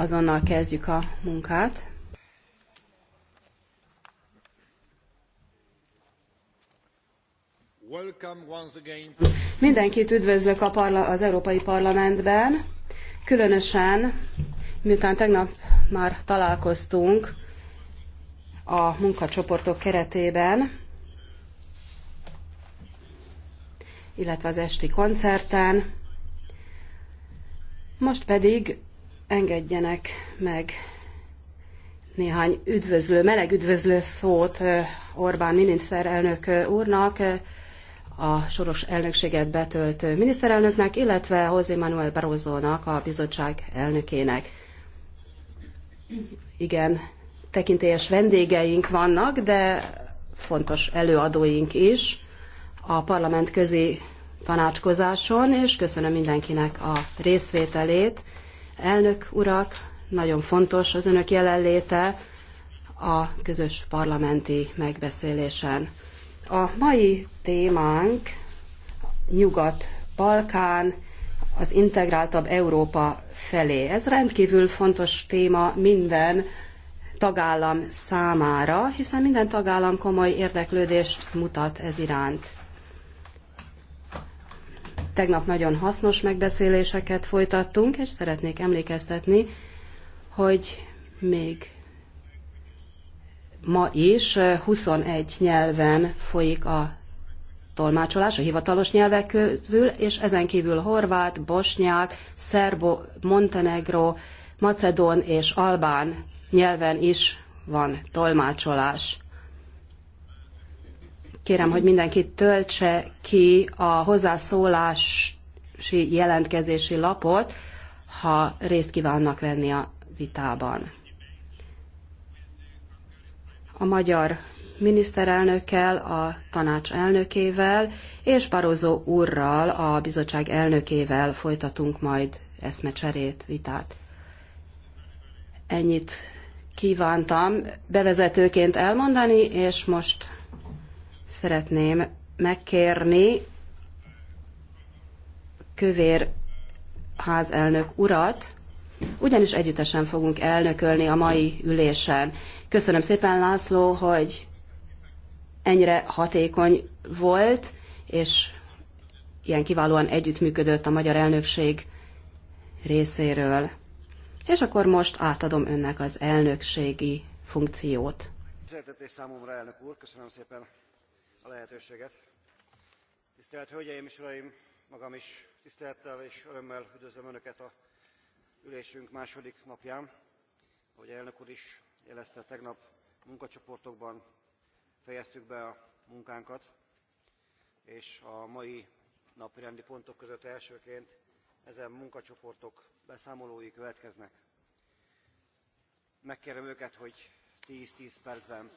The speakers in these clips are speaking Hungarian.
azonnal kezdjük a munkát. Mindenkit üdvözlök a parla- az Európai Parlamentben, különösen miután tegnap már találkoztunk a munkacsoportok keretében, illetve az esti koncerten. Most pedig engedjenek meg néhány üdvözlő, meleg üdvözlő szót Orbán miniszterelnök úrnak, a soros elnökséget betöltő miniszterelnöknek, illetve José Manuel Barroso-nak, a bizottság elnökének. Igen, tekintélyes vendégeink vannak, de fontos előadóink is a parlament közi tanácskozáson, és köszönöm mindenkinek a részvételét. Elnök urak, nagyon fontos az önök jelenléte a közös parlamenti megbeszélésen. A mai témánk Nyugat-Balkán, az integráltabb Európa felé. Ez rendkívül fontos téma minden tagállam számára, hiszen minden tagállam komoly érdeklődést mutat ez iránt. Tegnap nagyon hasznos megbeszéléseket folytattunk, és szeretnék emlékeztetni, hogy még ma is 21 nyelven folyik a tolmácsolás a hivatalos nyelvek közül, és ezen kívül horvát, bosnyák, szerbo, montenegro, macedón és albán nyelven is van tolmácsolás. Kérem, hogy mindenki töltse ki a hozzászólási jelentkezési lapot, ha részt kívánnak venni a vitában. A magyar miniszterelnökkel, a tanács elnökével és Barozó úrral, a bizottság elnökével folytatunk majd eszmecserét, vitát. Ennyit kívántam bevezetőként elmondani, és most Szeretném megkérni kövér házelnök urat, ugyanis együttesen fogunk elnökölni a mai ülésen. Köszönöm szépen, László, hogy ennyire hatékony volt, és ilyen kiválóan együttműködött a magyar elnökség részéről. És akkor most átadom önnek az elnökségi funkciót. Köszönöm számomra, elnök úr, köszönöm szépen a lehetőséget. Tisztelt Hölgyeim és Uraim, magam is tisztelettel és örömmel üdvözlöm Önöket a ülésünk második napján. Ahogy elnök úr is jelezte, tegnap munkacsoportokban fejeztük be a munkánkat, és a mai napirendi pontok között elsőként ezen munkacsoportok beszámolói következnek. Megkérem őket, hogy 10-10 percben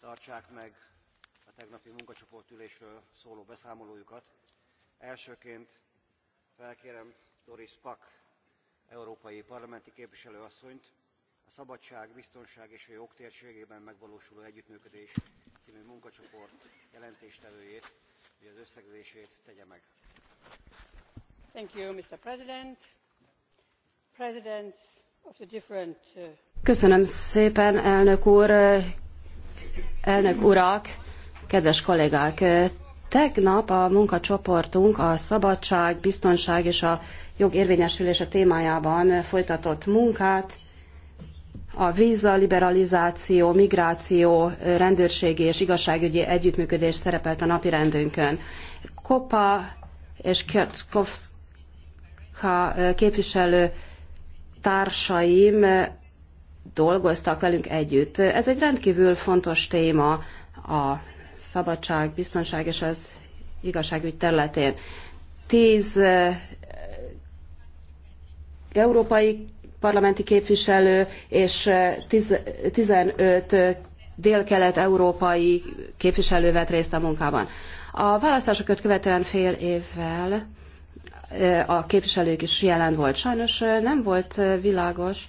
tartsák meg tegnapi munkacsoportülésről szóló beszámolójukat. Elsőként felkérem Doris Pak, európai parlamenti képviselő asszonyt, a Szabadság, Biztonság és a Jog térségében megvalósuló együttműködés című munkacsoport jelentéstevőjét, hogy az összegzését tegye meg. Thank you, Mr. President. Presidents of the different, uh, Köszönöm szépen, elnök úr, uh, elnök urak! Kedves kollégák, tegnap a munkacsoportunk a szabadság, biztonság és a jog érvényesülése témájában folytatott munkát, a víza, liberalizáció, migráció, rendőrségi és igazságügyi együttműködés szerepelt a napirendünkön. Kopa és Kertkovska képviselő társaim dolgoztak velünk együtt. Ez egy rendkívül fontos téma a szabadság, biztonság és az igazságügy területén. Tíz eh, európai parlamenti képviselő és 15 eh, eh, dél-kelet-európai képviselő vett részt a munkában. A választásokat követően fél évvel a képviselők is jelen volt. Sajnos nem volt világos,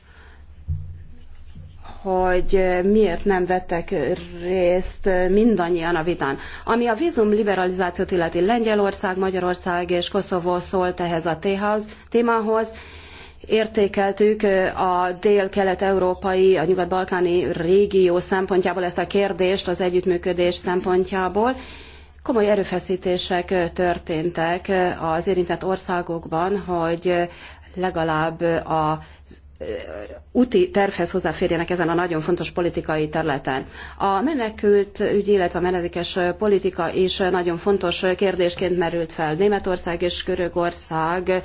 hogy miért nem vettek részt mindannyian a vitán. Ami a vízum liberalizációt illeti Lengyelország, Magyarország és Koszovó szólt ehhez a témához, értékeltük a dél-kelet-európai, a nyugat-balkáni régió szempontjából ezt a kérdést az együttműködés szempontjából. Komoly erőfeszítések történtek az érintett országokban, hogy legalább az úti tervhez hozzáférjenek ezen a nagyon fontos politikai területen. A menekült ügy, illetve a menedékes politika is nagyon fontos kérdésként merült fel. Németország és Görögország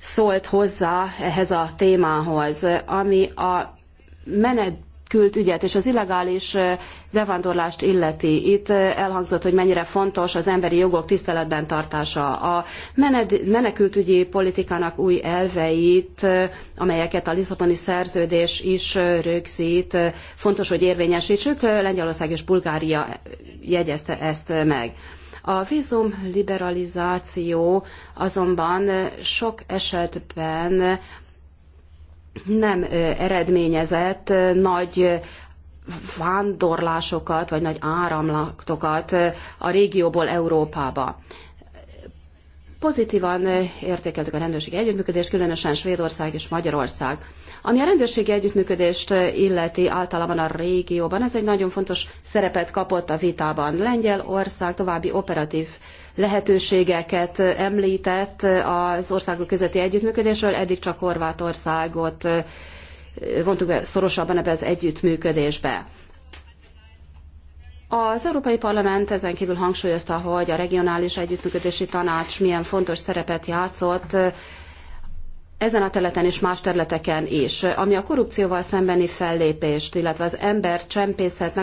szólt hozzá ehhez a témához, ami a mened küld ügyet, és az illegális bevándorlást illeti. Itt elhangzott, hogy mennyire fontos az emberi jogok tiszteletben tartása. A menekültügyi politikának új elveit, amelyeket a Lisszaboni szerződés is rögzít, fontos, hogy érvényesítsük. Lengyelország és Bulgária jegyezte ezt meg. A vízum liberalizáció azonban sok esetben nem eredményezett nagy vándorlásokat, vagy nagy áramlatokat a régióból Európába. Pozitívan értékeltük a rendőrségi együttműködést, különösen Svédország és Magyarország. Ami a rendőrségi együttműködést illeti általában a régióban, ez egy nagyon fontos szerepet kapott a vitában. Lengyelország további operatív lehetőségeket említett az országok közötti együttműködésről, eddig csak Horvátországot vontuk be szorosabban ebbe az együttműködésbe. Az Európai Parlament ezen kívül hangsúlyozta, hogy a regionális együttműködési tanács milyen fontos szerepet játszott ezen a területen és más területeken is. Ami a korrupcióval szembeni fellépést, illetve az ember csempészet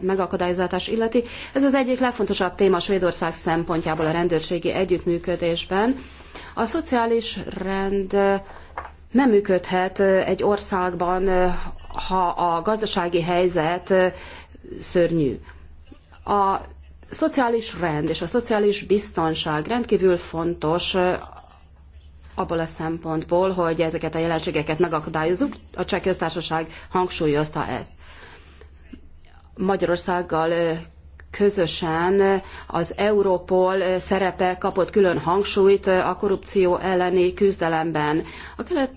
megakadályozatás illeti, ez az egyik legfontosabb téma Svédország szempontjából a rendőrségi együttműködésben. A szociális rend nem működhet egy országban, ha a gazdasági helyzet szörnyű. A szociális rend és a szociális biztonság rendkívül fontos abból a szempontból, hogy ezeket a jelenségeket megakadályozunk. A cseh köztársaság hangsúlyozta ezt. Magyarországgal közösen az Európol szerepe kapott külön hangsúlyt a korrupció elleni küzdelemben. A kelet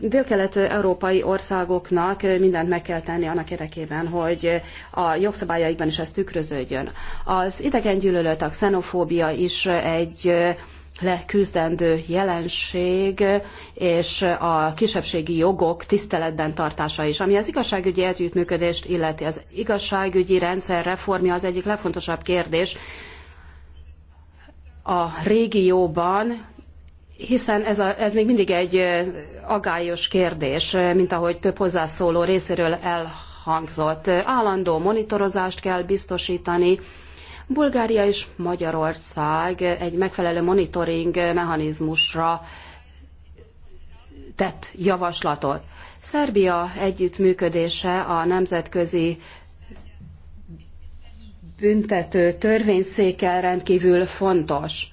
dél-kelet-európai országoknak mindent meg kell tenni annak érdekében, hogy a jogszabályaikban is ez tükröződjön. Az idegengyűlölet, a xenofóbia is egy leküzdendő jelenség, és a kisebbségi jogok tiszteletben tartása is. Ami az igazságügyi együttműködést illeti, az igazságügyi rendszer reformja az egyik legfontosabb kérdés a régióban, hiszen ez, a, ez még mindig egy agályos kérdés, mint ahogy több hozzászóló részéről elhangzott. Állandó monitorozást kell biztosítani, Bulgária és Magyarország egy megfelelő monitoring mechanizmusra tett javaslatot. Szerbia együttműködése a nemzetközi büntető törvényszékkel rendkívül fontos.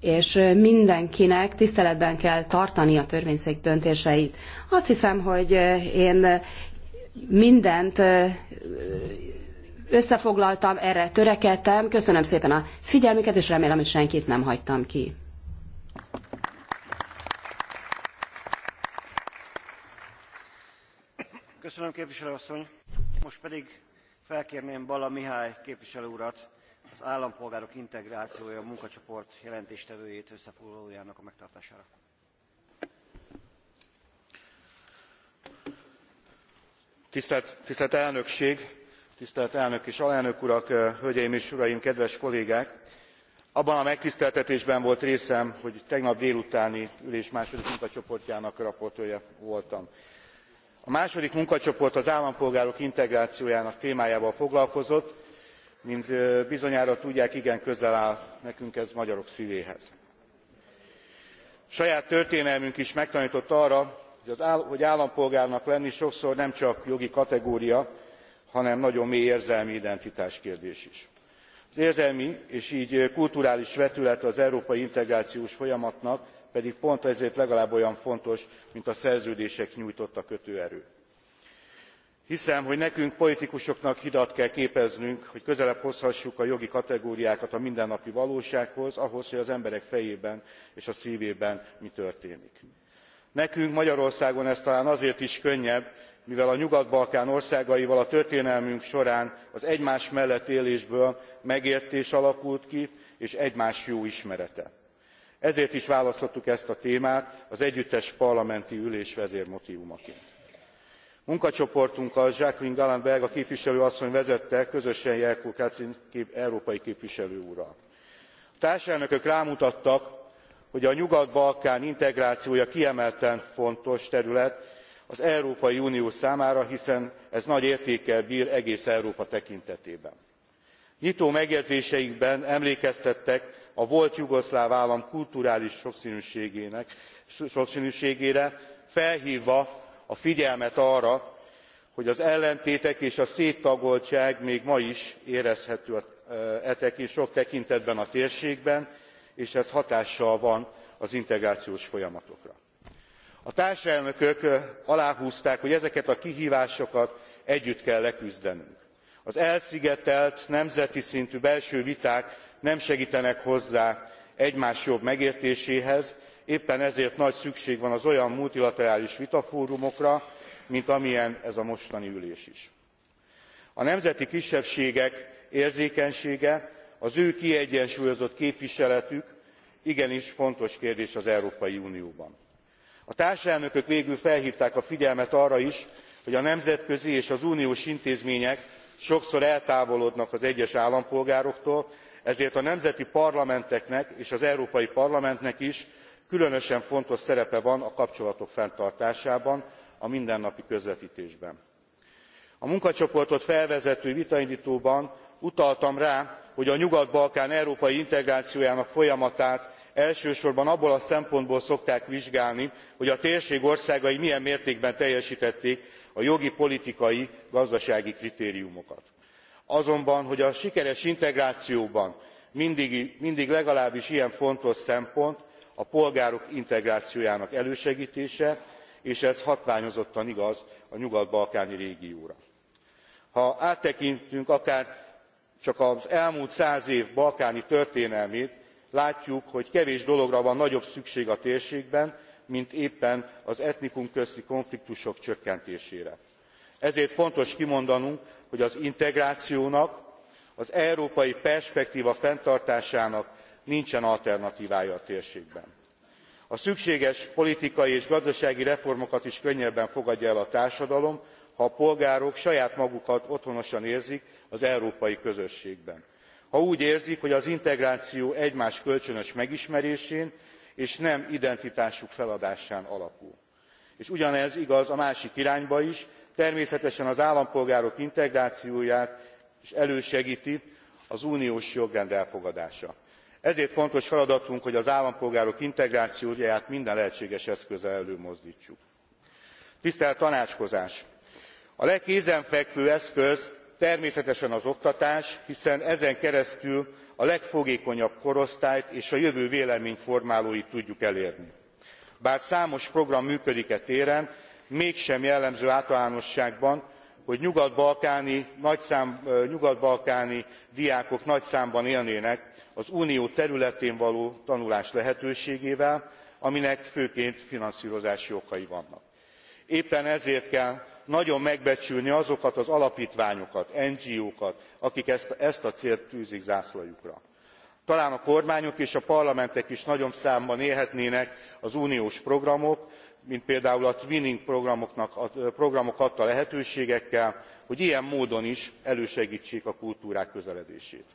És mindenkinek tiszteletben kell tartani a törvényszék döntéseit. Azt hiszem, hogy én mindent összefoglaltam, erre törekedtem. Köszönöm szépen a figyelmüket, és remélem, hogy senkit nem hagytam ki. Köszönöm, képviselőasszony. Most pedig felkérném Balla Mihály képviselő urat, az állampolgárok integrációja munkacsoport jelentéstevőjét összefoglalójának a megtartására. Tisztelt, tisztelt elnökség! tisztelt elnök és alelnök urak eh, hölgyeim és uraim kedves kollégák! abban a megtiszteltetésben volt részem hogy tegnap délutáni ülés második munkacsoportjának raportőre voltam. a második munkacsoport az állampolgárok integrációjának témájával foglalkozott mint eh, bizonyára tudják igen közel áll nekünk ez magyarok szvéhez. saját történelmünk is megtantott arra hogy állampolgárnak lenni sokszor nem csak jogi kategória hanem nagyon mély érzelmi kérdés is. az érzelmi és gy kulturális vetülete az európai integrációs folyamatnak pedig pont ezért legalább olyan fontos mint a szerződések nyújtotta kötőerő. hiszem hogy nekünk politikusoknak hidat kell képeznünk hogy közelebb hozhassuk a jogi kategóriákat a mindennapi valósághoz ahhoz hogy az emberek fejében és a szvében mi történik. nekünk magyarországon ez talán azért is könnyebb mivel a nyugat balkán országaival a történelmünk során az egymás mellett élésből megértés alakult ki és egymás jó ismerete. ezért is választottuk ezt a témát az együttes parlamenti ülés vezérmotívumaként. munkacsoportunkkal jacqueline galland belga képviselő asszony vezette közösen jelko kacin európai képviselő úrral. a társelnökök rámutattak hogy a nyugat balkán integrációja kiemelten fontos terület az európai unió számára hiszen ez nagy értékkel br egész európa tekintetében. nyitó megjegyzéseikben emlékeztettek a volt jugoszláv állam kulturális soksznűségére felhvva a figyelmet arra hogy az ellentétek és a széttagoltság még ma is érezhető e, e sok tekintetben a térségben és ez hatással van az integrációs folyamatokra a társelnökök aláhúzták hogy ezeket a kihvásokat együtt kell leküzdenünk. az elszigetelt nemzeti szintű belső viták nem segtenek hozzá egymás jobb megértéséhez éppen ezért nagy szükség van az olyan multilaterális vitafórumokra mint amilyen ez a mostani ülés is. a nemzeti kisebbségek érzékenysége az ő kiegyensúlyozott képviseletük igenis fontos kérdés az európai unióban a társelnökök végül felhvták a figyelmet arra is hogy a nemzetközi és az uniós intézmények sokszor eltávolodnak az egyes állampolgároktól ezért a nemzeti parlamenteknek és az európai parlamentnek is különösen fontos szerepe van a kapcsolatok fenntartásában a mindennapi közvettésben. a munkacsoportot felvezető vitaindtóban utaltam rá hogy a nyugat balkán európai integrációjának folyamatát elsősorban abból a szempontból szokták vizsgálni hogy a térség országai milyen mértékben teljestették a jogi politikai gazdasági kritériumokat. azonban hogy a sikeres integrációban mindig legalábbis ilyen fontos szempont a polgárok integrációjának elősegtése és ez hatványozottan igaz a nyugat balkáni régióra. ha áttekintünk akárcsak az elmúlt száz év balkáni történelmét látjuk hogy kevés dologra van nagyobb szükség a térségben mint éppen az etnikumközti konfliktusok csökkentésére. ezért fontos kimondanunk hogy az integrációnak az európai perspektva fenntartásának nincsen alternatvája a térségben. a szükséges politikai és gazdasági reformokat is könnyebben fogadja el a társadalom ha a polgárok saját magukat otthonosan érzik az európai közösségben ha úgy érzik hogy az integráció egymás kölcsönös megismerésén és nem identitásuk feladásán alapul. és ugyanez igaz a másik irányba is természetesen az állampolgárok integrációját is elősegti az uniós jogrend elfogadása. ezért fontos feladatunk hogy az állampolgárok integrációját minden lehetséges eszközzel előmozdtsuk. tisztelt tanácskozás! a legkézenfekvőbb eszköz természetesen az oktatás hiszen ezen keresztül a legfogékonyabb korosztályt és a jövő véleményformálóit tudjuk elérni. bár számos program működik e téren mégsem jellemző általánosságban hogy nyugat balkáni diákok nagy számban élnének az unió területén való tanulás lehetőségével aminek főként finanszrozási okai vannak. éppen ezért kell nagyon megbecsülni azokat az alaptványokat ngo kat akik ezt a célt tűzik zászlajukra. talán a kormányok és a parlamentek is nagyobb számban élhetnének az uniós programok mint például a twinning programok adta lehetőségekkel hogy ilyen módon is elősegtsék a kultúrák közeledését.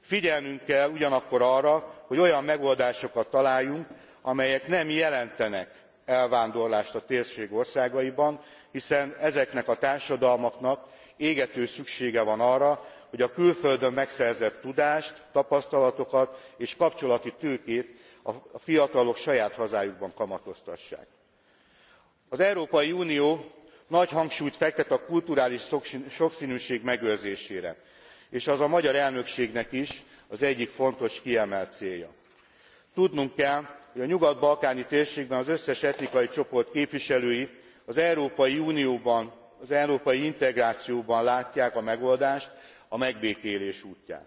figyelnünk kell ugyanakkor arra hogy olyan megoldásokat találjunk amelyek nem jelentenek elvándorlást a térség országaiban hiszen ezeknek a társadalmaknak égető szüksége van arra hogy a külföldön megszerzett tudást tapasztalatokat és kapcsolati tőkét a fiatalok saját hazájukban kamatoztassák. az európai unió nagy hangsúlyt fektet a kulturális soksznűség megőrzésére és az a magyar elnökségnek is az egyik fontos kiemelt célja. tudnunk kell hogy a nyugat balkáni térségben az összes etnikai csoport képviselői az európai unióban az európai integrációban látják a megoldást a megbékélés útját.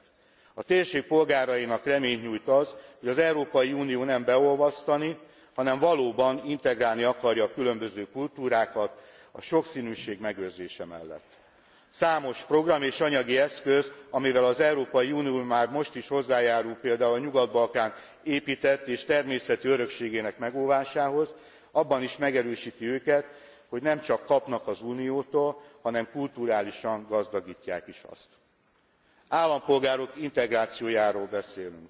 a térség polgárainak reményt nyújt az hogy az európai unió nem beolvasztani hanem valóban integrálni akarja a különböző kultúrákat a soksznűség megőrzése mellett számos program és anyagi eszköz amivel az európai unió már most is hozzájárul például a nyugat balkán éptett és természeti örökségének megóvásához abban is megerősti őket hogy nem csak kapnak az uniótól hanem kulturálisan gazdagtják is azt. állampolgárok integrációjáról beszélünk.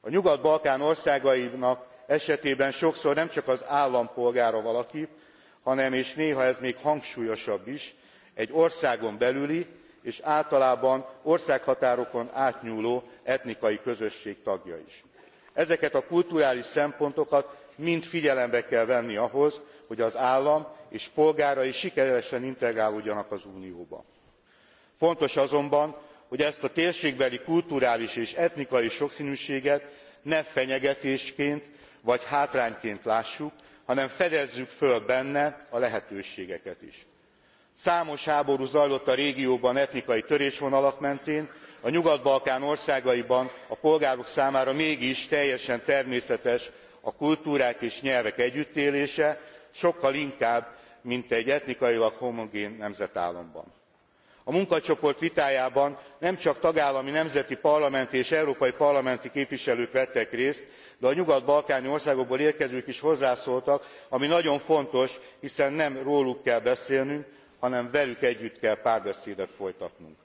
a nyugat balkán országainak esetében sokszor nem csak az állampolgára valaki hanem és néha ez még hangsúlyosabb is egy országon belüli és általában országhatárokon átnyúló etnikai közösség tagja is. ezeket a kulturális szempontokat mind figyelembe kell venni ahhoz hogy az állam és polgárai sikeresen integrálódjanak az unióba. fontos azonban hogy ezt a térségbeli kulturális és etnikai soksznűséget ne fenyegetésként vagy hátrányként lássuk hanem fedezzük föl benne a lehetőségeket is számos háború zajlott a régióban etnikai törésvonalak mentén a nyugat balkán országaiban a polgárok számára mégis teljesen természetes a kultúrák és nyelvek együttélése sokkal inkább mint egy etnikailag homogén nemzetállamban. a munkacsoport vitájában nem csak tagállami nemzeti parlamenti és európai parlamenti képviselők vettek részt de a nyugat balkáni országokból érkezők is hozzászóltak ami nagyon fontos hiszen nem róluk kell beszélnünk hanem velük együtt kell párbeszédet folytatnunk.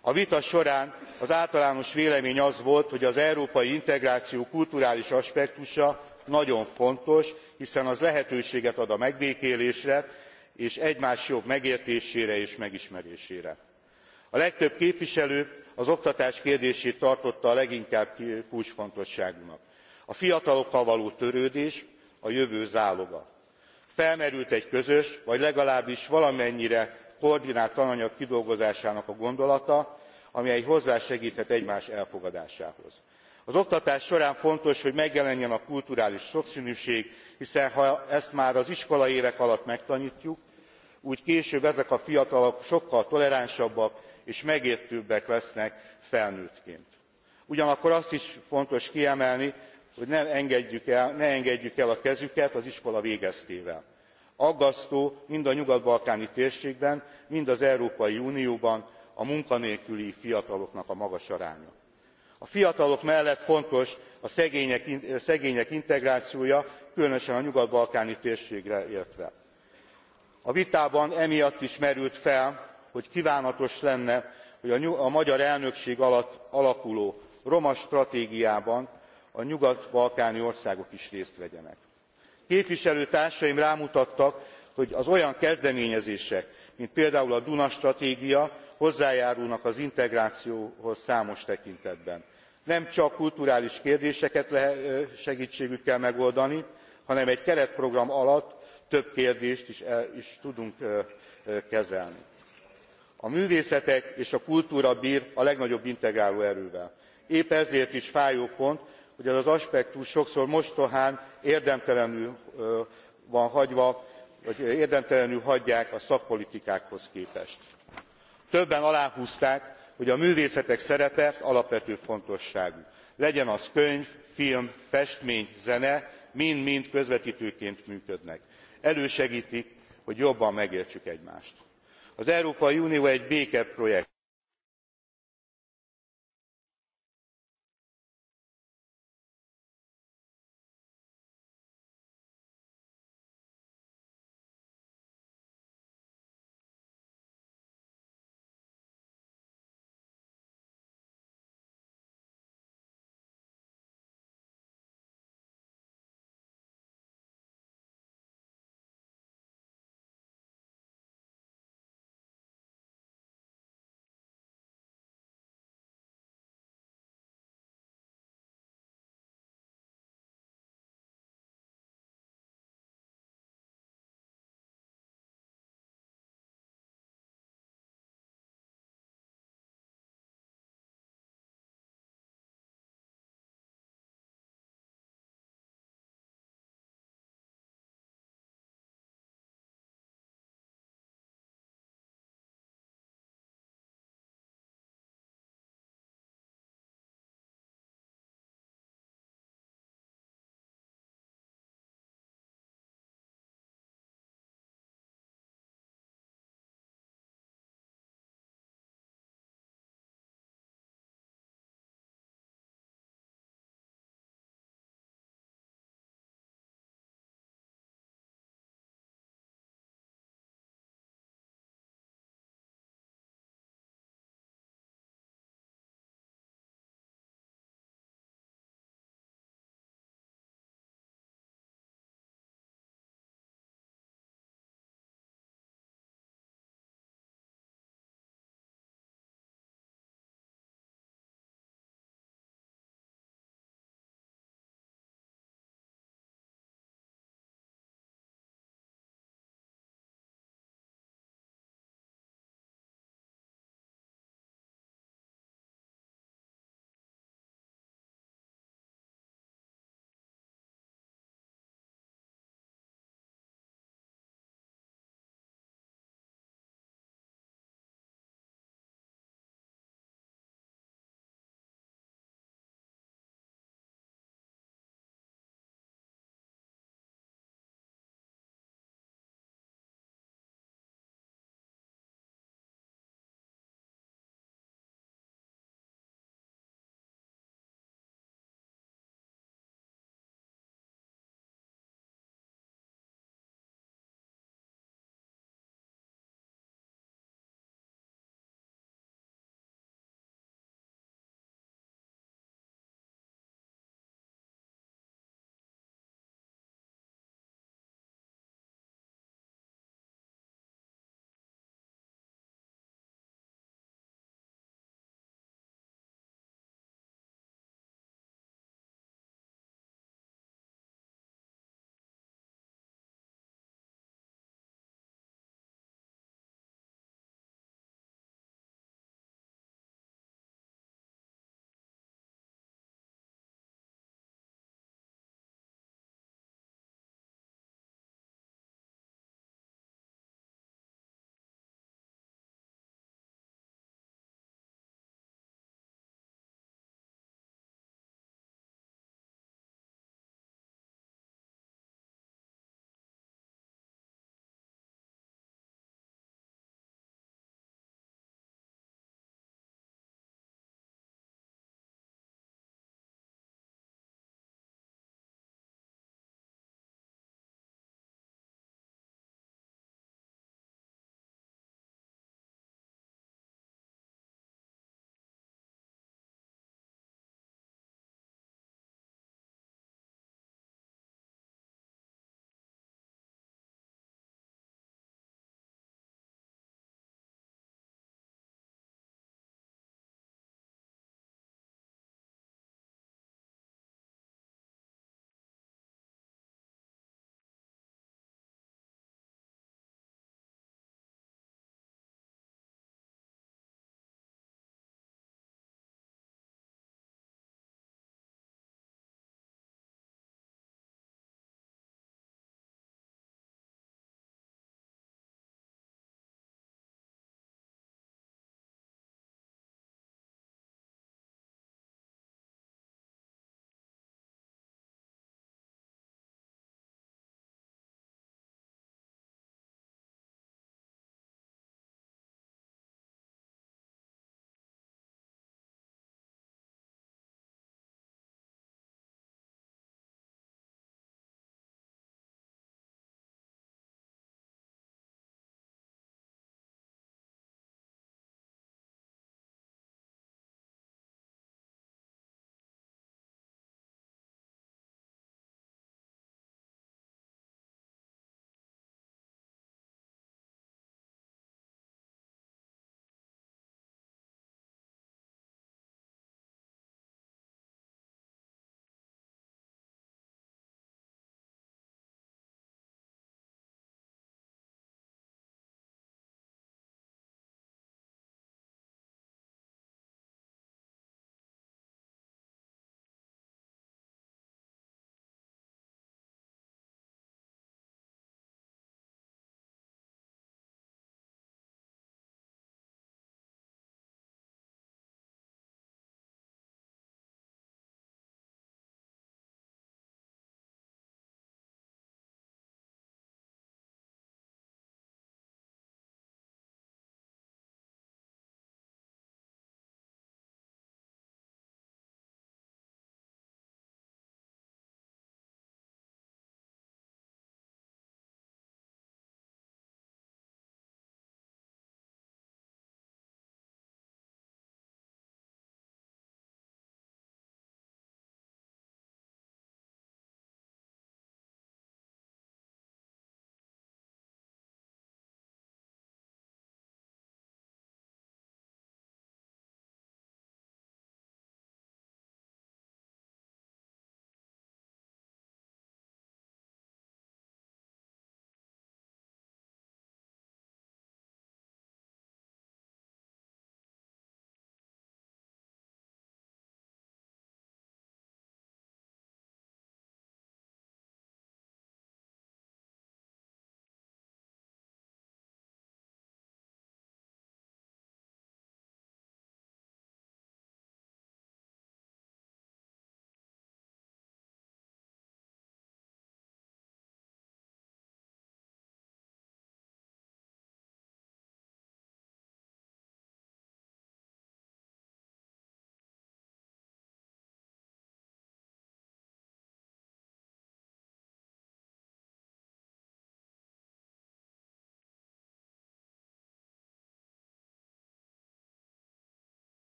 a vita során az általános vélemény az volt hogy az európai integráció kulturális aspektusa nagyon fontos hiszen az lehetőséget ad a megbékélésre és egymás jobb megértésére és megismerésére. a legtöbb képviselő az oktatás kérdését tartotta a leginkább kulcsfontosságúnak. a fiatalokkal való törődés a jövő záloga felmerült egy közös vagy legalábbis valamennyire koordinált tananyag kidolgozásának a gondolata amely hozzásegthet egymás elfogadásához. az oktatás során fontos hogy megjelenjen a kulturális soksznűség hiszen ha ezt már az iskolaévek alatt megtantjuk úgy később ezek a fiatalok sokkal toleránsabbak és megértőbbek lesznek felnőttként. ugyanakkor azt is fontos kiemelni hogy ne engedjük el a kezüket az iskola végeztével. aggasztó mind a nyugat balkáni térségben mind az európai unióban a munkanélküli fiataloknak a magas aránya. a fiatalok mellett fontos a szegények integrációja különösen a nyugat balkáni térségre értve. a vitában emiatt is merült fel hogy kvánatos lenne hogy a magyar elnökség alatt alakuló romastratégiában a nyugat balkáni országok is részt vegyenek. képviselőtársaim rámutattak hogy az olyan kezdeményezések mint például a duna stratégia hozzájárulnak az integrációhoz számos tekintetben. nem csak kulturális kérdéseket lehet segtségükkel megoldani hanem egy keretprogram alatt több kérdést is tudunk kezelni. a művészetek és a kultúra br a legnagyobb integráló erővel épp ezért is fájó pont hogy ez az aspektus sokszor mostohán érdemtelenül van hagyva vagy érdemtelenül hagyják a szakpolitikákhoz képest. többen aláhúzták hogy a művészetek szerepe alapvető fontosságú legyen az könyv film festmény zene mind mind közvettőként működnek. elősegtik hogy jobban megértsük egymást. az európai unió egy békeprojekt.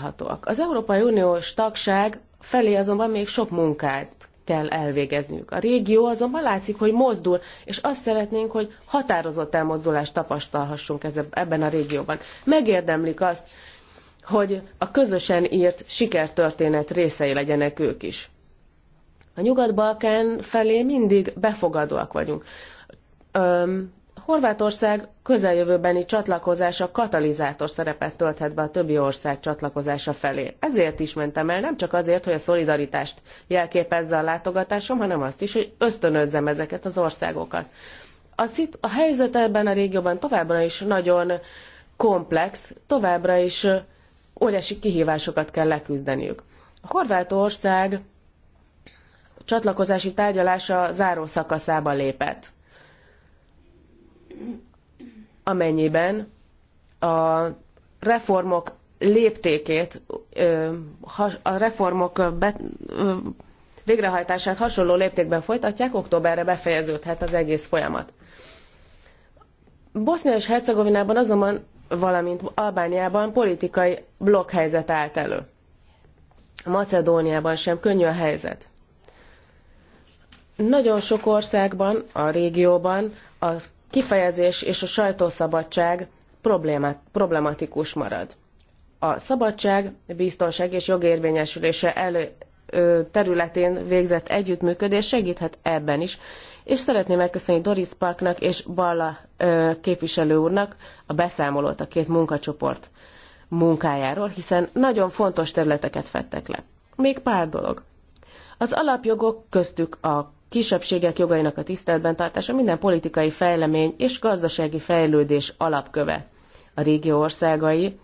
hatóak. Az Európai Uniós tagság felé azonban még sok munkát kell elvégezniük. A régió azonban látszik, hogy mozdul, és azt szeretnénk, hogy határozott elmozdulást tapasztalhassunk ebben a régióban. Megérdemlik azt, hogy a közösen írt sikertörténet részei legyenek ők is. A Nyugat-Balkán felé mindig befogadóak vagyunk. Öm, Horvátország közeljövőbeni csatlakozása katalizátor szerepet tölthet be a többi ország csatlakozása felé. Ezért is mentem el, nem csak azért, hogy a szolidaritást jelképezze a látogatásom, hanem azt is, hogy ösztönözzem ezeket az országokat. A, szit- a helyzet ebben a régióban továbbra is nagyon komplex, továbbra is óriási kihívásokat kell leküzdeniük. A Horvátország csatlakozási tárgyalása záró szakaszába lépett amennyiben a reformok léptékét, a reformok be, végrehajtását hasonló léptékben folytatják, októberre befejeződhet az egész folyamat. Bosznia és Hercegovinában azonban, valamint Albániában politikai blokkhelyzet állt elő. Macedóniában sem könnyű a helyzet. Nagyon sok országban, a régióban az kifejezés és a sajtószabadság problematikus marad. A szabadság, biztonság és jogérvényesülése elő, területén végzett együttműködés segíthet ebben is, és szeretném megköszönni Doris Parknak és Balla képviselő úrnak a beszámolót a két munkacsoport munkájáról, hiszen nagyon fontos területeket fettek le. Még pár dolog. Az alapjogok köztük a kisebbségek jogainak a tiszteletben tartása minden politikai fejlemény és gazdasági fejlődés alapköve. A régió országai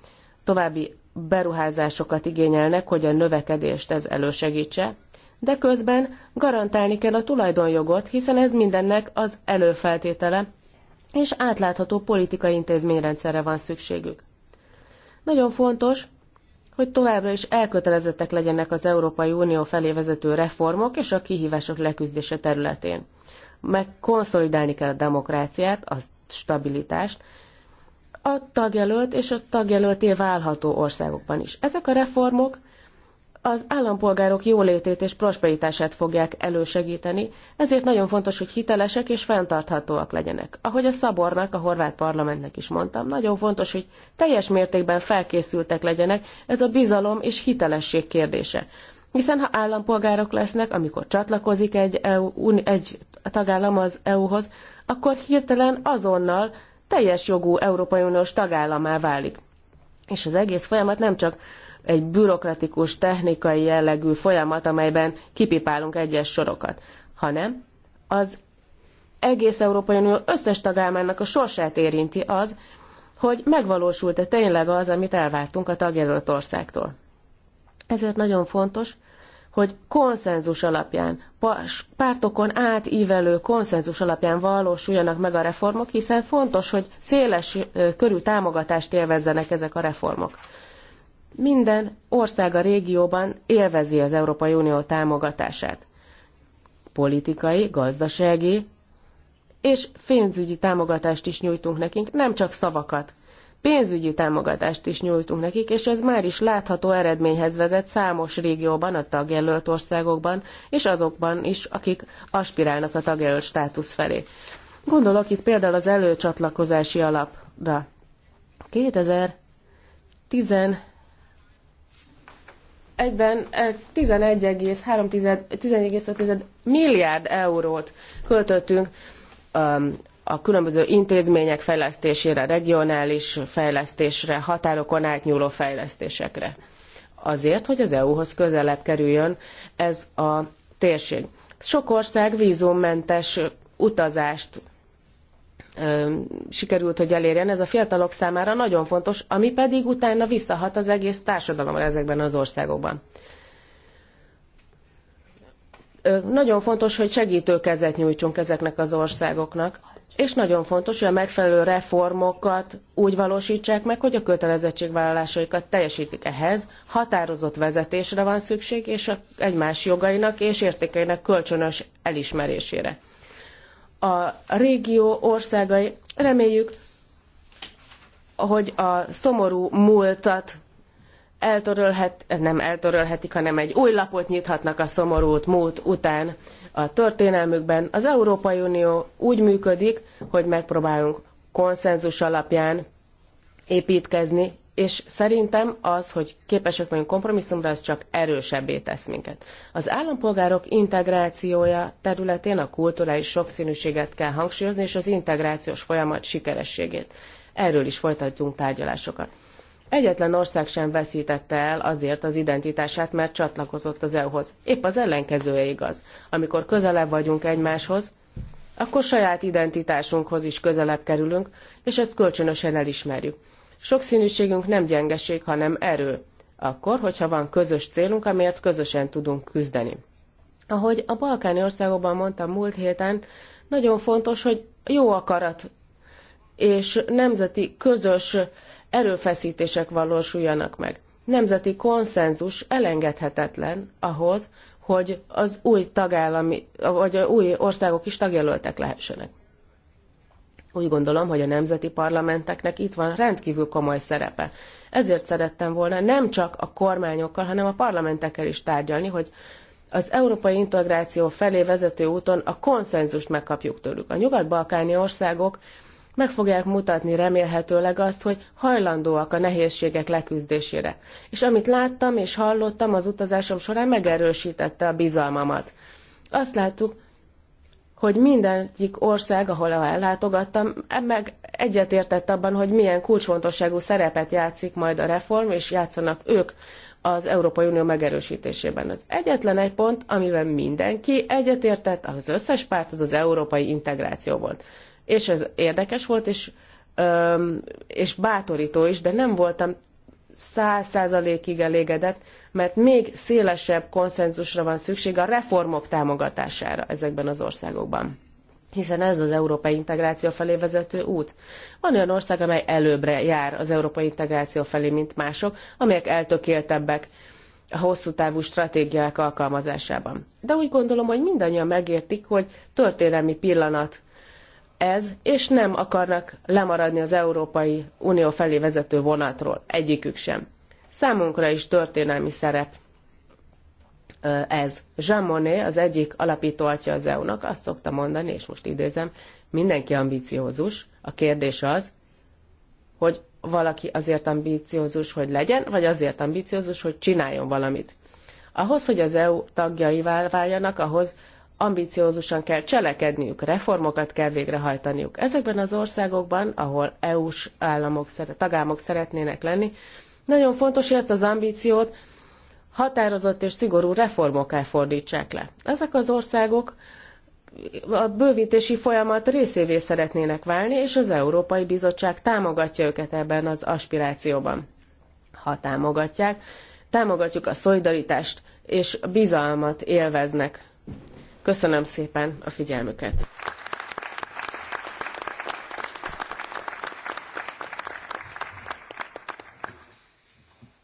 további beruházásokat igényelnek, hogy a növekedést ez elősegítse, de közben garantálni kell a tulajdonjogot, hiszen ez mindennek az előfeltétele, és átlátható politikai intézményrendszerre van szükségük. Nagyon fontos, hogy továbbra is elkötelezettek legyenek az Európai Unió felé vezető reformok és a kihívások leküzdése területén. Meg konszolidálni kell a demokráciát, a stabilitást, a tagjelölt és a tagjelölté válható országokban is. Ezek a reformok az állampolgárok jólétét és prosperitását fogják elősegíteni, ezért nagyon fontos, hogy hitelesek és fenntarthatóak legyenek. Ahogy a Szabornak, a horvát parlamentnek is mondtam, nagyon fontos, hogy teljes mértékben felkészültek legyenek, ez a bizalom és hitelesség kérdése. Hiszen ha állampolgárok lesznek, amikor csatlakozik egy, EU, egy tagállam az EU-hoz, akkor hirtelen azonnal teljes jogú Európai Uniós tagállamá válik. És az egész folyamat nem csak egy bürokratikus, technikai jellegű folyamat, amelyben kipipálunk egyes sorokat, hanem az egész Európai Unió összes tagállamának a sorsát érinti az, hogy megvalósult-e tényleg az, amit elvártunk a tagjelölt országtól. Ezért nagyon fontos, hogy konszenzus alapján, pártokon átívelő konszenzus alapján valósuljanak meg a reformok, hiszen fontos, hogy széles körű támogatást élvezzenek ezek a reformok. Minden ország a régióban élvezi az Európai Unió támogatását. Politikai, gazdasági és pénzügyi támogatást is nyújtunk nekik, nem csak szavakat. Pénzügyi támogatást is nyújtunk nekik, és ez már is látható eredményhez vezet számos régióban, a tagjelölt országokban, és azokban is, akik aspirálnak a tagjelölt státusz felé. Gondolok itt például az előcsatlakozási alapra. 2010 egyben 11,5 milliárd eurót költöttünk a különböző intézmények fejlesztésére, regionális fejlesztésre, határokon átnyúló fejlesztésekre. Azért, hogy az EU-hoz közelebb kerüljön ez a térség. Sok ország vízummentes utazást sikerült, hogy elérjen, ez a fiatalok számára nagyon fontos, ami pedig utána visszahat az egész társadalomra ezekben az országokban. Nagyon fontos, hogy kezet nyújtsunk ezeknek az országoknak, és nagyon fontos, hogy a megfelelő reformokat úgy valósítsák meg, hogy a kötelezettségvállalásaikat teljesítik ehhez. Határozott vezetésre van szükség, és egymás jogainak és értékeinek kölcsönös elismerésére a régió országai. Reméljük, hogy a szomorú múltat eltörölhet, nem eltörölhetik, hanem egy új lapot nyithatnak a szomorú múlt után a történelmükben. Az Európai Unió úgy működik, hogy megpróbálunk konszenzus alapján építkezni, és szerintem az, hogy képesek vagyunk kompromisszumra, az csak erősebbé tesz minket. Az állampolgárok integrációja területén a kulturális sokszínűséget kell hangsúlyozni, és az integrációs folyamat sikerességét. Erről is folytatjunk tárgyalásokat. Egyetlen ország sem veszítette el azért az identitását, mert csatlakozott az EU-hoz. Épp az ellenkezője igaz. Amikor közelebb vagyunk egymáshoz, akkor saját identitásunkhoz is közelebb kerülünk, és ezt kölcsönösen elismerjük sokszínűségünk nem gyengeség, hanem erő. Akkor, hogyha van közös célunk, amiért közösen tudunk küzdeni. Ahogy a balkáni országokban mondtam múlt héten, nagyon fontos, hogy jó akarat és nemzeti közös erőfeszítések valósuljanak meg. Nemzeti konszenzus elengedhetetlen ahhoz, hogy az új tagállami, vagy új országok is tagjelöltek lehessenek. Úgy gondolom, hogy a nemzeti parlamenteknek itt van rendkívül komoly szerepe. Ezért szerettem volna nem csak a kormányokkal, hanem a parlamentekkel is tárgyalni, hogy az európai integráció felé vezető úton a konszenzust megkapjuk tőlük. A nyugat-balkáni országok meg fogják mutatni remélhetőleg azt, hogy hajlandóak a nehézségek leküzdésére. És amit láttam és hallottam az utazásom során megerősítette a bizalmamat. Azt láttuk, hogy mindegyik ország, ahol ellátogattam, e- meg egyetértett abban, hogy milyen kulcsfontosságú szerepet játszik majd a reform, és játszanak ők az Európai Unió megerősítésében. Az egyetlen egy pont, amiben mindenki egyetértett, az összes párt, az az európai integráció volt. És ez érdekes volt, és, öm, és bátorító is, de nem voltam száz százalékig elégedett, mert még szélesebb konszenzusra van szükség a reformok támogatására ezekben az országokban. Hiszen ez az európai integráció felé vezető út. Van olyan ország, amely előbbre jár az európai integráció felé, mint mások, amelyek eltökéltebbek a hosszú távú stratégiák alkalmazásában. De úgy gondolom, hogy mindannyian megértik, hogy történelmi pillanat ez, és nem akarnak lemaradni az Európai Unió felé vezető vonatról, egyikük sem. Számunkra is történelmi szerep ez. Jean Monnet, az egyik alapító atya az EU-nak, azt szokta mondani, és most idézem, mindenki ambiciózus, a kérdés az, hogy valaki azért ambiciózus, hogy legyen, vagy azért ambiciózus, hogy csináljon valamit. Ahhoz, hogy az EU tagjaivá váljanak, ahhoz ambiciózusan kell cselekedniük, reformokat kell végrehajtaniuk. Ezekben az országokban, ahol EU-s államok, tagállamok szeretnének lenni, nagyon fontos, hogy ezt az ambíciót határozott és szigorú reformokká fordítsák le. Ezek az országok a bővítési folyamat részévé szeretnének válni, és az Európai Bizottság támogatja őket ebben az aspirációban. Ha támogatják, támogatjuk a szolidaritást, és bizalmat élveznek Köszönöm szépen a figyelmüket!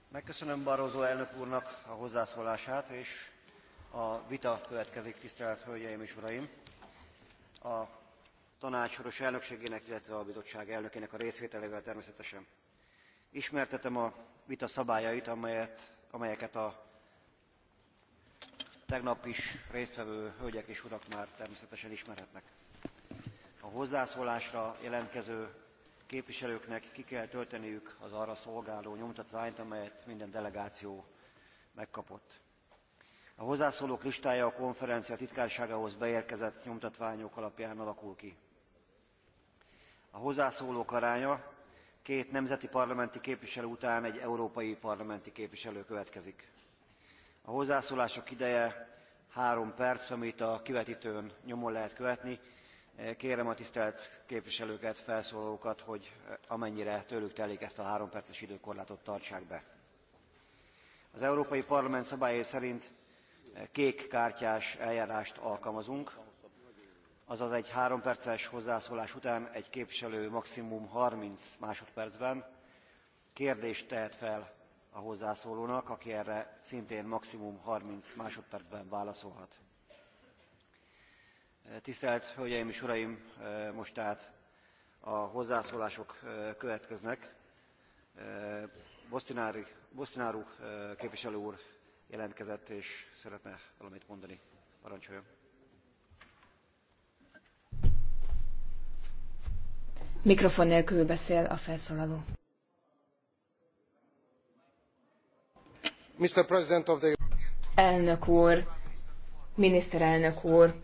Megköszönöm Barroso elnök úrnak a hozzászólását, és a vita következik, tisztelt Hölgyeim és Uraim! A tanács soros elnökségének, illetve a bizottság elnökének a részvételével természetesen. Ismertetem a vita szabályait, amelyet, amelyeket a tegnap is résztvevő hölgyek és urak már természetesen ismerhetnek. A hozzászólásra jelentkező képviselőknek ki kell tölteniük az arra szolgáló nyomtatványt, amelyet minden delegáció megkapott. A hozzászólók listája a konferencia titkárságához beérkezett nyomtatványok alapján alakul ki. A hozzászólók aránya két nemzeti parlamenti képviselő után egy európai parlamenti képviselő következik. A hozzászólások ideje három perc, amit a kivetítőn nyomon lehet követni. Kérem a tisztelt képviselőket, felszólalókat, hogy amennyire tőlük telik ezt a három perces időkorlátot tartsák be. Az Európai Parlament szabályai szerint kék kártyás eljárást alkalmazunk, azaz egy három perces hozzászólás után egy képviselő maximum 30 másodpercben kérdést tehet fel a hozzászólónak, aki erre szintén maximum 30 másodpercben válaszolhat. Tisztelt Hölgyeim és Uraim, most tehát a hozzászólások következnek. Bosztinári, Bosztinárú képviselő úr jelentkezett, és szeretne valamit mondani. Parancsoljon. Mikrofon nélkül beszél a felszólaló. Elnök úr, miniszterelnök úr,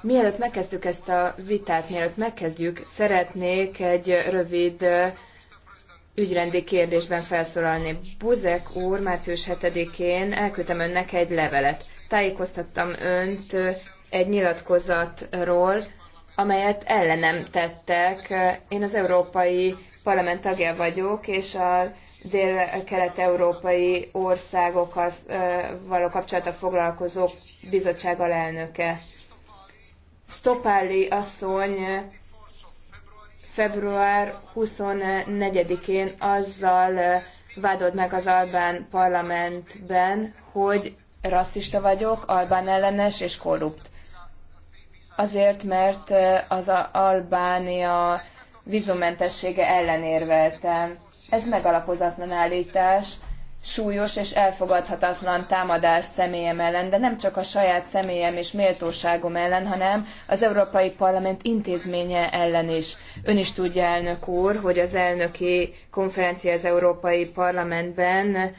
mielőtt megkezdjük ezt a vitát, mielőtt megkezdjük, szeretnék egy rövid ügyrendi kérdésben felszólalni. Buzek úr március 7-én elküldtem önnek egy levelet. Tájékoztattam önt egy nyilatkozatról, amelyet ellenem tettek. Én az Európai Parlament tagja vagyok, és a dél-kelet-európai országokkal való kapcsolata foglalkozó bizottság alelnöke. Stopalli asszony február 24-én azzal vádolt meg az Albán parlamentben, hogy rasszista vagyok, albán ellenes és korrupt. Azért, mert az Albánia vízumentessége ellenérveltem. Ez megalapozatlan állítás, súlyos és elfogadhatatlan támadás személyem ellen, de nem csak a saját személyem és méltóságom ellen, hanem az Európai Parlament intézménye ellen is. Ön is tudja, elnök úr, hogy az elnöki konferencia az Európai Parlamentben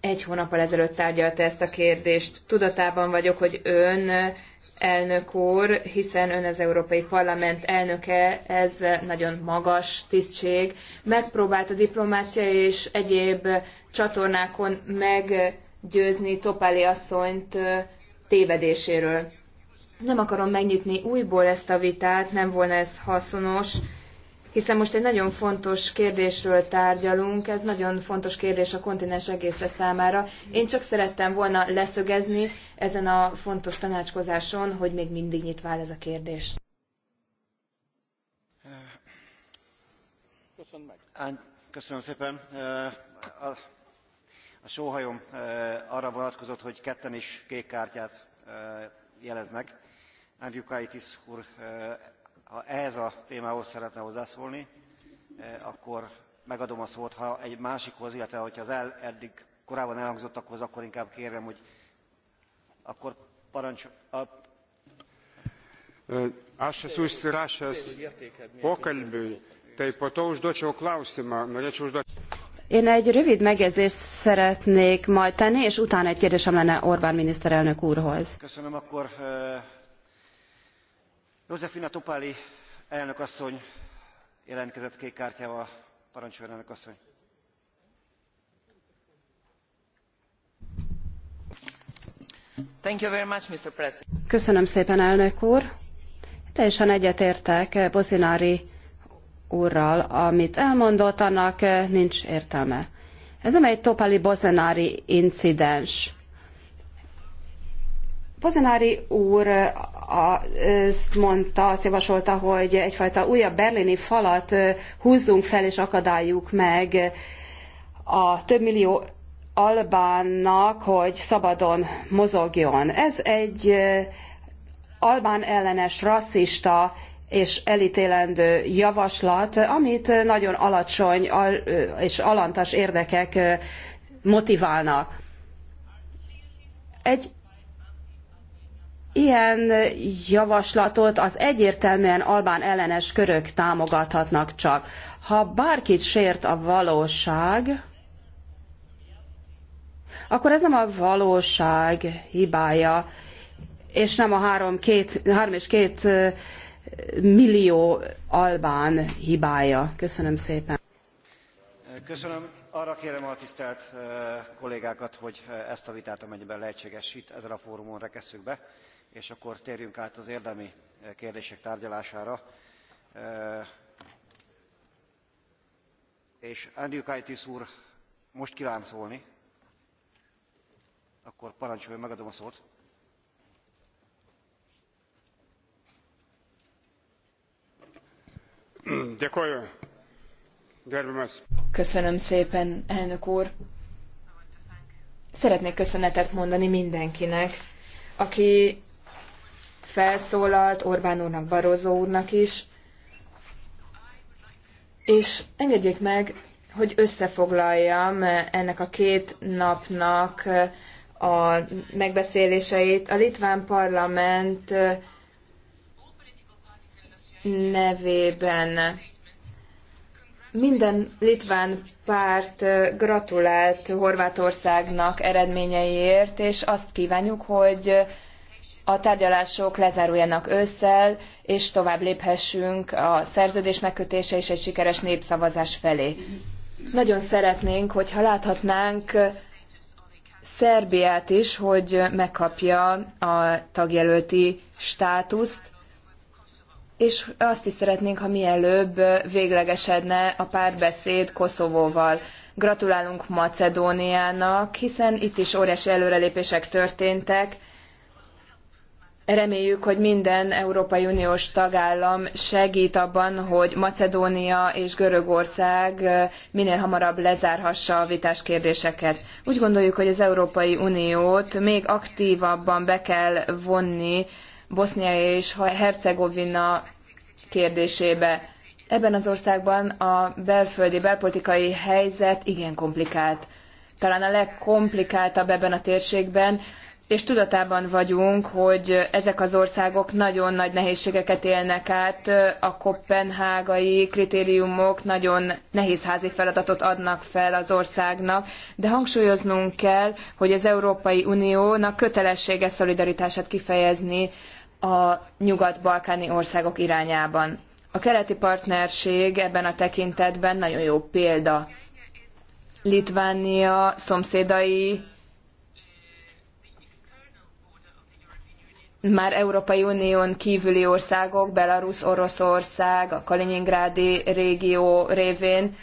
egy hónappal ezelőtt tárgyalta ezt a kérdést. Tudatában vagyok, hogy ön elnök úr, hiszen ön az Európai Parlament elnöke, ez nagyon magas tisztség. Megpróbált a diplomácia és egyéb csatornákon meggyőzni Topali asszonyt tévedéséről. Nem akarom megnyitni újból ezt a vitát, nem volna ez hasznos, hiszen most egy nagyon fontos kérdésről tárgyalunk, ez nagyon fontos kérdés a kontinens egésze számára. Én csak szerettem volna leszögezni ezen a fontos tanácskozáson, hogy még mindig nyitva áll ez a kérdés. Köszönöm, Köszönöm szépen. A sóhajom e, arra vonatkozott, hogy ketten is kék kártyát e, jeleznek. Andrew Kaitis úr e, ha ehhez a témához szeretne hozzászólni, eh, akkor megadom a szót, ha egy másikhoz, illetve hogyha az el, eddig korábban elhangzottakhoz, akkor inkább kérem, hogy akkor parancs... A... Eh, aš esu užsirašęs pokalbiui, tai po to užduočiau klausimą. Norėčiau užduoti. Én egy rövid megjegyzést szeretnék majd tenni, és utána egy kérdésem lenne Orbán miniszterelnök úrhoz. Köszönöm, akkor eh, Józsefina Topáli elnök asszony jelentkezett kék kártyával. Parancsoljon, elnök asszony! Thank you very much, Mr. President. Köszönöm szépen, elnök úr! Teljesen egyetértek Bozinári úrral, amit elmondott, annak nincs értelme. Ez nem egy Topali bozinári incidens. Pozenári úr azt mondta, azt javasolta, hogy egyfajta újabb berlini falat húzzunk fel és akadályuk meg a több millió albánnak, hogy szabadon mozogjon. Ez egy albán ellenes, rasszista és elítélendő javaslat, amit nagyon alacsony és alantas érdekek motiválnak. Egy ilyen javaslatot az egyértelműen albán ellenes körök támogathatnak csak. Ha bárkit sért a valóság, akkor ez nem a valóság hibája, és nem a három, két, három és két millió albán hibája. Köszönöm szépen. Köszönöm. Arra kérem a tisztelt kollégákat, hogy ezt a vitát amennyiben lehetséges itt ezen a fórumon rekesszük be és akkor térjünk át az érdemi eh, kérdések tárgyalására. Eh, és Andriukaitis úr most kíván szólni, akkor parancsoljon, megadom a szót. Köszönöm szépen, elnök úr. Szeretnék köszönetet mondani mindenkinek, aki felszólalt, Orbán úrnak, Barozó úrnak is. És engedjék meg, hogy összefoglaljam ennek a két napnak a megbeszéléseit. A litván parlament nevében minden litván párt gratulált Horvátországnak eredményeiért, és azt kívánjuk, hogy a tárgyalások lezáruljanak ősszel, és tovább léphessünk a szerződés megkötése és egy sikeres népszavazás felé. Nagyon szeretnénk, hogyha láthatnánk Szerbiát is, hogy megkapja a tagjelölti státuszt, és azt is szeretnénk, ha mielőbb véglegesedne a párbeszéd Koszovóval. Gratulálunk Macedóniának, hiszen itt is óriási előrelépések történtek, Reméljük, hogy minden Európai Uniós tagállam segít abban, hogy Macedónia és Görögország minél hamarabb lezárhassa a vitás kérdéseket. Úgy gondoljuk, hogy az Európai Uniót még aktívabban be kell vonni Bosznia és Hercegovina kérdésébe. Ebben az országban a belföldi, belpolitikai helyzet igen komplikált. Talán a legkomplikáltabb ebben a térségben, és tudatában vagyunk, hogy ezek az országok nagyon nagy nehézségeket élnek át, a kopenhágai kritériumok nagyon nehéz házi feladatot adnak fel az országnak, de hangsúlyoznunk kell, hogy az Európai Uniónak kötelessége szolidaritását kifejezni a nyugat-balkáni országok irányában. A keleti partnerség ebben a tekintetben nagyon jó példa. Litvánia szomszédai már Európai Unión kívüli országok, Belarus, Oroszország, a Kaliningrádi régió révén,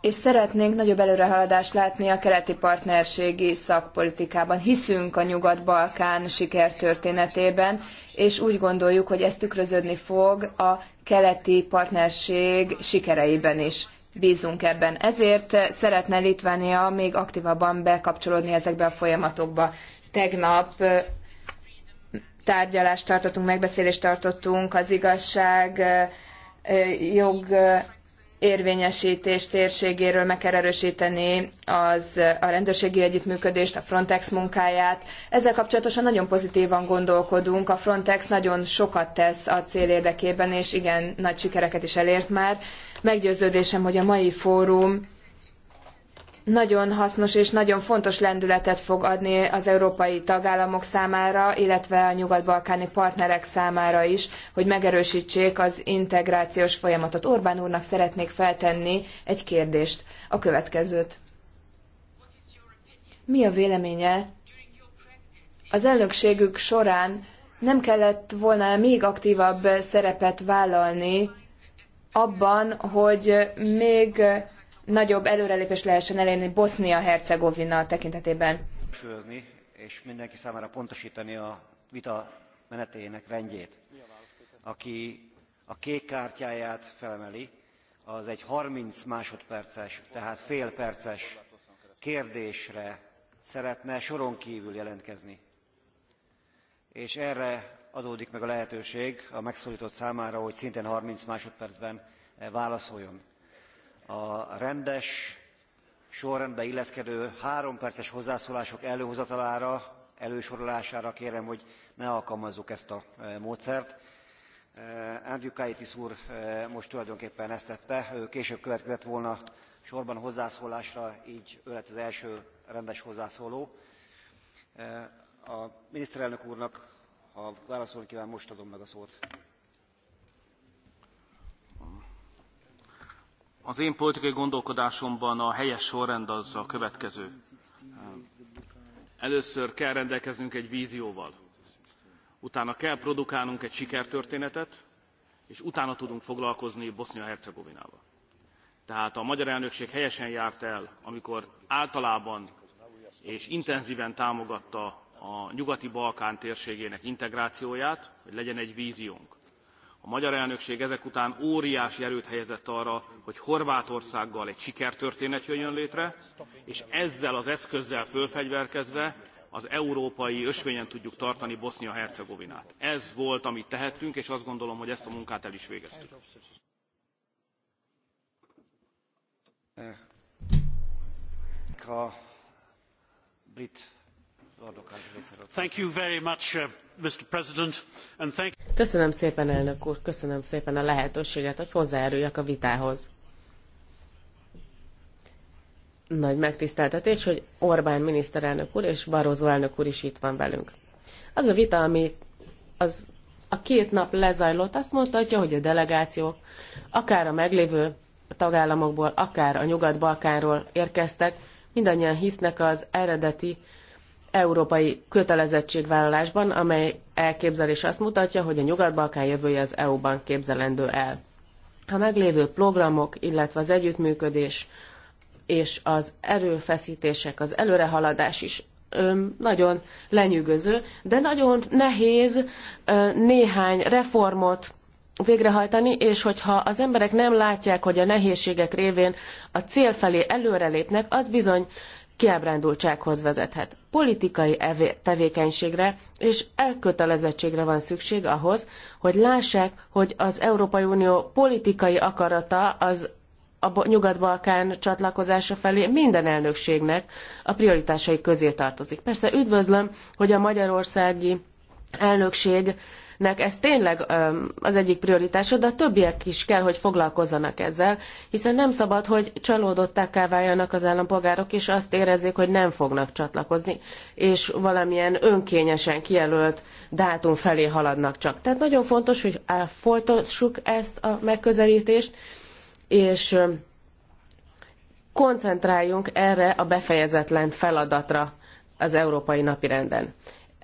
és szeretnénk nagyobb előrehaladást látni a keleti partnerségi szakpolitikában. Hiszünk a Nyugat-Balkán sikertörténetében, és úgy gondoljuk, hogy ez tükröződni fog a keleti partnerség sikereiben is. Bízunk ebben. Ezért szeretne Litvánia még aktívabban bekapcsolódni ezekbe a folyamatokba. Tegnap tárgyalást tartottunk, megbeszélést tartottunk az igazság jog érvényesítés térségéről meg kell erősíteni az, a rendőrségi együttműködést, a Frontex munkáját. Ezzel kapcsolatosan nagyon pozitívan gondolkodunk. A Frontex nagyon sokat tesz a cél érdekében, és igen, nagy sikereket is elért már. Meggyőződésem, hogy a mai fórum nagyon hasznos és nagyon fontos lendületet fog adni az európai tagállamok számára, illetve a nyugat-balkáni partnerek számára is, hogy megerősítsék az integrációs folyamatot. Orbán úrnak szeretnék feltenni egy kérdést, a következőt. Mi a véleménye? Az elnökségük során nem kellett volna még aktívabb szerepet vállalni abban, hogy még nagyobb előrelépést lehessen elérni Bosznia-Hercegovina tekintetében. Főzni, és mindenki számára pontosítani a vita menetének rendjét. Aki a kék kártyáját felemeli, az egy 30 másodperces, tehát fél perces kérdésre szeretne soron kívül jelentkezni. És erre adódik meg a lehetőség a megszólított számára, hogy szintén 30 másodpercben eh, válaszoljon a rendes, sorrendbe illeszkedő háromperces hozzászólások előhozatalára, elősorolására kérem, hogy ne alkalmazzuk ezt a e, módszert. E, Andrew Kaitis úr e, most tulajdonképpen ezt tette, ő később következett volna sorban hozzászólásra, így ő lett az első rendes hozzászóló. A miniszterelnök úrnak, ha válaszolni kíván, most adom meg a szót. Az én politikai gondolkodásomban a helyes sorrend az a következő. Először kell rendelkeznünk egy vízióval, utána kell produkálnunk egy sikertörténetet, és utána tudunk foglalkozni Bosznia-Hercegovinával. Tehát a magyar elnökség helyesen járt el, amikor általában és intenzíven támogatta a nyugati Balkán térségének integrációját, hogy legyen egy víziónk a magyar elnökség ezek után óriási erőt helyezett arra hogy horvátországgal egy sikertörténet jöjjön létre és ezzel az eszközzel fölfegyverkezve az európai ösvényen tudjuk tartani bosznia hercegovinát. ez volt amit tehettünk és azt gondolom hogy ezt a munkát el is végeztük. Eh, a brit Uh, köszönöm szépen, elnök úr, köszönöm szépen a lehetőséget, hogy hozzájáruljak a vitához. Nagy megtiszteltetés, hogy Orbán miniszterelnök úr és Barroso elnök úr is itt van velünk. Az a vita, ami az a két nap lezajlott, azt mondhatja, hogy a delegációk, akár a meglévő tagállamokból, akár a Nyugat-Balkánról érkeztek, mindannyian hisznek az eredeti európai kötelezettségvállalásban, amely elképzelés azt mutatja, hogy a Nyugat-Balkán jövője az EU-ban képzelendő el. A meglévő programok, illetve az együttműködés és az erőfeszítések, az előrehaladás is nagyon lenyűgöző, de nagyon nehéz néhány reformot végrehajtani, és hogyha az emberek nem látják, hogy a nehézségek révén a cél felé előrelépnek, az bizony kiábrándultsághoz vezethet. Politikai tevékenységre és elkötelezettségre van szükség ahhoz, hogy lássák, hogy az Európai Unió politikai akarata az a Nyugat-Balkán csatlakozása felé minden elnökségnek a prioritásai közé tartozik. Persze üdvözlöm, hogy a magyarországi elnökség nek ez tényleg az egyik prioritása, de a többiek is kell, hogy foglalkozzanak ezzel, hiszen nem szabad, hogy csalódottáká váljanak az állampolgárok, és azt érezzék, hogy nem fognak csatlakozni, és valamilyen önkényesen kijelölt dátum felé haladnak csak. Tehát nagyon fontos, hogy folytassuk ezt a megközelítést, és koncentráljunk erre a befejezetlen feladatra az európai napirenden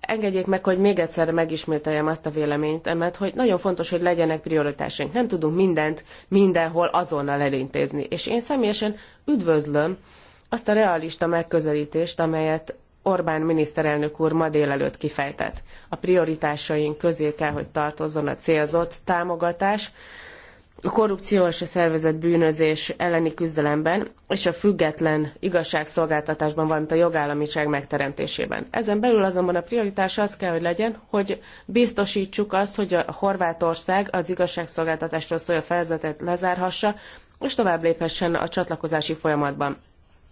engedjék meg, hogy még egyszer megismételjem azt a véleményt, emet, hogy nagyon fontos, hogy legyenek prioritásaink. Nem tudunk mindent mindenhol azonnal elintézni. És én személyesen üdvözlöm azt a realista megközelítést, amelyet Orbán miniszterelnök úr ma délelőtt kifejtett. A prioritásaink közé kell, hogy tartozzon a célzott támogatás, a korrupció és a szervezett bűnözés elleni küzdelemben és a független igazságszolgáltatásban, valamint a jogállamiság megteremtésében. Ezen belül azonban a prioritás az kell, hogy legyen, hogy biztosítsuk azt, hogy a Horvátország az igazságszolgáltatásról szóló fejezetet lezárhassa, és tovább léphessen a csatlakozási folyamatban.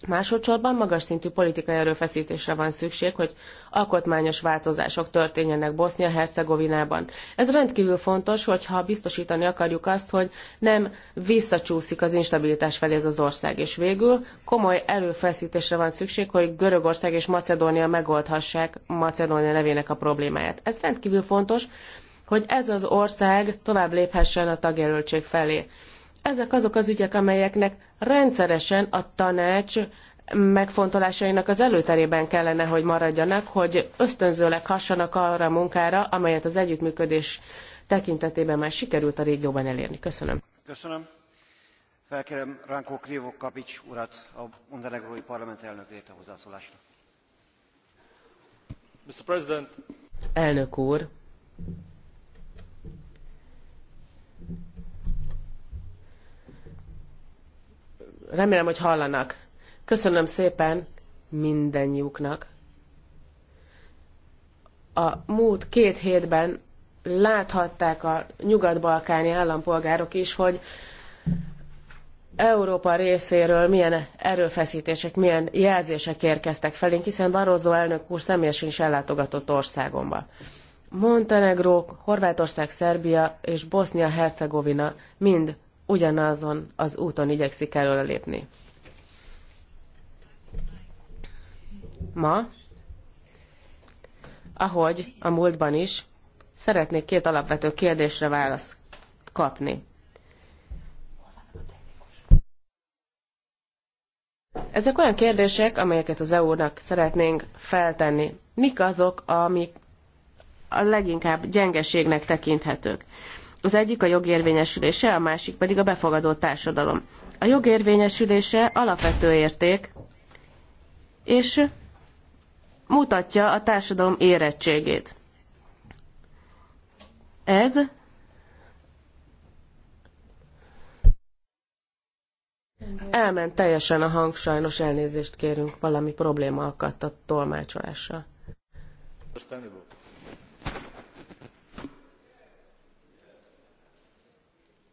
Másodszorban magas szintű politikai erőfeszítésre van szükség, hogy alkotmányos változások történjenek Bosznia-Hercegovinában. Ez rendkívül fontos, hogyha biztosítani akarjuk azt, hogy nem visszacsúszik az instabilitás felé ez az ország. És végül komoly erőfeszítésre van szükség, hogy Görögország és Macedónia megoldhassák Macedónia nevének a problémáját. Ez rendkívül fontos, hogy ez az ország tovább léphessen a tagjelöltség felé. Ezek azok az ügyek, amelyeknek rendszeresen a tanács megfontolásainak az előterében kellene, hogy maradjanak, hogy ösztönzőleg hassanak arra a munkára, amelyet az együttműködés tekintetében már sikerült a régióban elérni. Köszönöm. Köszönöm. Felkérem Ránkó Krivok Kapics urat, a Montenegrói Parlament elnökét a hozzászólásra. Mr. President. Elnök úr, Remélem, hogy hallanak. Köszönöm szépen mindennyiuknak. A múlt két hétben láthatták a nyugat-balkáni állampolgárok is, hogy Európa részéről milyen erőfeszítések, milyen jelzések érkeztek felénk, hiszen Barroso elnök úr személyesen is ellátogatott országomba. Montenegró, Horvátország, Szerbia és bosnia hercegovina mind ugyanazon az úton igyekszik előre lépni. Ma, ahogy a múltban is, szeretnék két alapvető kérdésre választ kapni. Ezek olyan kérdések, amelyeket az EU-nak szeretnénk feltenni. Mik azok, amik a leginkább gyengeségnek tekinthetők? Az egyik a jogérvényesülése, a másik pedig a befogadó társadalom. A jogérvényesülése alapvető érték, és mutatja a társadalom érettségét. Ez Elment teljesen a hang, sajnos elnézést kérünk, valami probléma akadt a tolmácsolással. Understandable.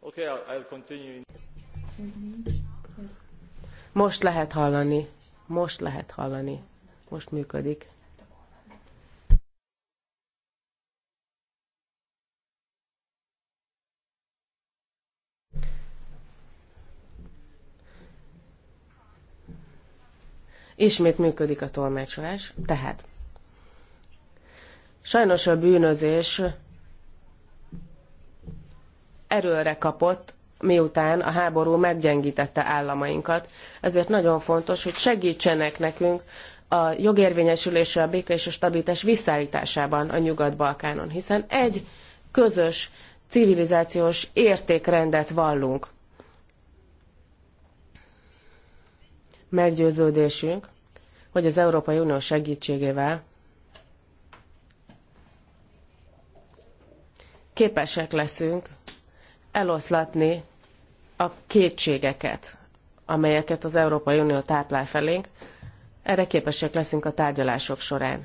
Okay, I'll continue. Most lehet hallani. Most lehet hallani. Most működik. Ismét működik a tolmácsolás, tehát sajnos a bűnözés erőre kapott, miután a háború meggyengítette államainkat. Ezért nagyon fontos, hogy segítsenek nekünk a jogérvényesülésre, a béke és a stabilitás visszaállításában a Nyugat-Balkánon, hiszen egy közös civilizációs értékrendet vallunk. Meggyőződésünk, hogy az Európai Unió segítségével képesek leszünk eloszlatni a kétségeket, amelyeket az Európai Unió táplál felénk, erre képesek leszünk a tárgyalások során.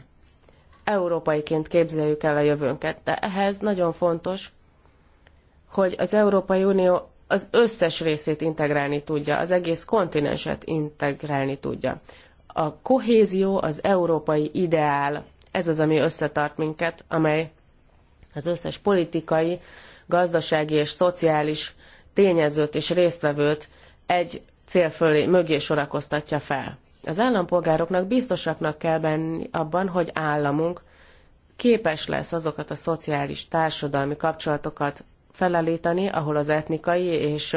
Európaiként képzeljük el a jövőnket, de ehhez nagyon fontos, hogy az Európai Unió az összes részét integrálni tudja, az egész kontinenset integrálni tudja. A kohézió az európai ideál, ez az, ami összetart minket, amely az összes politikai gazdasági és szociális tényezőt és résztvevőt egy cél fölé, mögé sorakoztatja fel. Az állampolgároknak biztosaknak kell benni abban, hogy államunk képes lesz azokat a szociális, társadalmi kapcsolatokat felállítani, ahol az etnikai és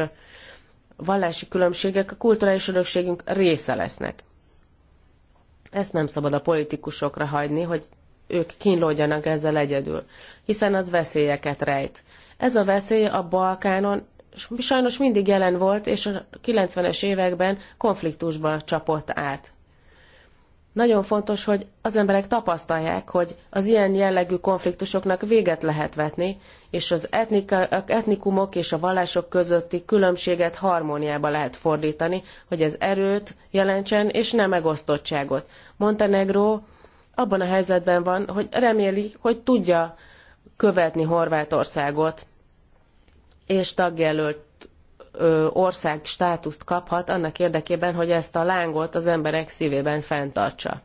vallási különbségek a kulturális örökségünk része lesznek. Ezt nem szabad a politikusokra hagyni, hogy ők kínlódjanak ezzel egyedül, hiszen az veszélyeket rejt. Ez a veszély a Balkánon sajnos mindig jelen volt, és a 90-es években konfliktusba csapott át. Nagyon fontos, hogy az emberek tapasztalják, hogy az ilyen jellegű konfliktusoknak véget lehet vetni, és az etnika, etnikumok és a vallások közötti különbséget harmóniába lehet fordítani, hogy ez erőt jelentsen, és nem megosztottságot. Montenegro abban a helyzetben van, hogy reméli, hogy tudja követni Horvátországot és tagjelölt ország státuszt kaphat annak érdekében, hogy ezt a lángot az emberek szívében fenntartsa.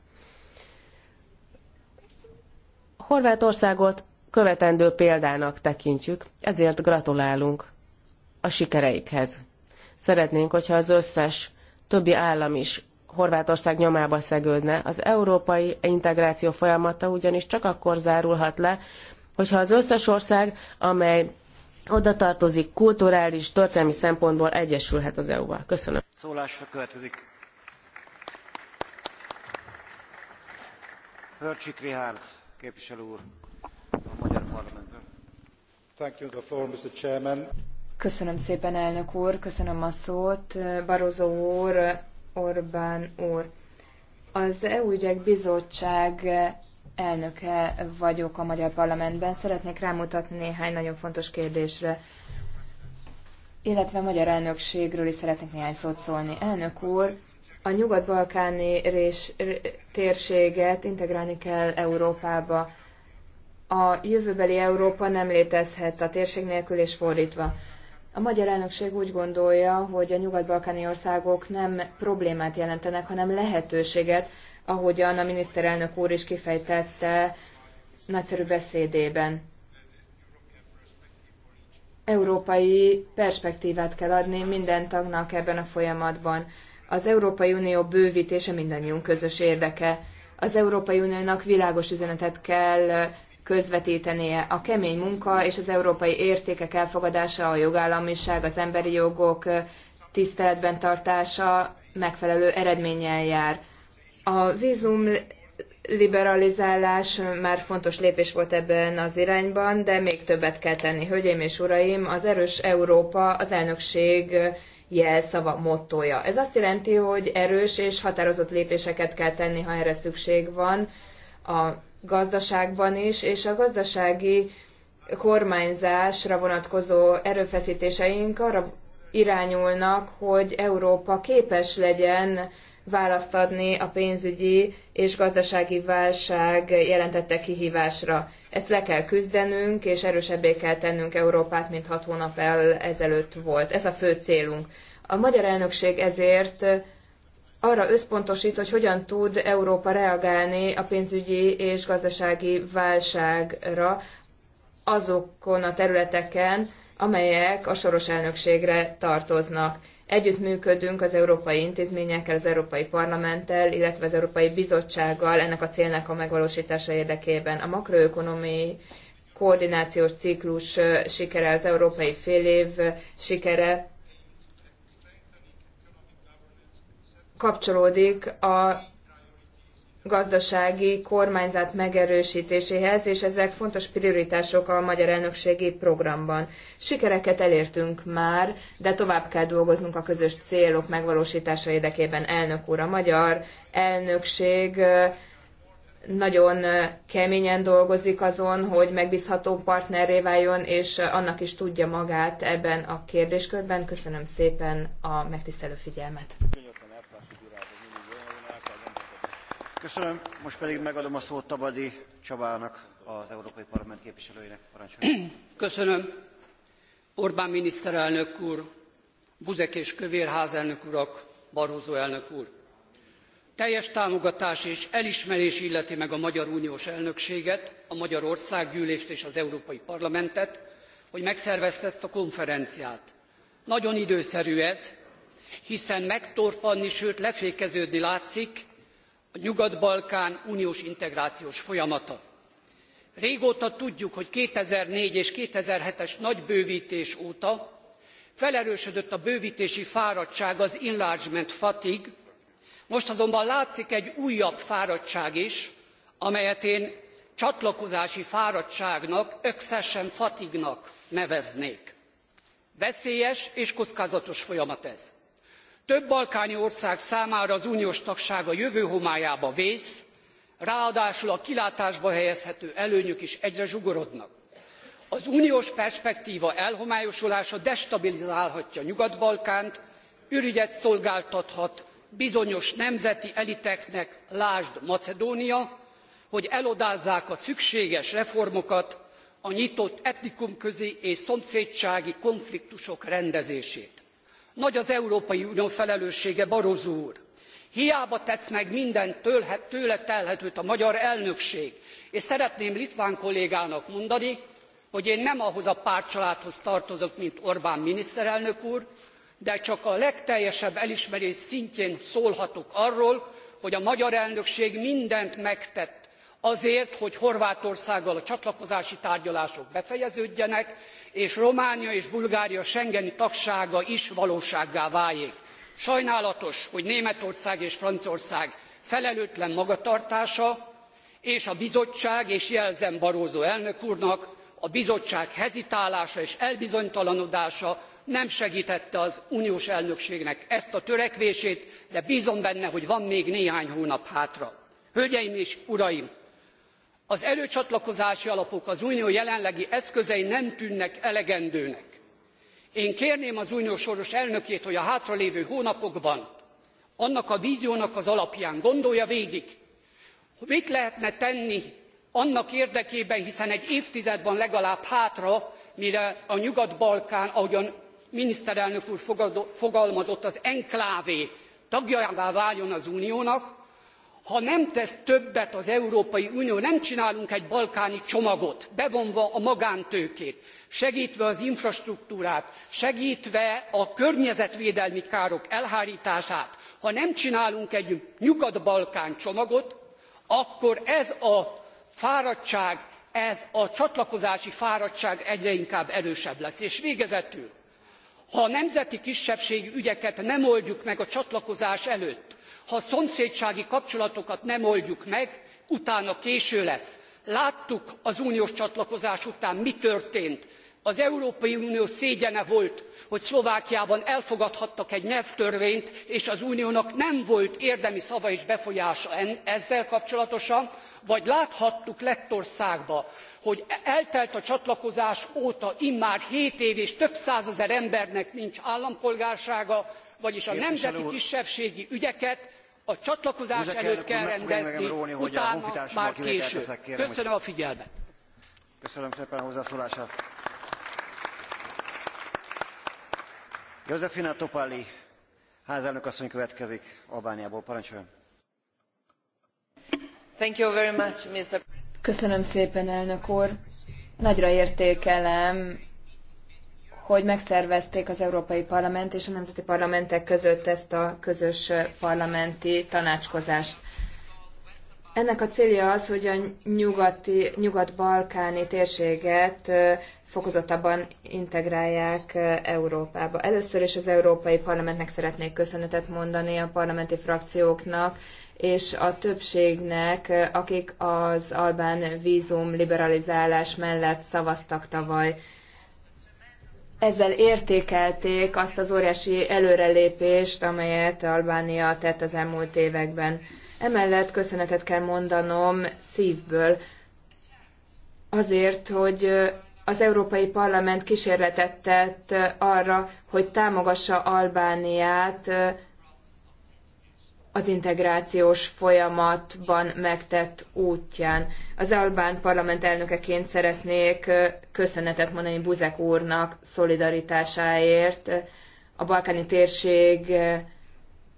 Horvátországot követendő példának tekintjük, ezért gratulálunk a sikereikhez. Szeretnénk, hogyha az összes többi állam is Horvátország nyomába szegődne. Az európai integráció folyamata ugyanis csak akkor zárulhat le, hogyha az összes ország, amely oda tartozik, kulturális, történelmi szempontból egyesülhet az EU-val. Köszönöm. Szólásra következik. Hörcsik Rihárd, képviselő úr, a Magyar Parlamentben. Thank you, the floor, Mr. Chairman. Köszönöm szépen, elnök úr, köszönöm a szót. Barozó úr, Orbán úr. Az EU ügyek bizottság elnöke vagyok a Magyar Parlamentben. Szeretnék rámutatni néhány nagyon fontos kérdésre, illetve a magyar elnökségről is szeretnék néhány szót szólni. Elnök úr, a nyugat-balkáni térséget integrálni kell Európába. A jövőbeli Európa nem létezhet a térség nélkül és fordítva. A magyar elnökség úgy gondolja, hogy a nyugat-balkáni országok nem problémát jelentenek, hanem lehetőséget, ahogyan a miniszterelnök úr is kifejtette nagyszerű beszédében. Európai perspektívát kell adni minden tagnak ebben a folyamatban. Az Európai Unió bővítése mindannyiunk közös érdeke. Az Európai Uniónak világos üzenetet kell közvetítenie. A kemény munka és az európai értékek elfogadása, a jogállamiság, az emberi jogok tiszteletben tartása megfelelő eredménnyel jár. A vízum liberalizálás már fontos lépés volt ebben az irányban, de még többet kell tenni. Hölgyeim és uraim, az erős Európa az elnökség jelszava, mottoja. Ez azt jelenti, hogy erős és határozott lépéseket kell tenni, ha erre szükség van a gazdaságban is, és a gazdasági kormányzásra vonatkozó erőfeszítéseink arra irányulnak, hogy Európa képes legyen választ adni a pénzügyi és gazdasági válság jelentette kihívásra. Ezt le kell küzdenünk, és erősebbé kell tennünk Európát, mint hat hónap el ezelőtt volt. Ez a fő célunk. A magyar elnökség ezért arra összpontosít, hogy hogyan tud Európa reagálni a pénzügyi és gazdasági válságra azokon a területeken, amelyek a soros elnökségre tartoznak. Együttműködünk az európai intézményekkel, az Európai Parlamenttel, illetve az Európai Bizottsággal ennek a célnak a megvalósítása érdekében. A makroökonomiai koordinációs ciklus sikere, az európai fél év sikere kapcsolódik a gazdasági kormányzat megerősítéséhez, és ezek fontos prioritások a magyar elnökségi programban. Sikereket elértünk már, de tovább kell dolgoznunk a közös célok megvalósítása érdekében, elnök úr. A magyar elnökség nagyon keményen dolgozik azon, hogy megbízható partnerré váljon, és annak is tudja magát ebben a kérdéskörben. Köszönöm szépen a megtisztelő figyelmet. Köszönöm, most pedig megadom a szót Tabadi Csabának, az Európai Parlament képviselőjének. Parancsolja. Köszönöm. Orbán miniszterelnök úr, Buzek és Kövér házelnök urak, Barózó elnök úr. Teljes támogatás és elismerés illeti meg a Magyar Uniós elnökséget, a Magyar Országgyűlést és az Európai Parlamentet, hogy megszervezte ezt a konferenciát. Nagyon időszerű ez, hiszen megtorpanni, sőt lefékeződni látszik a nyugat balkán uniós integrációs folyamata. régóta tudjuk hogy two thousand and four és two thousand and seven es nagy bővtés óta felerősödött a bővtési fáradtság az enlargement fatigue most azonban látszik egy újabb fáradtság is amelyet én csatlakozási fáradtságnak accession fatigue nak neveznék. veszélyes és kockázatos folyamat ez több balkáni ország számára az uniós tagság a jövő homályába vész ráadásul a kilátásba helyezhető előnyök is egyre zsugorodnak. az uniós perspektva elhomályosulása destabilizálhatja nyugat balkánt ürügyet szolgáltathat bizonyos nemzeti eliteknek lásd macedónia hogy elodázzák a szükséges reformokat a nyitott etnikumközi és szomszédsági konfliktusok rendezését nagy az európai unió felelőssége barroso úr hiába tesz meg mindent tőle telhetőt a magyar elnökség és szeretném litván kollégának mondani hogy én nem ahhoz a pártcsaládhoz tartozok, mint orbán miniszterelnök úr de csak a legteljesebb elismerés szintjén szólhatok arról hogy a magyar elnökség mindent megtett azért hogy horvátországgal a csatlakozási tárgyalások befejeződjenek és románia és bulgária schengeni tagsága is valósággá váljék. sajnálatos hogy németország és franciaország felelőtlen magatartása és a bizottság és jelzem barroso elnök úrnak a bizottság hezitálása és elbizonytalanodása nem segtette az uniós elnökségnek ezt a törekvését de bzom benne hogy van még néhány hónap hátra. hölgyeim és uraim! az előcsatlakozási alapok az unió jelenlegi eszközei nem tűnnek elegendőnek. én kérném az unió soros elnökét hogy a hátralévő hónapokban annak a vziónak az alapján gondolja végig mit lehetne tenni annak érdekében hiszen egy évtized van legalább hátra mire a nyugat balkán ahogyan miniszterelnök úr fogalmazott az enklávé tagjává váljon az uniónak ha nem tesz többet az Európai Unió, nem csinálunk egy balkáni csomagot, bevonva a magántőkét, segítve az infrastruktúrát, segítve a környezetvédelmi károk elhárítását, ha nem csinálunk egy nyugat-balkán csomagot, akkor ez a fáradtság, ez a csatlakozási fáradtság egyre inkább erősebb lesz. És végezetül, ha a nemzeti kisebbségi ügyeket nem oldjuk meg a csatlakozás előtt, ha a szomszédsági kapcsolatokat nem oldjuk meg utána késő lesz. láttuk az uniós csatlakozás után mi történt az európai unió szégyene volt hogy szlovákiában elfogadhattak egy nyelvtörvényt és az uniónak nem volt érdemi szava és befolyása ezzel kapcsolatosan vagy láthattuk lettországban hogy eltelt a csatlakozás óta immár seven év és több százezer embernek nincs állampolgársága vagyis a nemzeti kisebbségi ügyeket a csatlakozás előtt kell rendezni utána már késő. köszönöm a figyelmet. Józsefina Topali házelnök asszony következik Albániából. Parancsoljon! Köszönöm szépen, elnök úr! Nagyra értékelem hogy megszervezték az Európai Parlament és a Nemzeti Parlamentek között ezt a közös parlamenti tanácskozást. Ennek a célja az, hogy a nyugati, nyugat-balkáni térséget fokozottabban integrálják Európába. Először is az Európai Parlamentnek szeretnék köszönetet mondani a parlamenti frakcióknak, és a többségnek, akik az albán vízum liberalizálás mellett szavaztak tavaly ezzel értékelték azt az óriási előrelépést, amelyet Albánia tett az elmúlt években. Emellett köszönetet kell mondanom szívből azért, hogy az Európai Parlament kísérletet tett arra, hogy támogassa Albániát az integrációs folyamatban megtett útján. Az albán parlament elnökeként szeretnék köszönetet mondani Buzek úrnak szolidaritásáért a balkáni térség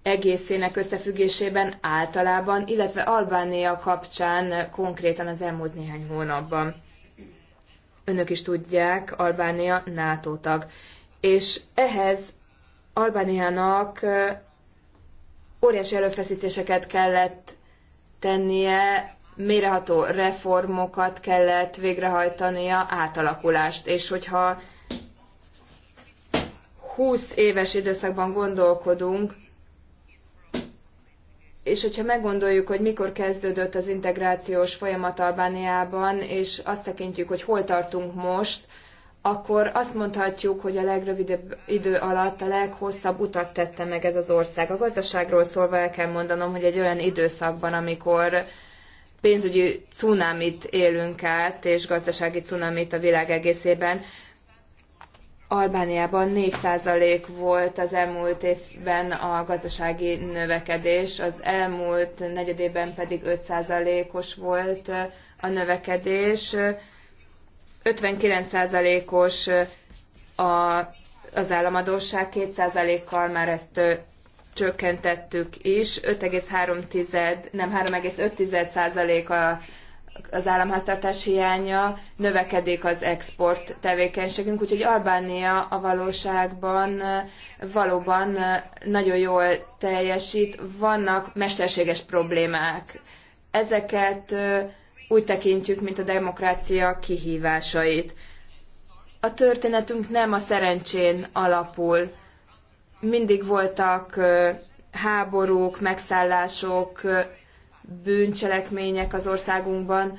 egészének összefüggésében általában, illetve Albánia kapcsán konkrétan az elmúlt néhány hónapban. Önök is tudják, Albánia NATO tag. És ehhez Albániának óriási előfeszítéseket kellett tennie, méreható reformokat kellett végrehajtania, átalakulást, és hogyha 20 éves időszakban gondolkodunk, és hogyha meggondoljuk, hogy mikor kezdődött az integrációs folyamat Albániában, és azt tekintjük, hogy hol tartunk most, akkor azt mondhatjuk, hogy a legrövidebb idő alatt a leghosszabb utat tette meg ez az ország. A gazdaságról szólva el kell mondanom, hogy egy olyan időszakban, amikor pénzügyi cunamit élünk át, és gazdasági cunamit a világ egészében, Albániában 4% volt az elmúlt évben a gazdasági növekedés, az elmúlt negyedében pedig 5%-os volt a növekedés. 59%-os a, az államadóság, 2%-kal már ezt csökkentettük is, 5,3, nem 3,5% a az államháztartás hiánya, növekedik az export tevékenységünk, úgyhogy Albánia a valóságban valóban nagyon jól teljesít, vannak mesterséges problémák. Ezeket úgy tekintjük, mint a demokrácia kihívásait. A történetünk nem a szerencsén alapul. Mindig voltak háborúk, megszállások, bűncselekmények az országunkban,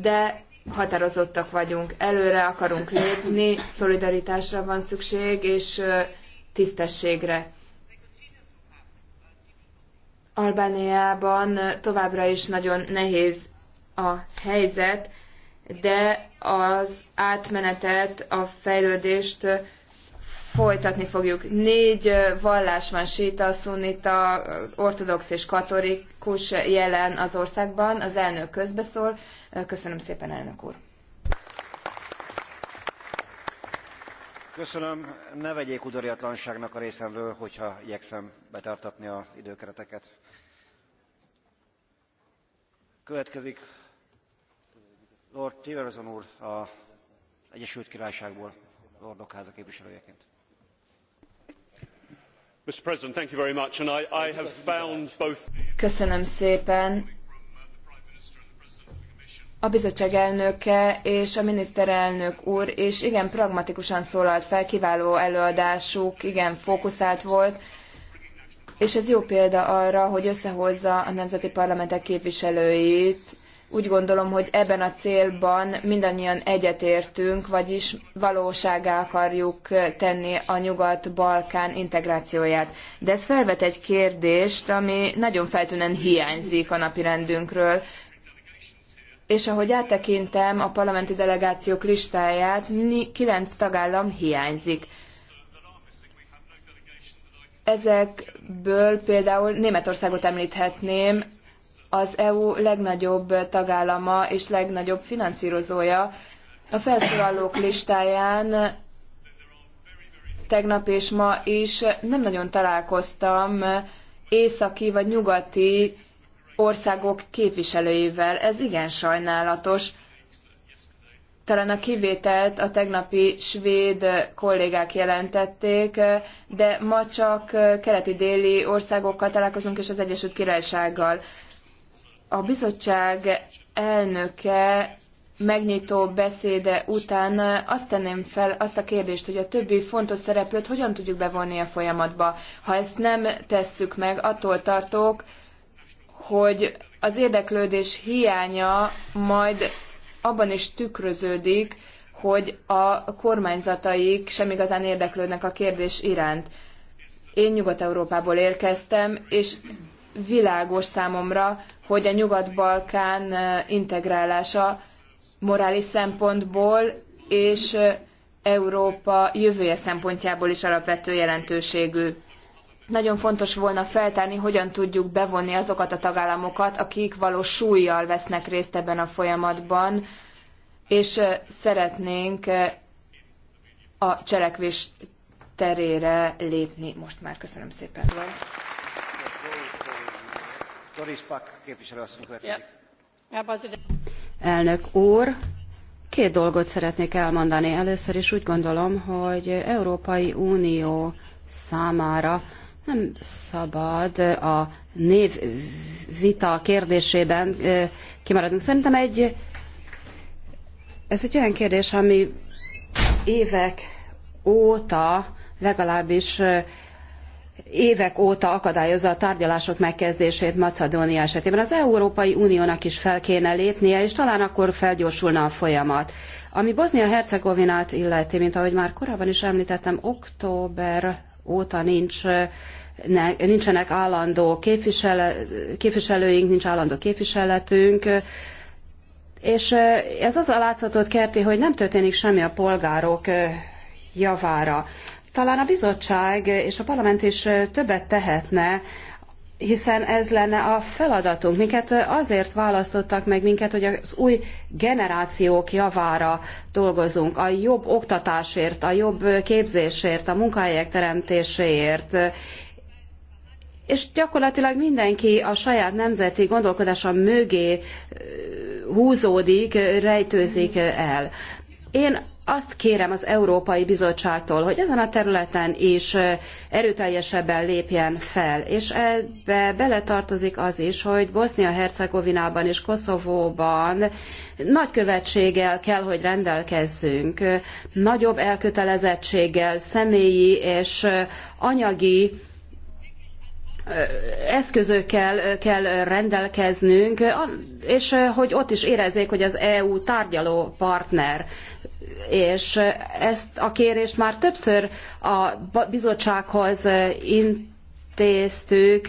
de határozottak vagyunk, előre akarunk lépni, szolidaritásra van szükség, és tisztességre. Albániában továbbra is nagyon nehéz a helyzet, de az átmenetet, a fejlődést folytatni fogjuk. Négy vallás van, síta, szunita, ortodox és katolikus jelen az országban. Az elnök közbeszól. Köszönöm szépen, elnök úr. Köszönöm. Ne vegyék udariatlanságnak a részemről, hogyha igyekszem betartatni az időkereteket. Következik Lord Tiverson úr, a Egyesült Királyságból, Lord Okháza képviselőjeként. Mr. President, thank you very much, and I, I have found both... Köszönöm szépen. A bizottság elnöke és a miniszterelnök úr és igen pragmatikusan szólalt fel, kiváló előadásuk, igen fókuszált volt, és ez jó példa arra, hogy összehozza a nemzeti parlamentek képviselőit, úgy gondolom, hogy ebben a célban mindannyian egyetértünk, vagyis valóságá akarjuk tenni a Nyugat-Balkán integrációját. De ez felvet egy kérdést, ami nagyon feltűnően hiányzik a napirendünkről. És ahogy áttekintem a parlamenti delegációk listáját, kilenc tagállam hiányzik. Ezekből például Németországot említhetném, az EU legnagyobb tagállama és legnagyobb finanszírozója. A felszólalók listáján tegnap és ma is nem nagyon találkoztam északi vagy nyugati országok képviselőivel. Ez igen sajnálatos. Talán a kivételt a tegnapi svéd kollégák jelentették, de ma csak keleti-déli országokkal találkozunk és az Egyesült Királysággal. A bizottság elnöke megnyitó beszéde után azt tenném fel azt a kérdést, hogy a többi fontos szereplőt hogyan tudjuk bevonni a folyamatba. Ha ezt nem tesszük meg, attól tartok, hogy az érdeklődés hiánya majd abban is tükröződik, hogy a kormányzataik sem igazán érdeklődnek a kérdés iránt. Én Nyugat-Európából érkeztem, és világos számomra, hogy a Nyugat-Balkán integrálása morális szempontból és Európa jövője szempontjából is alapvető jelentőségű. Nagyon fontos volna feltárni, hogyan tudjuk bevonni azokat a tagállamokat, akik valós súlyjal vesznek részt ebben a folyamatban, és szeretnénk a cselekvés terére lépni. Most már köszönöm szépen. Elnök úr, két dolgot szeretnék elmondani. Először is úgy gondolom, hogy Európai Unió számára nem szabad a névvita kérdésében kimaradnunk. Szerintem egy, ez egy olyan kérdés, ami évek óta legalábbis évek óta akadályozza a tárgyalások megkezdését Macedónia esetében. Az Európai Uniónak is fel kéne lépnie, és talán akkor felgyorsulna a folyamat. Ami Bosznia-Hercegovinát illeti, mint ahogy már korábban is említettem, október óta nincs nincsenek állandó képvisele, képviselőink, nincs állandó képviseletünk, és ez az a látszatot kerti, hogy nem történik semmi a polgárok javára talán a bizottság és a parlament is többet tehetne, hiszen ez lenne a feladatunk. Minket azért választottak meg minket, hogy az új generációk javára dolgozunk, a jobb oktatásért, a jobb képzésért, a munkahelyek teremtéséért, és gyakorlatilag mindenki a saját nemzeti gondolkodása mögé húzódik, rejtőzik el. Én azt kérem az Európai Bizottságtól, hogy ezen a területen is erőteljesebben lépjen fel, és ebbe beletartozik az is, hogy Bosznia-Hercegovinában és Koszovóban nagykövetséggel kell, hogy rendelkezzünk, nagyobb elkötelezettséggel, személyi és anyagi eszközökkel kell rendelkeznünk, és hogy ott is érezzék, hogy az EU tárgyaló partner és ezt a kérést már többször a bizottsághoz intéztük,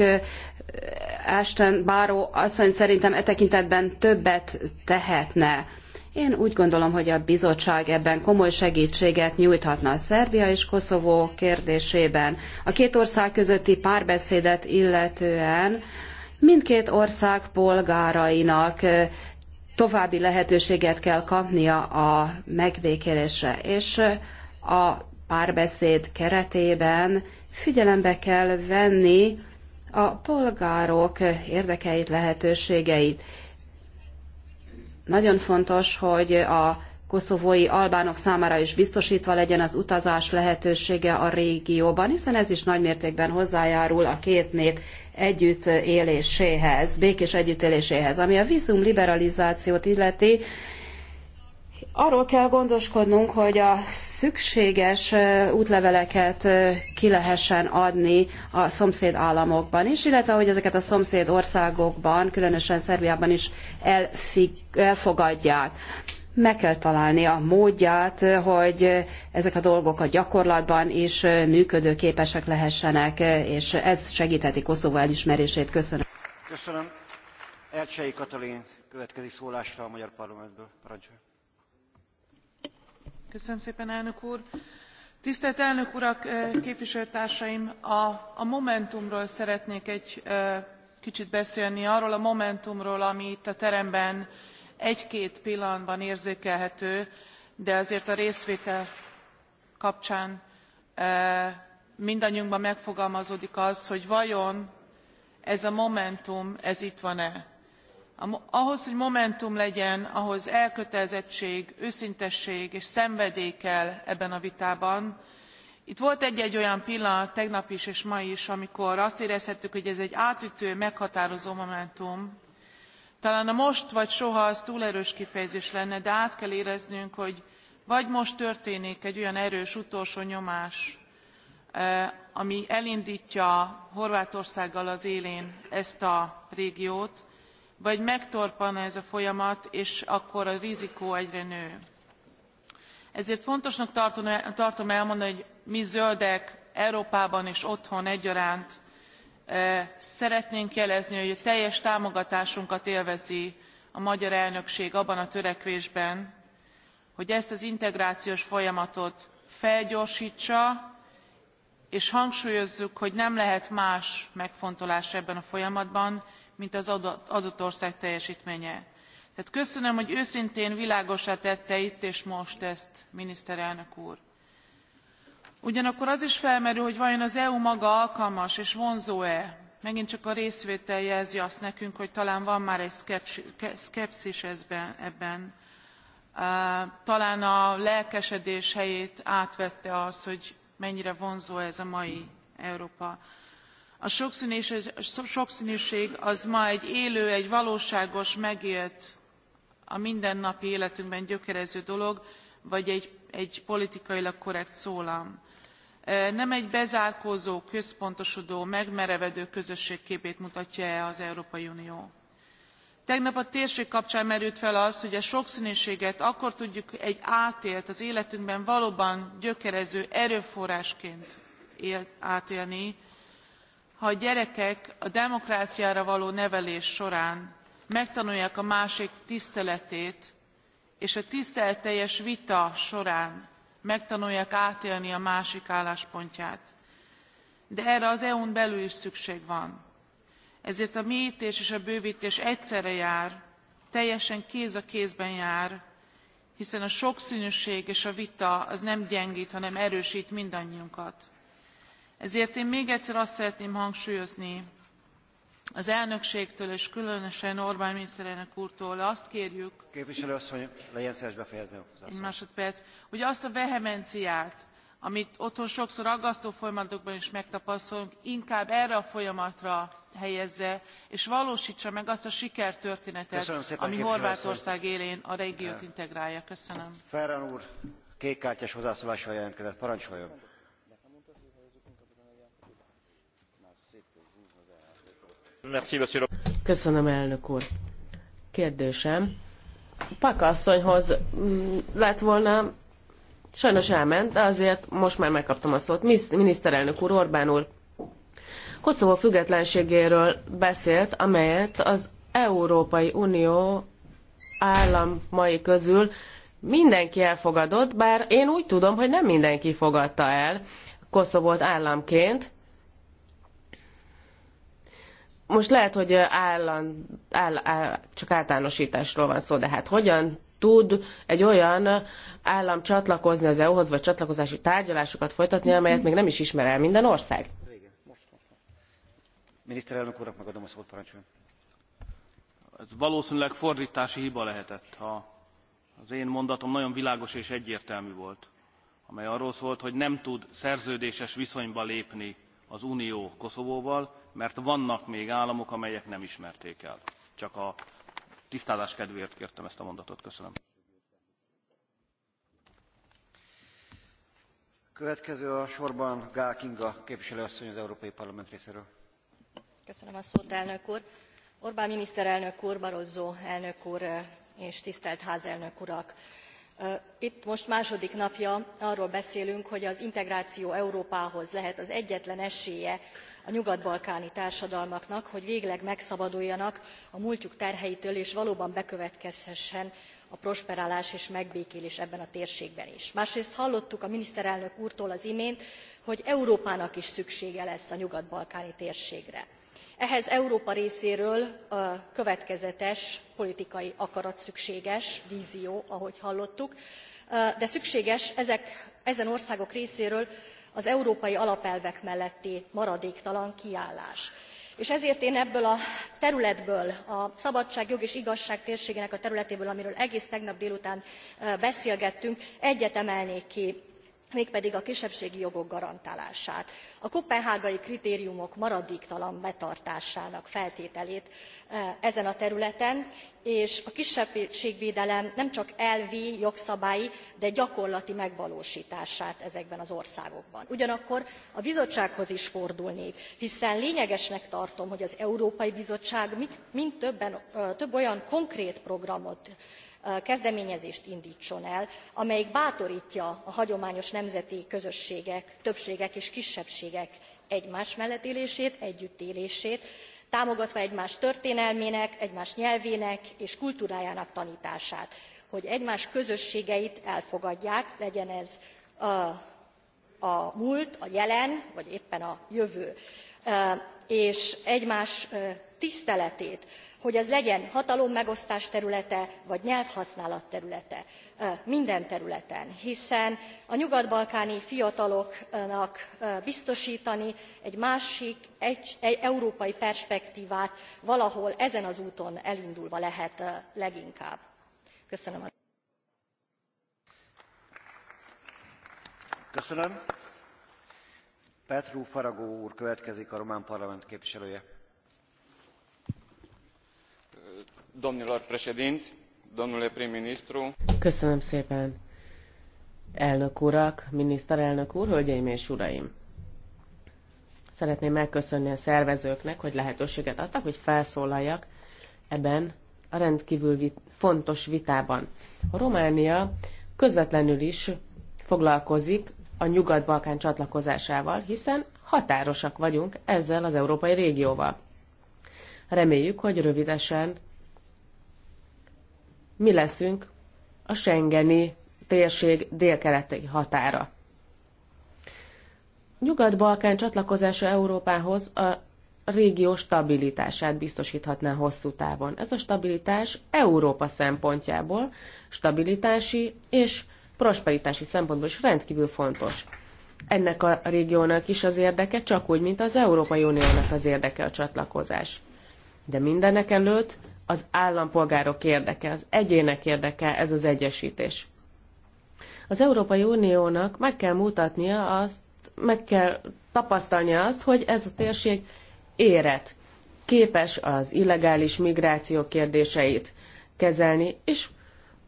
Ashton Báró asszony szerintem e tekintetben többet tehetne. Én úgy gondolom, hogy a bizottság ebben komoly segítséget nyújthatna a Szerbia és Koszovó kérdésében. A két ország közötti párbeszédet illetően mindkét ország polgárainak további lehetőséget kell kapnia a megbékélésre, és a párbeszéd keretében figyelembe kell venni a polgárok érdekeit, lehetőségeit. Nagyon fontos, hogy a koszovói albánok számára is biztosítva legyen az utazás lehetősége a régióban, hiszen ez is nagymértékben hozzájárul a két nép együttéléséhez, békés együttéléséhez. Ami a vízum liberalizációt illeti, arról kell gondoskodnunk, hogy a szükséges útleveleket ki lehessen adni a szomszéd államokban is, illetve hogy ezeket a szomszéd országokban, különösen Szerbiában is elfogadják meg kell találni a módját, hogy ezek a dolgok a gyakorlatban is működőképesek lehessenek, és ez segítheti Koszovó elismerését. Köszönöm. Köszönöm. Ercsei Katalin következik szólásra a Magyar Parlamentből. Parancsolj. Köszönöm szépen, elnök úr. Tisztelt elnök urak, eh, képviselőtársaim! A, a Momentumról szeretnék egy eh, kicsit beszélni, arról a Momentumról, ami itt a teremben egy két pillanatban érzékelhető de azért a részvétel kapcsán e, mindannyiunkban megfogalmazódik az hogy vajon ez a momentum ez itt van e? ahhoz hogy momentum legyen ahhoz elkötelezettség őszintesség és szenvedély kell ebben a vitában. itt volt egy egy olyan pillanat tegnap is és ma is amikor azt érezhettük hogy ez egy átütő meghatározó momentum talán a most vagy soha az túl erős kifejezés lenne de át kell éreznünk hogy vagy most történik egy olyan erős utolsó nyomás ami elindtja horvátországgal az élén ezt a régiót vagy megtorpan ez a folyamat és akkor a rizikó egyre nő. ezért fontosnak tartom elmondani hogy mi zöldek európában és otthon egyaránt szeretnénk jelezni hogy teljes támogatásunkat élvezi a magyar elnökség abban a törekvésben hogy ezt az integrációs folyamatot felgyorstsa és hangsúlyozzuk hogy nem lehet más megfontolás ebben a folyamatban mint az adott ország teljestménye. tehát köszönöm hogy őszintén világossá tette itt és most ezt miniszterelnök úr ugyanakkor az is felmerül hogy vajon az eu maga alkalmas és vonzó e megint csak a részvétel jelzi azt nekünk hogy talán van már egy szkepszis ebben talán a lelkesedés helyét átvette az hogy mennyire vonzó ez a mai európa. a soksznűség az ma egy élő egy valóságos megélt a mindennapi életünkben gyökerező dolog vagy egy, egy politikailag korrekt szólam nem egy bezárkózó központosodó megmerevedő közösség képét mutatja e az európai unió? tegnap a térség kapcsán merült fel az hogy a soksznűséget akkor tudjuk egy átélt az életünkben valóban gyökerező erőforrásként átélni ha a gyerekek a demokráciára való nevelés során megtanulják a másik tiszteletét és a tiszteletteljes vita során megtanulják átélni a másik álláspontját. De erre az EU-n belül is szükség van. Ezért a mélyítés és a bővítés egyszerre jár, teljesen kéz a kézben jár, hiszen a sokszínűség és a vita az nem gyengít, hanem erősít mindannyiunkat. Ezért én még egyszer azt szeretném hangsúlyozni, az elnökségtől és különösen Orbán miniszterelnök úrtól azt kérjük, képviselő asszony, legyen szíves befejezni az Egy másodperc, hogy azt a vehemenciát, amit otthon sokszor aggasztó folyamatokban is megtapasztalunk, inkább erre a folyamatra helyezze, és valósítsa meg azt a sikertörténetet, szépen, ami Horvátország élén a régiót eh. integrálja. Köszönöm. Ferran úr, kékkártyás hozzászólással jelentkezett. Parancsoljon. Köszönöm, elnök úr. Kérdésem. Paka asszonyhoz mm, lett volna, sajnos elment, de azért most már megkaptam a szót. Miniszterelnök úr, Orbán úr, Koszovó függetlenségéről beszélt, amelyet az Európai Unió államai közül mindenki elfogadott, bár én úgy tudom, hogy nem mindenki fogadta el Koszovót államként, most lehet, hogy állan, áll, áll, csak általánosításról van szó, de hát hogyan tud egy olyan állam csatlakozni az EU-hoz, vagy csatlakozási tárgyalásokat folytatni, amelyet még nem is ismer el minden ország? Miniszterelnök úrnak megadom a szót, parancsoljon. Ez valószínűleg fordítási hiba lehetett. Ha az én mondatom nagyon világos és egyértelmű volt, amely arról szólt, hogy nem tud szerződéses viszonyba lépni az Unió Koszovóval, mert vannak még államok, amelyek nem ismerték el. Csak a tisztázás kedvéért kértem ezt a mondatot. Köszönöm. Következő a sorban Gál Kinga képviselőasszony az Európai Parlament részéről. Köszönöm a szót, elnök úr. Orbán miniszterelnök úr, Barozzo elnök úr eh, és tisztelt házelnök urak! Eh, itt most második napja arról beszélünk, hogy az integráció Európához lehet az egyetlen esélye a nyugat balkáni társadalmaknak hogy végleg megszabaduljanak a múltjuk terheitől és valóban bekövetkezhessen a prosperálás és megbékélés ebben a térségben is. másrészt hallottuk a miniszterelnök úrtól az imént hogy európának is szüksége lesz a nyugat balkáni térségre. ehhez európa részéről következetes politikai akarat szükséges vzió ahogy hallottuk de szükséges ezen országok részéről az európai alapelvek melletti maradéktalan kiállás és ezért én ebből a területből a szabadság jog és igazság térségének a területéből amiről egész tegnap délután eh, beszélgettünk egyet emelnék ki mégpedig a kisebbségi jogok garantálását a koppenhágai kritériumok maradéktalan betartásának feltételét e, ezen a területen és a kisebbségvédelem nem csak elvi jogszabályi de gyakorlati megvalóstását ezekben az országokban. ugyanakkor a bizottsághoz is fordulnék hiszen lényegesnek tartom hogy az európai bizottság több olyan konkrét programot kezdeményezést indtson el amelyik bátortja a hagyományos nemzeti közösségek többségek és kisebbségek egymás mellett élését együttélését támogatva egymás történelmének egymás nyelvének és kultúrájának tantását hogy egymás közösségeit elfogadják legyen ez a múlt a jelen vagy éppen a jövő és egymás tiszteletét hogy ez legyen hatalommegosztás területe vagy nyelvhasználat területe minden területen hiszen a nyugat balkáni fiataloknak biztostani egy másik európai perspektvát valahol ezen az úton elindulva lehet leginkább. köszönöm a köszönöm. petru faragó úr következik a román parlament képviselője. Köszönöm szépen. Elnök urak, miniszterelnök úr, hölgyeim és uraim! Szeretném megköszönni a szervezőknek, hogy lehetőséget adtak, hogy felszólaljak ebben a rendkívül vit fontos vitában. A Románia közvetlenül is foglalkozik a Nyugat-Balkán csatlakozásával, hiszen határosak vagyunk ezzel az európai régióval. Reméljük, hogy rövidesen mi leszünk a Schengeni térség délkeleti határa. Nyugat-Balkán csatlakozása Európához a régió stabilitását biztosíthatná hosszú távon. Ez a stabilitás Európa szempontjából, stabilitási és prosperitási szempontból is rendkívül fontos. Ennek a régiónak is az érdeke, csak úgy, mint az Európai Uniónak az érdeke a csatlakozás. De mindenek előtt az állampolgárok érdeke, az egyének érdeke ez az egyesítés. Az Európai Uniónak meg kell mutatnia azt, meg kell tapasztalnia azt, hogy ez a térség érett, képes az illegális migráció kérdéseit kezelni, és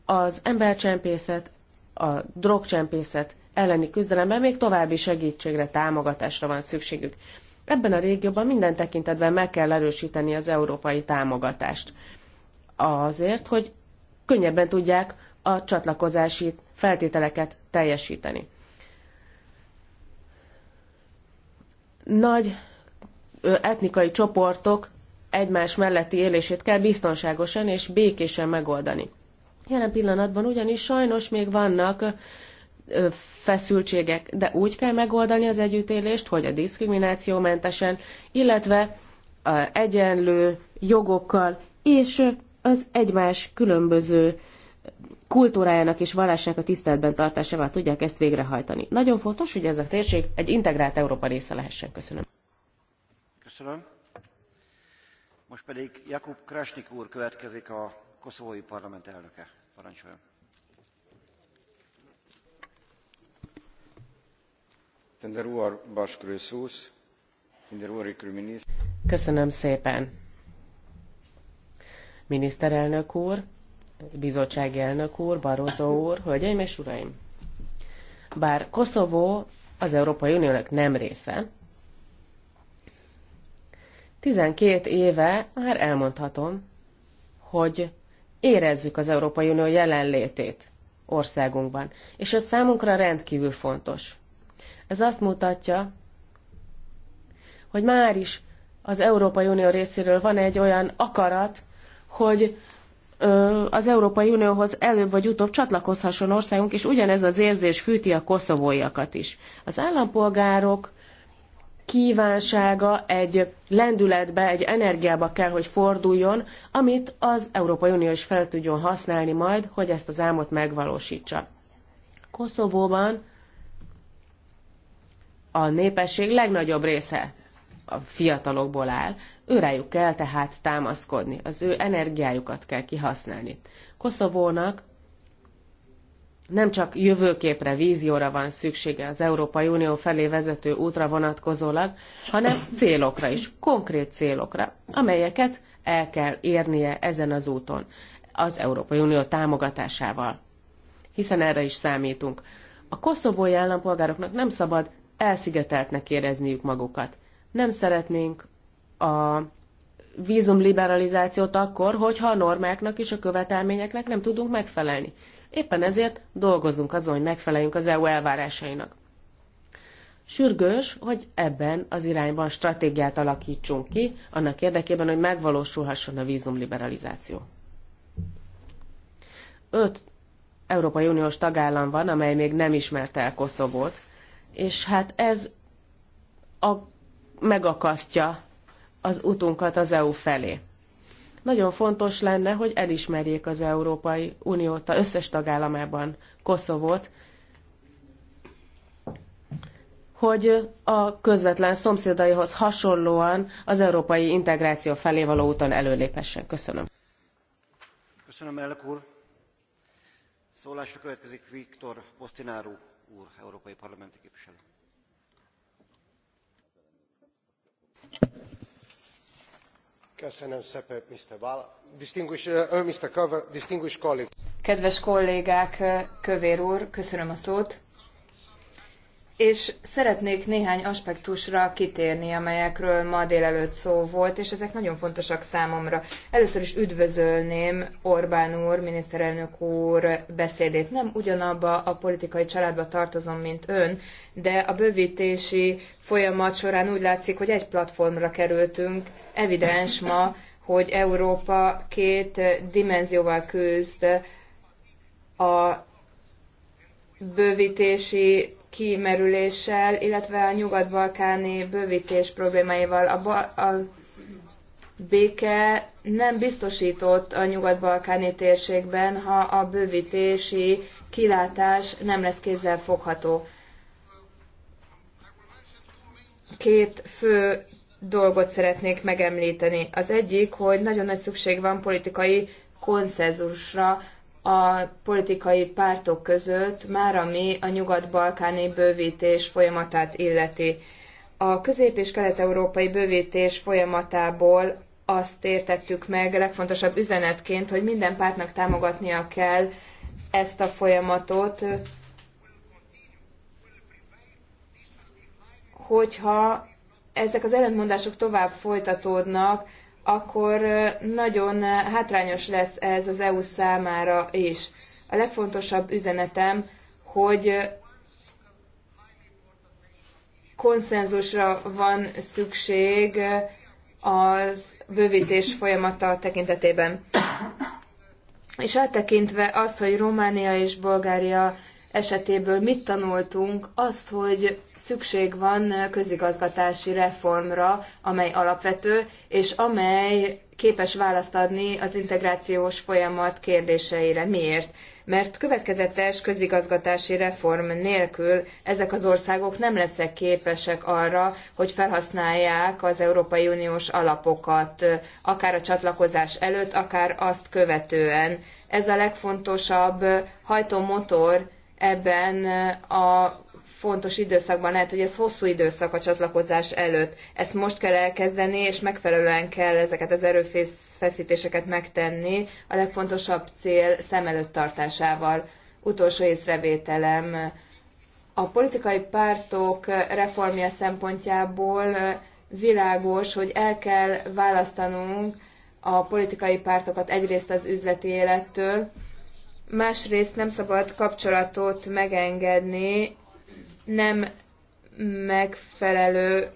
az embercsempészet, a drogcsempészet elleni küzdelemben még további segítségre, támogatásra van szükségük. Ebben a régióban minden tekintetben meg kell erősíteni az európai támogatást. Azért, hogy könnyebben tudják a csatlakozási feltételeket teljesíteni. Nagy etnikai csoportok egymás melletti élését kell biztonságosan és békésen megoldani. Jelen pillanatban ugyanis sajnos még vannak feszültségek, de úgy kell megoldani az együttélést, hogy a diszkrimináció mentesen, illetve a egyenlő jogokkal és az egymás különböző kultúrájának és vallásának a tiszteletben tartásával tudják ezt végrehajtani. Nagyon fontos, hogy ez a térség egy integrált Európa része lehessen. Köszönöm. Köszönöm. Most pedig Jakub Krasnik úr következik a koszovói parlament elnöke. Parancsoljon. Köszönöm szépen. Miniszterelnök úr, bizottsági elnök úr, Barozó úr, hölgyeim és uraim! Bár Koszovó az Európai Uniónak nem része, 12 éve már elmondhatom, hogy érezzük az Európai Unió jelenlétét országunkban, és ez számunkra rendkívül fontos. Ez azt mutatja, hogy már is az Európai Unió részéről van egy olyan akarat, hogy az Európai Unióhoz előbb vagy utóbb csatlakozhasson országunk, és ugyanez az érzés fűti a koszovóiakat is. Az állampolgárok kívánsága egy lendületbe, egy energiába kell, hogy forduljon, amit az Európai Unió is fel tudjon használni majd, hogy ezt az álmot megvalósítsa. Koszovóban a népesség legnagyobb része a fiatalokból áll, őrájuk kell tehát támaszkodni, az ő energiájukat kell kihasználni. Koszovónak nem csak jövőképre, vízióra van szüksége az Európai Unió felé vezető útra vonatkozólag, hanem célokra is, konkrét célokra, amelyeket el kell érnie ezen az úton az Európai Unió támogatásával. Hiszen erre is számítunk. A koszovói állampolgároknak nem szabad elszigeteltnek érezniük magukat. Nem szeretnénk a vízumliberalizációt akkor, hogyha a normáknak és a követelményeknek nem tudunk megfelelni. Éppen ezért dolgozunk azon, hogy megfeleljünk az EU elvárásainak. Sürgős, hogy ebben az irányban stratégiát alakítsunk ki, annak érdekében, hogy megvalósulhasson a vízumliberalizáció. Öt Európai Uniós tagállam van, amely még nem ismerte el Koszovót, és hát ez a, megakasztja az utunkat az EU felé. Nagyon fontos lenne, hogy elismerjék az Európai Uniót a összes tagállamában Koszovót, hogy a közvetlen szomszédaihoz hasonlóan az európai integráció felé való úton előlépessen. Köszönöm. Köszönöm, elnök úr. Szólásra következik Viktor Bosztináró úr, Európai Parlamenti Képviselő. Köszönöm szépen, Mr. Bala. Distinguished, uh, Mr. Cover, distinguished colleagues. Kedves kollégák, uh, Kövér úr, köszönöm a szót és szeretnék néhány aspektusra kitérni, amelyekről ma délelőtt szó volt, és ezek nagyon fontosak számomra. Először is üdvözölném Orbán úr, miniszterelnök úr beszédét. Nem ugyanabba a politikai családba tartozom, mint ön, de a bővítési folyamat során úgy látszik, hogy egy platformra kerültünk. Evidens ma, hogy Európa két dimenzióval küzd a bővítési kimerüléssel, illetve a nyugat-balkáni bővítés problémáival. A, ba- a béke nem biztosított a nyugat-balkáni térségben, ha a bővítési kilátás nem lesz kézzel fogható. Két fő dolgot szeretnék megemlíteni. Az egyik, hogy nagyon nagy szükség van politikai konszenzusra a politikai pártok között, már ami a nyugat-balkáni bővítés folyamatát illeti. A közép- és kelet-európai bővítés folyamatából azt értettük meg legfontosabb üzenetként, hogy minden pártnak támogatnia kell ezt a folyamatot, hogyha ezek az ellentmondások tovább folytatódnak, akkor nagyon hátrányos lesz ez az EU számára is. A legfontosabb üzenetem, hogy konszenzusra van szükség az bővítés folyamata tekintetében. És áttekintve azt, hogy Románia és Bulgária esetéből mit tanultunk? Azt, hogy szükség van közigazgatási reformra, amely alapvető, és amely képes választ adni az integrációs folyamat kérdéseire. Miért? Mert következetes közigazgatási reform nélkül ezek az országok nem lesznek képesek arra, hogy felhasználják az Európai Uniós alapokat, akár a csatlakozás előtt, akár azt követően. Ez a legfontosabb hajtómotor ebben eh, a fontos időszakban, lehet, hogy ez hosszú időszak a csatlakozás előtt. Ezt most kell elkezdeni, és megfelelően kell ezeket az erőfeszítéseket megtenni a legfontosabb cél szem előtt tartásával. Utolsó észrevételem. A politikai pártok reformja szempontjából eh, világos, hogy el kell választanunk a politikai pártokat egyrészt az üzleti élettől, Másrészt nem szabad kapcsolatot megengedni nem megfelelő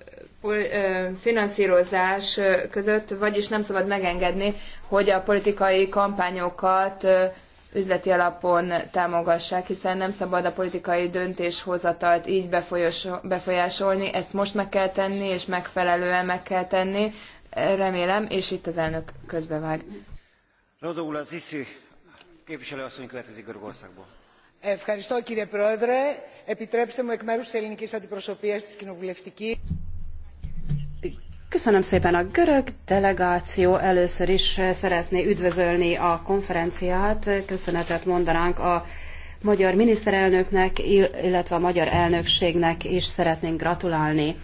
finanszírozás között, vagyis nem szabad megengedni, hogy a politikai kampányokat üzleti alapon támogassák, hiszen nem szabad a politikai döntéshozatalt így befolyásolni, ezt most meg kell tenni, és megfelelően meg kell tenni, remélem, és itt az elnök közbevág. Képviselő következik Görögországból. Ευχαριστώ κύριε Πρόεδρε. Επιτρέψτε μου εκ μέρους της ελληνικής αντιπροσωπείας της κοινοβουλευτικής. Köszönöm szépen a görög delegáció. Először is szeretné üdvözölni a konferenciát. Köszönetet mondanánk a magyar miniszterelnöknek, illetve a magyar elnökségnek is szeretnénk gratulálni.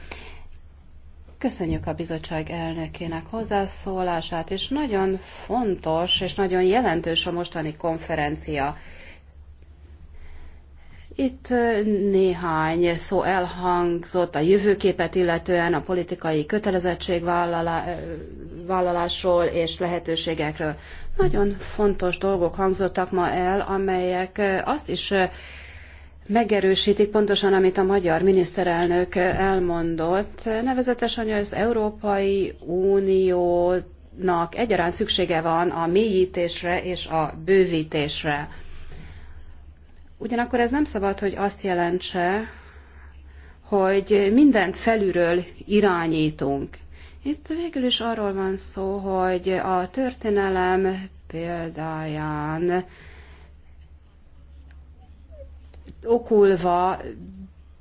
Köszönjük a bizottság elnökének hozzászólását, és nagyon fontos és nagyon jelentős a mostani konferencia. Itt néhány szó elhangzott a jövőképet illetően, a politikai kötelezettségvállalásról és lehetőségekről. Nagyon fontos dolgok hangzottak ma el, amelyek azt is megerősítik pontosan, amit a magyar miniszterelnök elmondott. Nevezetesen, hogy az Európai Uniónak egyaránt szüksége van a mélyítésre és a bővítésre. Ugyanakkor ez nem szabad, hogy azt jelentse, hogy mindent felülről irányítunk. Itt végül is arról van szó, hogy a történelem példáján okulva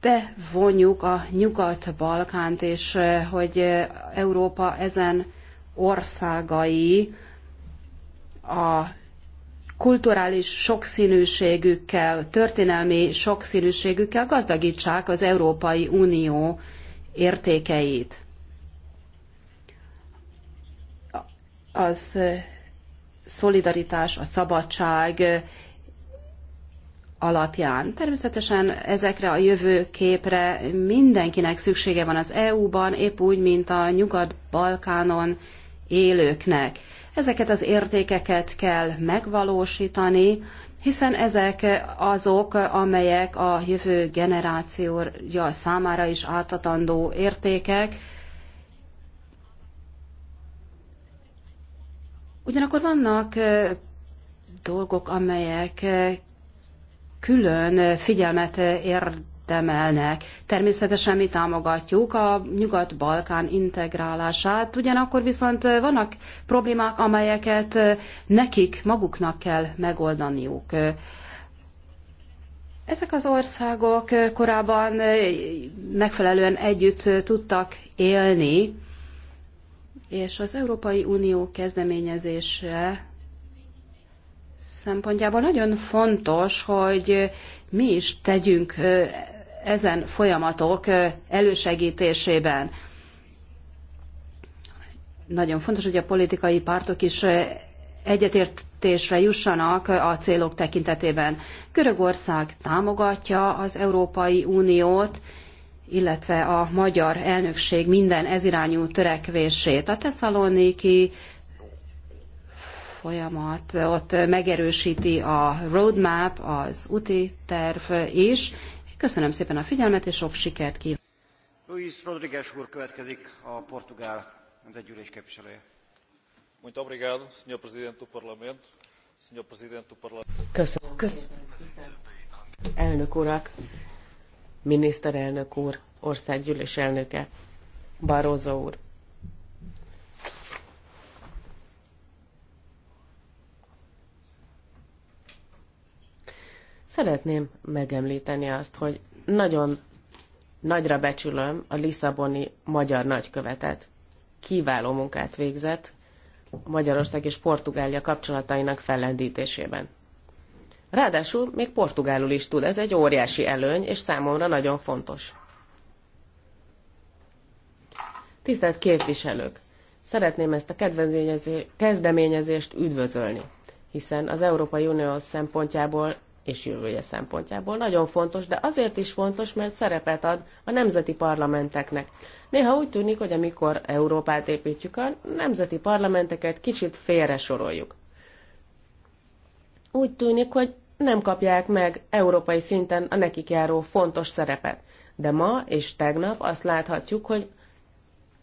bevonjuk a Nyugat-Balkánt, és eh, hogy eh, Európa ezen országai a kulturális sokszínűségükkel, történelmi sokszínűségükkel gazdagítsák az Európai Unió értékeit. Az eh, szolidaritás, a szabadság alapján. Természetesen ezekre a jövőképre mindenkinek szüksége van az EU-ban, épp úgy, mint a Nyugat-Balkánon élőknek. Ezeket az értékeket kell megvalósítani, hiszen ezek azok, amelyek a jövő generációja számára is átadandó értékek. Ugyanakkor vannak dolgok, amelyek külön figyelmet érdemelnek. Természetesen mi támogatjuk a Nyugat-Balkán integrálását, ugyanakkor viszont vannak problémák, amelyeket nekik maguknak kell megoldaniuk. Ezek az országok korábban megfelelően együtt tudtak élni, és az Európai Unió kezdeményezése szempontjából nagyon fontos, hogy mi is tegyünk ezen folyamatok elősegítésében. Nagyon fontos, hogy a politikai pártok is egyetértésre jussanak a célok tekintetében. Görögország támogatja az Európai Uniót, illetve a magyar elnökség minden ezirányú törekvését. A tesszaloniki folyamat, ott megerősíti a roadmap, az úti terv is. Köszönöm szépen a figyelmet, és sok sikert kívánok. Luis Rodriguez úr következik, a portugál nemzetgyűlés képviselője. Muito obrigado, Senhor Presidente do Parlamento. Sr. Presidente do Parlamento. Köszönöm. Köszönöm. Elnök urak, miniszterelnök úr, országgyűlés elnöke, Barroso úr. Szeretném megemlíteni azt, hogy nagyon nagyra becsülöm a Lisszaboni magyar nagykövetet. Kiváló munkát végzett Magyarország és Portugália kapcsolatainak fellendítésében. Ráadásul még portugálul is tud, ez egy óriási előny, és számomra nagyon fontos. Tisztelt képviselők! Szeretném ezt a kezdeményezést üdvözölni, hiszen az Európai Unió szempontjából és jövője szempontjából. Nagyon fontos, de azért is fontos, mert szerepet ad a nemzeti parlamenteknek. Néha úgy tűnik, hogy amikor Európát építjük, a nemzeti parlamenteket kicsit félre soroljuk. Úgy tűnik, hogy nem kapják meg európai szinten a nekik járó fontos szerepet. De ma és tegnap azt láthatjuk, hogy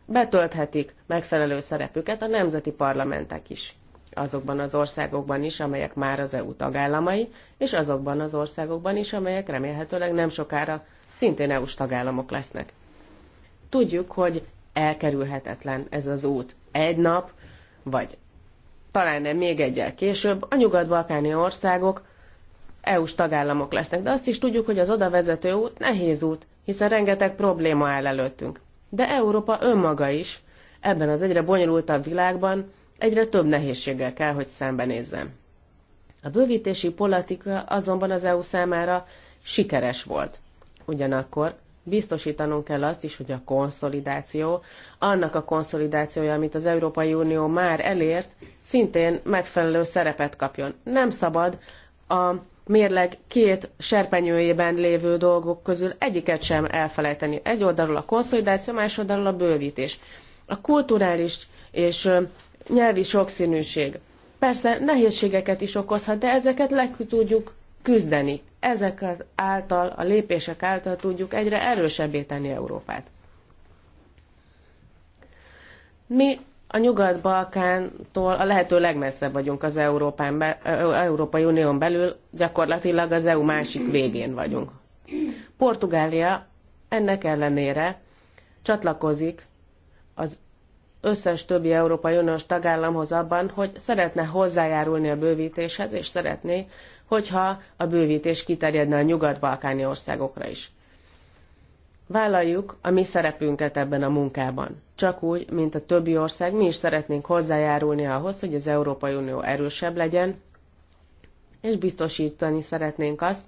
betölthetik megfelelő szerepüket a nemzeti parlamentek is azokban az országokban is, amelyek már az EU tagállamai, és azokban az országokban is, amelyek remélhetőleg nem sokára szintén EU-s tagállamok lesznek. Tudjuk, hogy elkerülhetetlen ez az út. Egy nap, vagy talán nem még egyel később, a nyugat-balkáni országok EU-s tagállamok lesznek, de azt is tudjuk, hogy az oda vezető út nehéz út, hiszen rengeteg probléma áll előttünk. De Európa önmaga is ebben az egyre bonyolultabb világban egyre több nehézséggel kell, hogy szembenézzem. A bővítési politika azonban az EU számára sikeres volt. Ugyanakkor biztosítanunk kell azt is, hogy a konszolidáció, annak a konszolidációja, amit az Európai Unió már elért, szintén megfelelő szerepet kapjon. Nem szabad a mérleg két serpenyőjében lévő dolgok közül egyiket sem elfelejteni. Egy oldalról a konszolidáció, más oldalról a bővítés. A kulturális és nyelvi sokszínűség. Persze nehézségeket is okozhat, de ezeket le tudjuk küzdeni. Ezek által, a lépések által tudjuk egyre erősebbé tenni Európát. Mi a Nyugat-Balkántól a lehető legmesszebb vagyunk az Európán be, Európai Unión belül, gyakorlatilag az EU másik végén vagyunk. Portugália ennek ellenére csatlakozik az összes többi Európai Uniós tagállamhoz abban, hogy szeretne hozzájárulni a bővítéshez, és szeretné, hogyha a bővítés kiterjedne a nyugat-balkáni országokra is. Vállaljuk a mi szerepünket ebben a munkában. Csak úgy, mint a többi ország, mi is szeretnénk hozzájárulni ahhoz, hogy az Európai Unió erősebb legyen, és biztosítani szeretnénk azt,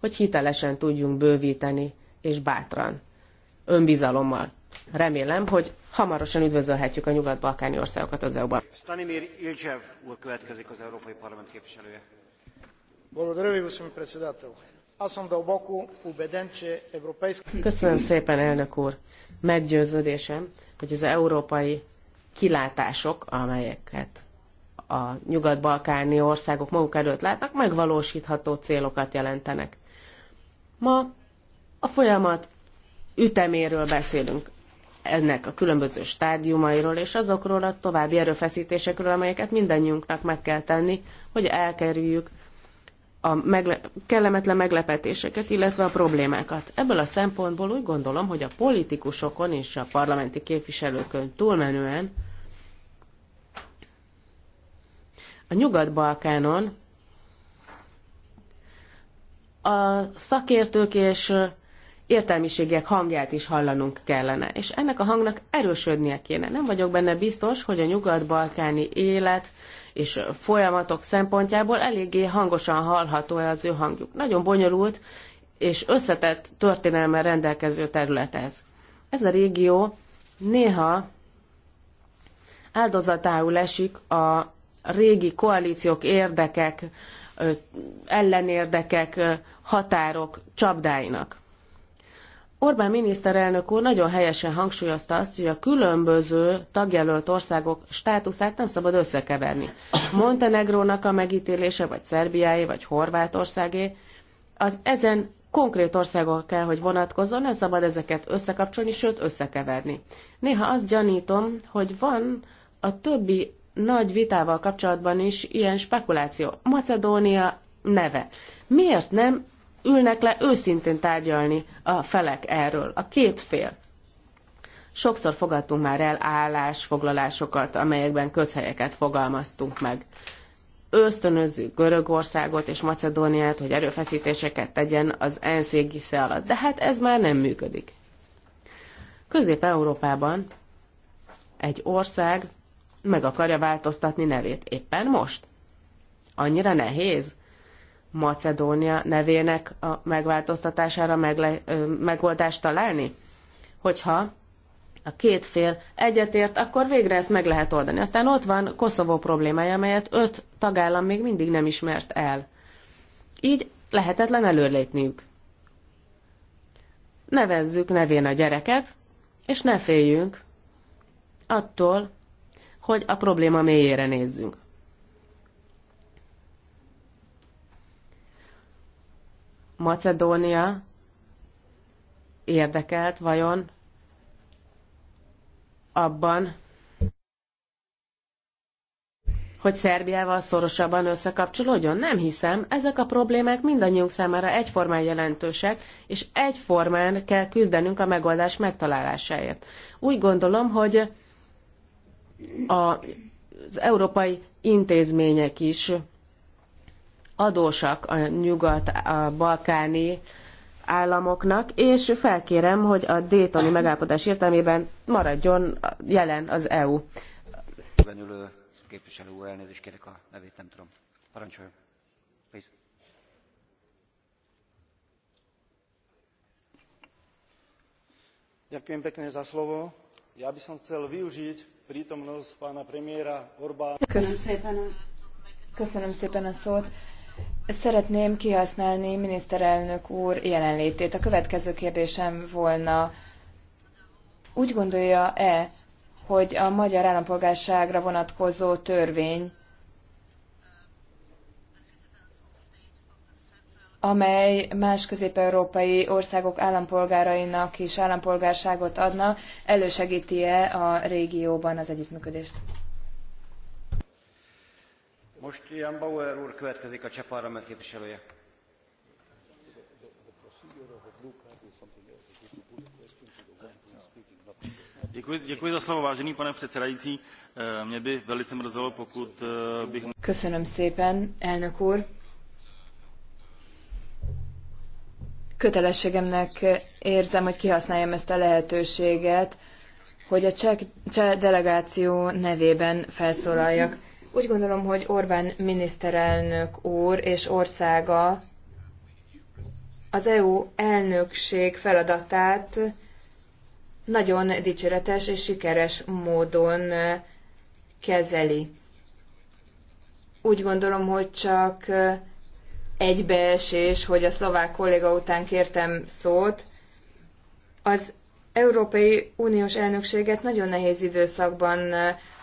hogy hitelesen tudjunk bővíteni, és bátran, önbizalommal. Remélem, hogy hamarosan üdvözölhetjük a nyugat-balkáni országokat az EU-ban. Stanimir Ilcsev úr következik az Európai Parlament képviselője. Köszönöm szépen, elnök úr. Meggyőződésem, hogy az európai kilátások, amelyeket a nyugat-balkáni országok maguk előtt látnak, megvalósítható célokat jelentenek. Ma a folyamat üteméről beszélünk ennek a különböző stádiumairól és azokról a további erőfeszítésekről, amelyeket mindannyiunknak meg kell tenni, hogy elkerüljük a megle- kellemetlen meglepetéseket, illetve a problémákat. Ebből a szempontból úgy gondolom, hogy a politikusokon és a parlamenti képviselőkön túlmenően a Nyugat-Balkánon a szakértők és értelmiségiek hangját is hallanunk kellene, és ennek a hangnak erősödnie kéne. Nem vagyok benne biztos, hogy a nyugat-balkáni élet és folyamatok szempontjából eléggé hangosan hallható-e az ő hangjuk. Nagyon bonyolult és összetett történelme rendelkező terület ez. Ez a régió néha áldozatául esik a régi koalíciók érdekek, ellenérdekek, határok csapdáinak. Orbán miniszterelnök úr nagyon helyesen hangsúlyozta azt, hogy a különböző tagjelölt országok státuszát nem szabad összekeverni. Montenegrónak a megítélése, vagy Szerbiáé, vagy Horvátországé, az ezen konkrét országok kell, hogy vonatkozzon, nem szabad ezeket összekapcsolni, sőt összekeverni. Néha azt gyanítom, hogy van a többi nagy vitával kapcsolatban is ilyen spekuláció. Macedónia neve. Miért nem ülnek le őszintén tárgyalni a felek erről, a két fél. Sokszor fogadtunk már el állásfoglalásokat, amelyekben közhelyeket fogalmaztunk meg. Ösztönözzük Görögországot és Macedóniát, hogy erőfeszítéseket tegyen az ENSZ égisze alatt, de hát ez már nem működik. Közép-Európában egy ország meg akarja változtatni nevét éppen most. Annyira nehéz? Macedónia nevének a megváltoztatására megle- megoldást találni? Hogyha a két fél egyetért, akkor végre ezt meg lehet oldani. Aztán ott van Koszovó problémája, amelyet öt tagállam még mindig nem ismert el. Így lehetetlen előlépniük. Nevezzük nevén a gyereket, és ne féljünk attól, hogy a probléma mélyére nézzünk. Macedónia érdekelt vajon abban, hogy Szerbiával szorosabban összekapcsolódjon? Nem hiszem, ezek a problémák mindannyiunk számára egyformán jelentősek, és egyformán kell küzdenünk a megoldás megtalálásáért. Úgy gondolom, hogy a, az európai intézmények is adósak a nyugat-balkáni államoknak, és felkérem, hogy a Daytoni megállapodás értelmében maradjon jelen az EU. Benülő képviselő úr, elnézést kérek a nevét, nem tudom. Parancsoljon. Please. Ďakujem pekne za slovo. Ja by som chcel využiť prítomnosť pána premiéra Orbána. Köszönöm szépen a, köszönöm szépen a szót. Szeretném kihasználni miniszterelnök úr jelenlétét. A következő kérdésem volna, úgy gondolja-e, hogy a magyar állampolgárságra vonatkozó törvény, amely más közép-európai országok állampolgárainak is állampolgárságot adna, elősegíti-e a régióban az együttműködést? Most Jan Bauer úr következik, a cseh parlament képviselője. Köszönöm szépen, elnök úr. Kötelességemnek érzem, hogy kihasználjam ezt a lehetőséget, hogy a cseh, cseh delegáció nevében felszólaljak. Úgy gondolom, hogy Orbán miniszterelnök úr és országa az EU elnökség feladatát nagyon dicséretes és sikeres módon kezeli. Úgy gondolom, hogy csak egybeesés, hogy a szlovák kolléga után kértem szót, az Európai Uniós elnökséget nagyon nehéz időszakban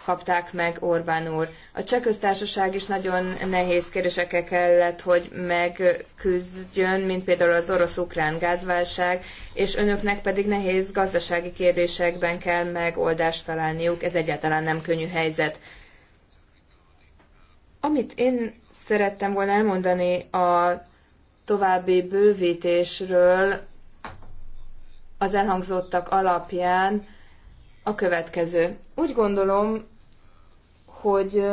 kapták meg Orbán úr. A cseh köztársaság is nagyon nehéz kérdésekkel kellett, hogy megküzdjön, mint például az orosz-ukrán gázválság, és önöknek pedig nehéz gazdasági kérdésekben kell megoldást találniuk. Ez egyáltalán nem könnyű helyzet. Amit én szerettem volna elmondani a további bővítésről az elhangzottak alapján a következő. Úgy gondolom, hogy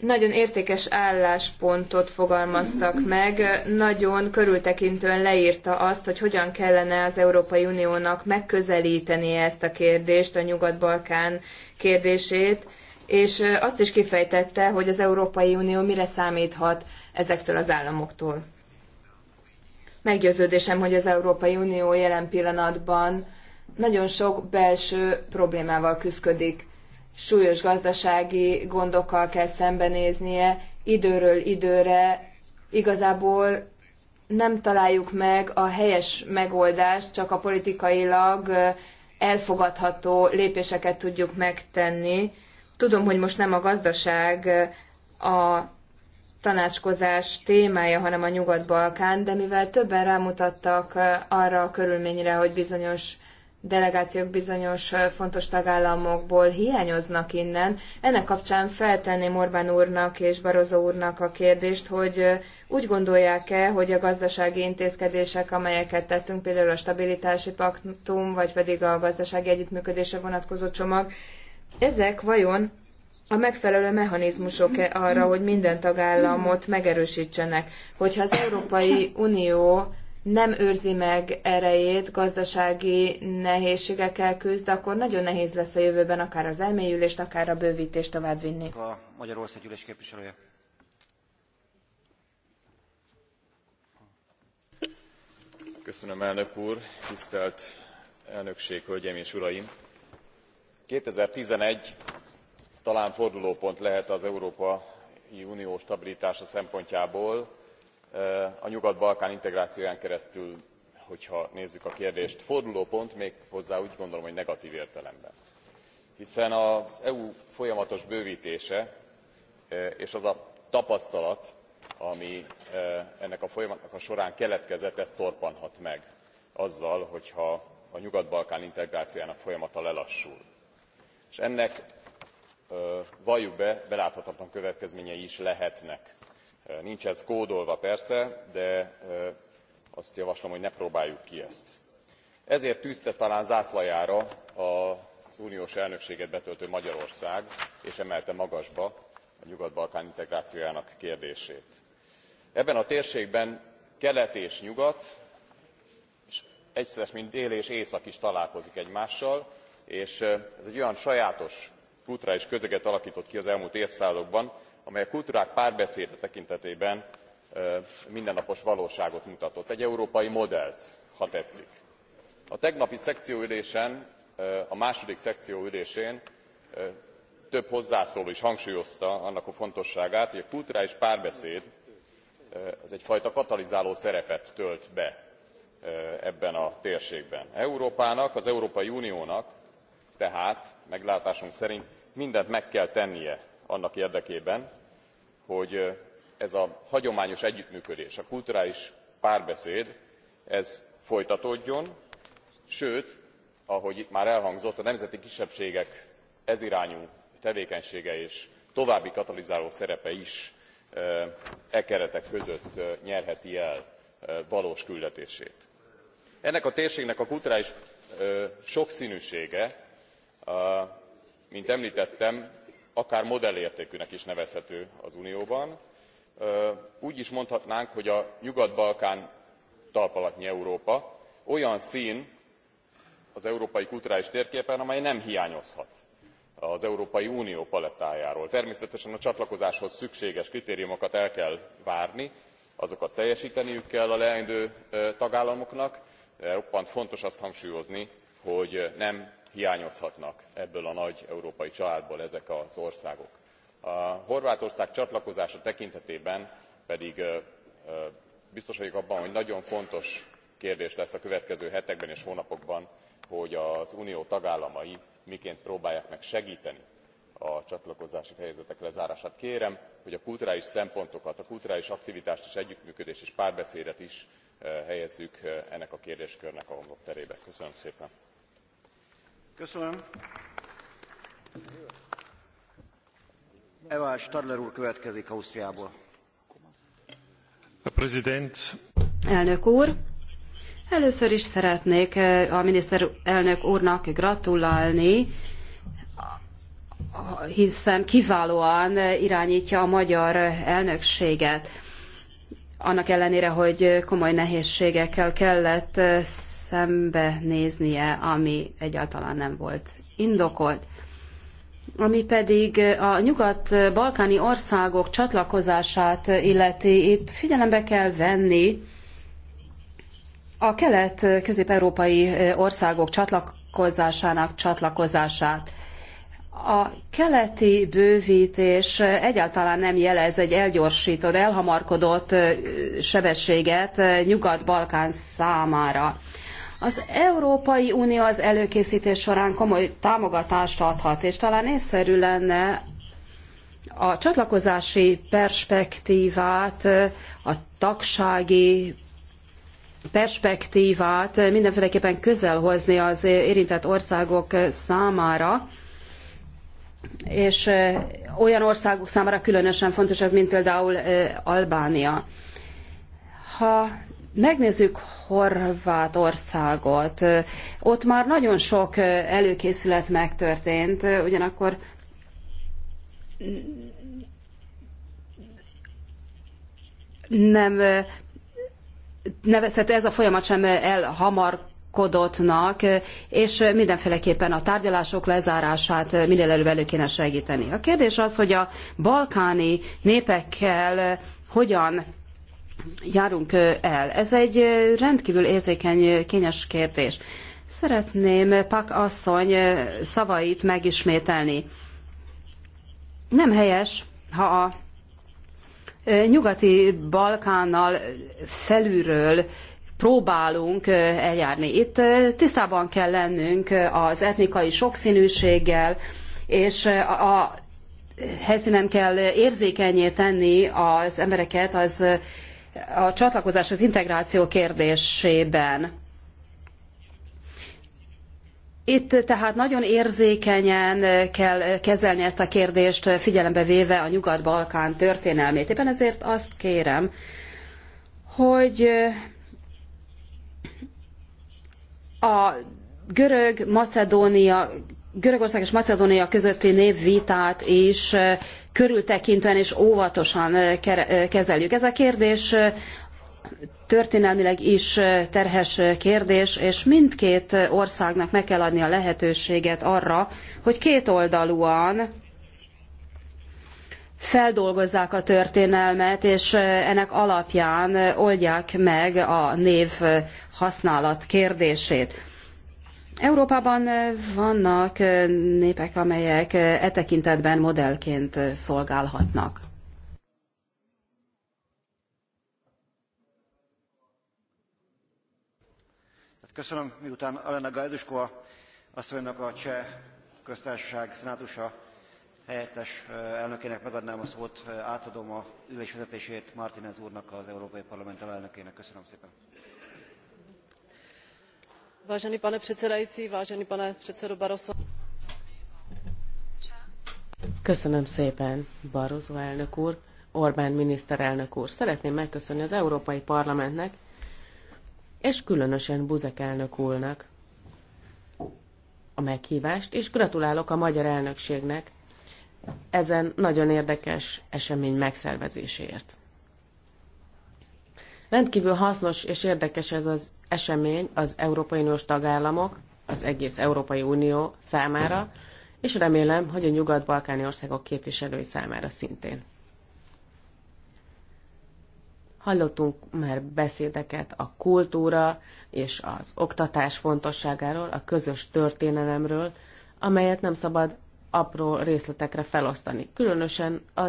nagyon értékes álláspontot fogalmaztak meg, nagyon körültekintően leírta azt, hogy hogyan kellene az Európai Uniónak megközelíteni ezt a kérdést, a Nyugat-Balkán kérdését, és azt is kifejtette, hogy az Európai Unió mire számíthat ezektől az államoktól. Meggyőződésem, hogy az Európai Unió jelen pillanatban nagyon sok belső problémával küszködik súlyos gazdasági gondokkal kell szembenéznie időről időre. Igazából nem találjuk meg a helyes megoldást, csak a politikailag elfogadható lépéseket tudjuk megtenni. Tudom, hogy most nem a gazdaság a tanácskozás témája, hanem a Nyugat-Balkán, de mivel többen rámutattak arra a körülményre, hogy bizonyos delegációk bizonyos fontos tagállamokból hiányoznak innen. Ennek kapcsán feltenném Orbán úrnak és Barozó úrnak a kérdést, hogy úgy gondolják-e, hogy a gazdasági intézkedések, amelyeket tettünk, például a stabilitási paktum, vagy pedig a gazdasági együttműködésre vonatkozó csomag, ezek vajon a megfelelő mechanizmusok arra, hogy minden tagállamot megerősítsenek. Hogyha az Európai Unió nem őrzi meg erejét, gazdasági nehézségekkel küzd, akkor nagyon nehéz lesz a jövőben akár az elmélyülést, akár a bővítést továbbvinni. A Magyarország gyűlés képviselője. Köszönöm, elnök úr, tisztelt elnökség, hölgyeim és uraim! 2011 talán fordulópont lehet az Európai Unió stabilitása szempontjából, a nyugat balkán integrációján keresztül hogyha nézzük a kérdést fordulópont méghozzá úgy gondolom hogy negatv értelemben hiszen az eu folyamatos bővtése eh, és az a tapasztalat ami eh, ennek a folyamatnak a során keletkezett ez torpanhat meg azzal hogyha a nyugat balkán integrációjának folyamata lelassul és ennek eh, valljuk be beláthatatlan következményei is lehetnek nincs ez kódolva persze de azt javaslom hogy ne próbáljuk ki ezt. ezért tűzte talán zászlajára az uniós elnökséget betöltő magyarország és emelte magasba a nyugat balkán integrációjának kérdését. ebben a térségben kelet és nyugat és mint dél és észak is találkozik egymással és ez egy olyan sajátos kulturális közeget alaktott ki az elmúlt évszázadokban amely a kultúrák párbeszéde tekintetében mindennapos valóságot mutatott egy európai modellt ha tetszik. a tegnapi szekcióülésen a második szekcióülésén több hozzászóló is hangsúlyozta annak a fontosságát hogy a kulturális párbeszéd az egyfajta katalizáló szerepet tölt be ebben a térségben. európának az európai uniónak tehát meglátásunk szerint mindent meg kell tennie annak érdekében hogy ez a hagyományos együttműködés a kulturális párbeszéd ez folytatódjon sőt ahogy itt már elhangzott a nemzeti kisebbségek ez irányú tevékenysége és további katalizáló szerepe is e keretek között nyerheti el valós küldetését. ennek a térségnek a kulturális soksznűsége mint emltettem akár modellértékűnek is nevezhető az unióban úgy is mondhatnánk hogy a nyugat balkán talpalatnyi európa olyan szn az európai kulturális térképen amely nem hiányozhat az európai unió palettájáról. természetesen a csatlakozáshoz szükséges kritériumokat el kell várni azokat teljesteniük kell a leendő tagállamoknak de roppant fontos azt hangsúlyozni hogy nem hiányozhatnak ebből a nagy európai családból ezek az országok. horvátország csatlakozása tekintetében pedig biztos vagyok abban hogy nagyon fontos kérdés lesz a következő hetekben és hónapokban hogy az unió tagállamai miként próbálják meg segteni a csatlakozási fejezetek lezárását. kérem hogy a kulturális szempontokat a kulturális aktivitást és együttműködést és párbeszédet is helyezzük ennek a kérdéskörnek a homlokterébe. köszönöm szépen! Köszönöm. Eva Stadler úr következik Ausztriából. A prezident. Elnök úr, először is szeretnék eh, a miniszterelnök úrnak gratulálni, hiszen kiválóan eh, irányítja a magyar elnökséget. Annak ellenére, hogy komoly nehézségekkel kellett eh, szembe néznie, ami egyáltalán nem volt indokolt. Ami pedig a nyugat-balkáni országok csatlakozását illeti, itt figyelembe kell venni a kelet-közép-európai országok csatlakozásának csatlakozását. A keleti bővítés egyáltalán nem jelez egy elgyorsított, elhamarkodott sebességet Nyugat-Balkán számára. Az Európai Unió az előkészítés során komoly támogatást adhat, és talán észszerű lenne a csatlakozási perspektívát, a tagsági perspektívát mindenféleképpen közel hozni az érintett országok számára, és eh, olyan országok számára különösen fontos ez, mint például eh, Albánia. Ha megnézzük Horvátországot, ott már nagyon sok előkészület megtörtént, ugyanakkor nem nevezhető ez a folyamat sem elhamarkodottnak, és mindenféleképpen a tárgyalások lezárását minél előbb elő kéne segíteni. A kérdés az, hogy a balkáni népekkel hogyan járunk el. Ez egy rendkívül érzékeny, kényes kérdés. Szeretném Pak asszony szavait megismételni. Nem helyes, ha a nyugati Balkánnal felülről próbálunk eljárni. Itt tisztában kell lennünk az etnikai sokszínűséggel, és a helyszínen kell érzékenyé tenni az embereket az a csatlakozás az integráció kérdésében. Itt tehát nagyon érzékenyen kell kezelni ezt a kérdést, figyelembe véve a Nyugat-Balkán történelmét. Éppen ezért azt kérem, hogy a görög-macedónia Görögország és Macedónia közötti névvitát is eh, körültekintően és óvatosan eh, eh, kezeljük. Ez a kérdés történelmileg is terhes kérdés, és mindkét országnak meg kell adni a lehetőséget arra, hogy kétoldalúan feldolgozzák a történelmet, és ennek alapján oldják meg a név használat kérdését. Európában eh, vannak eh, népek, amelyek eh, e tekintetben modellként szolgálhatnak. Hát köszönöm, miután Alena Gajduskova asszonynak a Cseh köztársaság szenátusa helyettes elnökének megadnám a szót, átadom a ülésvezetését Martinez úrnak, az Európai Parlament alelnökének. Köszönöm szépen vážený pane předsedající vážený pane předsedo barroso Köszönöm szépen, Barroso elnök úr, Orbán miniszterelnök úr. Szeretném megköszönni az Európai Parlamentnek, és különösen Buzek elnök úrnak a meghívást, és gratulálok a magyar elnökségnek ezen nagyon érdekes esemény megszervezéséért. rendkvül hasznos és érdekes ez az esemény az Európai Uniós tagállamok, az egész Európai Unió számára, és remélem, hogy a nyugat-balkáni országok képviselői számára szintén. Hallottunk már beszédeket a kultúra és az oktatás fontosságáról, a közös történelemről, amelyet nem szabad apró részletekre felosztani, különösen a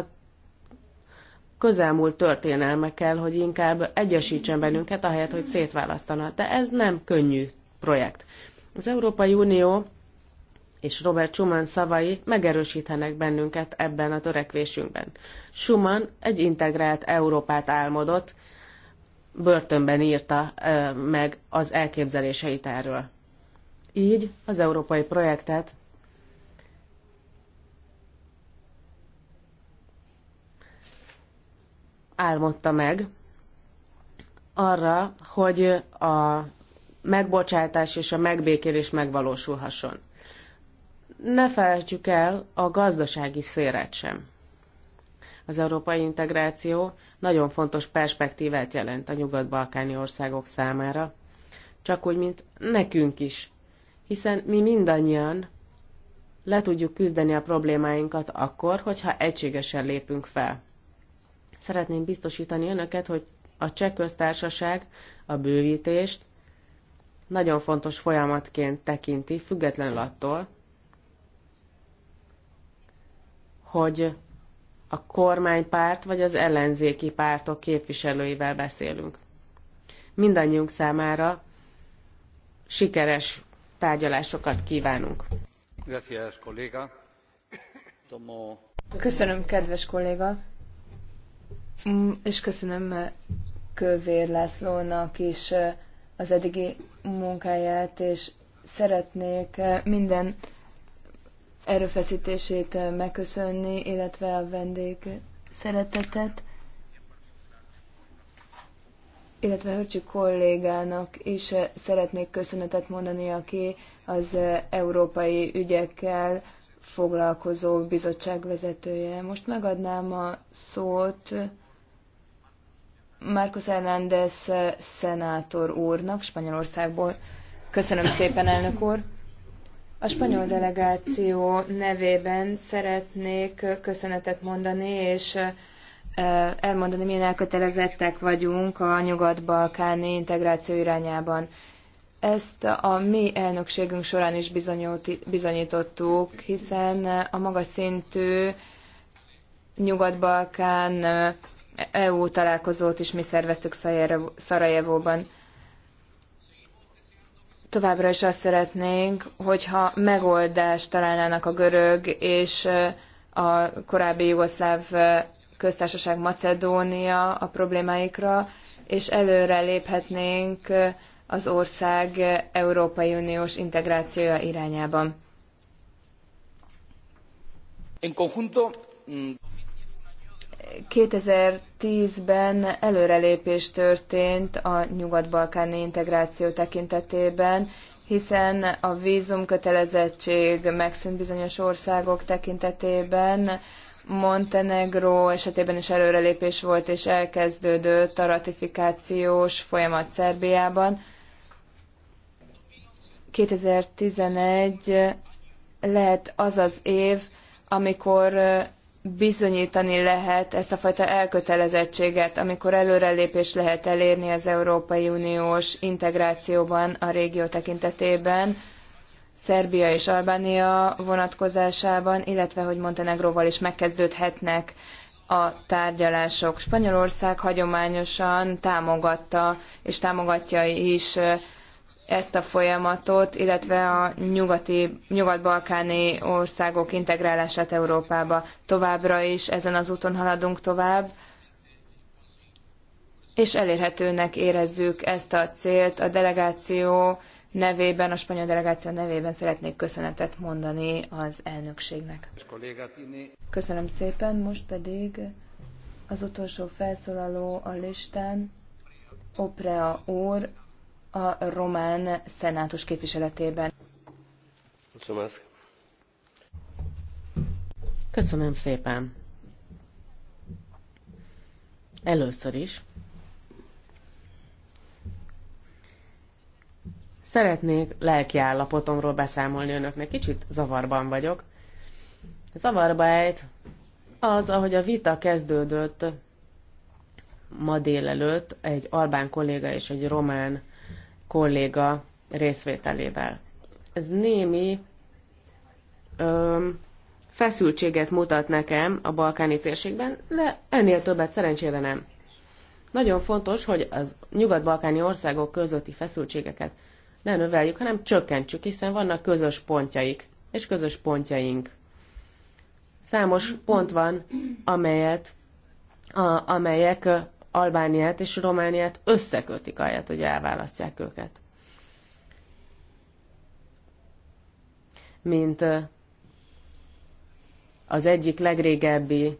közelmúlt történelmekkel, hogy inkább egyesítsen bennünket, ahelyett, hogy szétválasztana. De ez nem könnyű projekt. Az Európai Unió és Robert Schumann szavai megerősítenek bennünket ebben a törekvésünkben. Schumann egy integrált Európát álmodott, börtönben írta meg az elképzeléseit erről. Így az európai projektet álmodta meg arra, hogy a megbocsátás és a megbékélés megvalósulhasson. Ne felejtsük el a gazdasági széret sem. Az európai integráció nagyon fontos perspektívát jelent a nyugat-balkáni országok számára, csak úgy, mint nekünk is, hiszen mi mindannyian le tudjuk küzdeni a problémáinkat akkor, hogyha egységesen lépünk fel. Szeretném biztosítani önöket, hogy a cseh köztársaság a bővítést nagyon fontos folyamatként tekinti, függetlenül attól, hogy a kormánypárt vagy az ellenzéki pártok képviselőivel beszélünk. Mindannyiunk számára sikeres tárgyalásokat kívánunk. Köszönöm, kedves kolléga! Mm, és köszönöm eh, Kövér Lászlónak is eh, az eddigi munkáját, és szeretnék eh, minden erőfeszítését megköszönni, illetve a vendég szeretetet, illetve Hörcsi kollégának is szeretnék köszönetet mondani, aki az európai ügyekkel foglalkozó bizottság vezetője. Most megadnám a szót Marcos Hernández eh, szenátor úrnak Spanyolországból. Köszönöm szépen, elnök úr! A spanyol delegáció nevében szeretnék eh, köszönetet mondani, és eh, elmondani, milyen elkötelezettek vagyunk a nyugat-balkáni integráció irányában. Ezt a mi elnökségünk során is bizonyítottuk, hiszen a magas szintű nyugat-balkán EU találkozót is mi szerveztük Szarajevóban. Továbbra is azt szeretnénk, hogyha megoldást találnának a görög és a korábbi jugoszláv köztársaság Macedónia a problémáikra, és előre léphetnénk az ország Európai Uniós integrációja irányában. Mm, 2010-ben előrelépés történt a nyugat-balkáni integráció tekintetében, hiszen a vízumkötelezettség megszűnt bizonyos országok tekintetében, Montenegro esetében is előrelépés volt, és elkezdődött a ratifikációs folyamat Szerbiában. 2011 lehet az az év, amikor bizonyítani lehet ezt a fajta elkötelezettséget, amikor előrelépést lehet elérni az Európai Uniós integrációban a régió tekintetében, Szerbia és Albánia vonatkozásában, illetve hogy Montenegróval is megkezdődhetnek a tárgyalások. Spanyolország hagyományosan támogatta és támogatja is ezt a folyamatot, illetve a nyugati, nyugat-balkáni országok integrálását Európába. Továbbra is ezen az úton haladunk tovább, és elérhetőnek érezzük ezt a célt. A delegáció nevében, a spanyol delegáció nevében szeretnék köszönetet mondani az elnökségnek. Köszönöm szépen, most pedig az utolsó felszólaló a listán, Oprea úr, a román szenátus képviseletében. Köszönöm szépen. Először is szeretnék lelki állapotomról beszámolni önöknek. Kicsit zavarban vagyok. Zavarba ejt az, ahogy a vita kezdődött ma délelőtt egy albán kolléga és egy román kolléga részvételével. Ez némi öm, feszültséget mutat nekem a balkáni térségben, de ennél többet szerencsére nem. Nagyon fontos, hogy az nyugat-balkáni országok közötti feszültségeket ne növeljük, hanem csökkentsük, hiszen vannak közös pontjaik és közös pontjaink. Számos pont van, amelyet, a, amelyek Albániát és Romániát összekötik, ahelyett, hogy elválasztják őket. Mint az egyik legrégebbi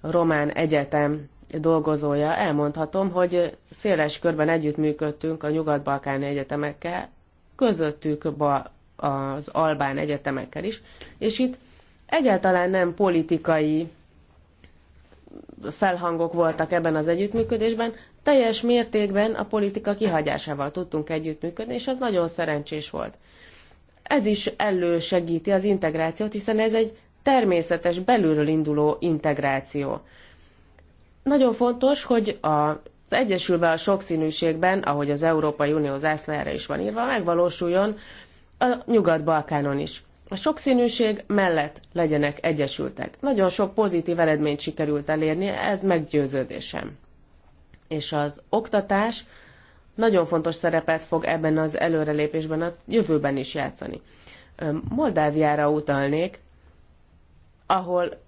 román egyetem dolgozója, elmondhatom, hogy széles körben együttműködtünk a nyugat-balkáni egyetemekkel, közöttük az albán egyetemekkel is, és itt egyáltalán nem politikai felhangok voltak ebben az együttműködésben, teljes mértékben a politika kihagyásával tudtunk együttműködni, és az nagyon szerencsés volt. Ez is elősegíti az integrációt, hiszen ez egy természetes, belülről induló integráció. Nagyon fontos, hogy a az Egyesülve a sokszínűségben, ahogy az Európai Unió zászlájára is van írva, megvalósuljon a Nyugat-Balkánon is a sokszínűség mellett legyenek egyesültek. Nagyon sok pozitív eredményt sikerült elérni, ez meggyőződésem. És az oktatás nagyon fontos szerepet fog ebben az előrelépésben a jövőben is játszani. Moldáviára utalnék, ahol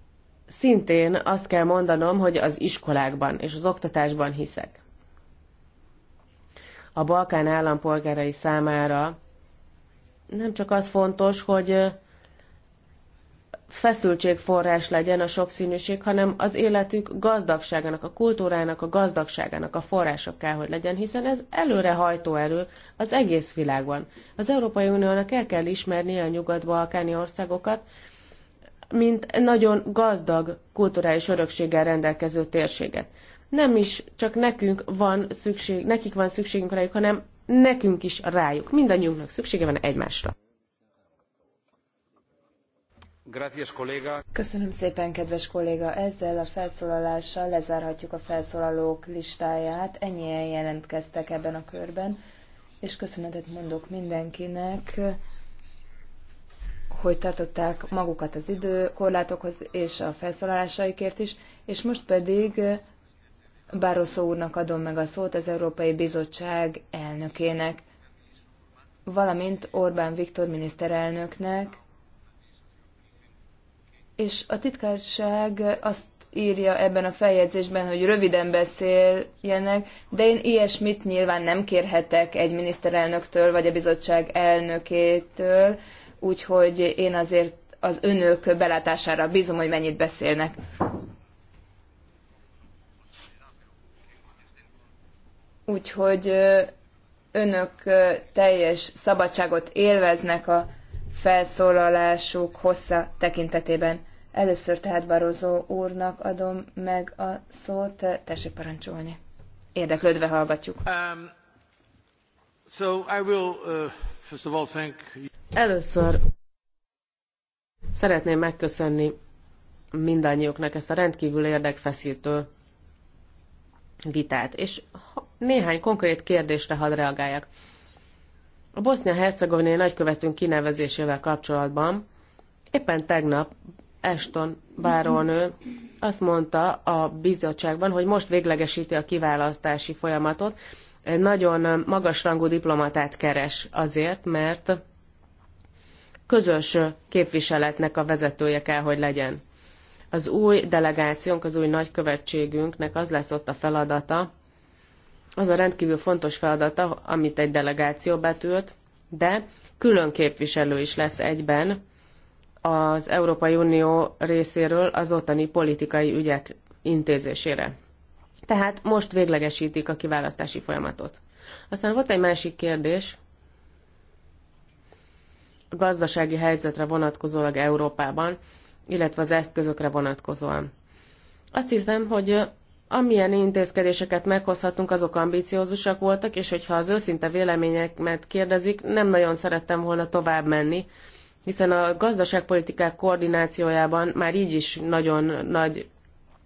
szintén azt kell mondanom, hogy az iskolákban és az oktatásban hiszek. A Balkán állampolgárai számára nem csak az fontos, hogy feszültségforrás legyen a sokszínűség, hanem az életük gazdagságának, a kultúrának, a gazdagságának a források kell, hogy legyen, hiszen ez előrehajtó erő az egész világban. Az Európai Uniónak el kell ismernie a nyugat-balkáni országokat, mint nagyon gazdag kulturális örökséggel rendelkező térséget. Nem is csak nekünk van szükség, nekik van szükségünk rájuk, hanem nekünk is rájuk. Mindannyiunknak szüksége van egymásra. Köszönöm szépen, kedves kolléga! Ezzel a felszólalással lezárhatjuk a felszólalók listáját. Ennyien jelentkeztek ebben a körben, és köszönetet mondok mindenkinek, hogy tartották magukat az időkorlátokhoz és a felszólalásaikért is, és most pedig Barroso úrnak adom meg a szót az Európai Bizottság elnökének, valamint Orbán Viktor miniszterelnöknek, és a titkárság azt írja ebben a feljegyzésben, hogy röviden beszéljenek, de én ilyesmit nyilván nem kérhetek egy miniszterelnöktől vagy a bizottság elnökétől, úgyhogy én azért az önök belátására bízom, hogy mennyit beszélnek. úgyhogy önök teljes szabadságot élveznek a felszólalásuk hossza tekintetében. Először tehát Barozó úrnak adom meg a szót, tessék parancsolni. Érdeklődve hallgatjuk. Um, so I will, uh, first of all thank you. Először szeretném megköszönni mindannyiuknak ezt a rendkívül érdekfeszítő vitát, és néhány konkrét kérdésre hadd reagáljak. A Bosznia-Hercegovinai nagykövetünk kinevezésével kapcsolatban éppen tegnap Ashton bárónő azt mondta a bizottságban, hogy most véglegesíti a kiválasztási folyamatot, egy nagyon magasrangú diplomatát keres azért, mert közös képviseletnek a vezetője kell, hogy legyen. Az új delegációnk, az új nagykövetségünknek az lesz ott a feladata, az a rendkívül fontos feladata, amit egy delegáció betűlt, de külön képviselő is lesz egyben az Európai Unió részéről az ottani politikai ügyek intézésére. Tehát most véglegesítik a kiválasztási folyamatot. Aztán volt egy másik kérdés, a gazdasági helyzetre vonatkozólag Európában, illetve az eszközökre vonatkozóan. Azt hiszem, hogy amilyen intézkedéseket meghozhatunk, azok ambiciózusak voltak, és hogyha az őszinte véleményeket kérdezik, nem nagyon szerettem volna tovább menni, hiszen a gazdaságpolitikák koordinációjában már így is nagyon nagy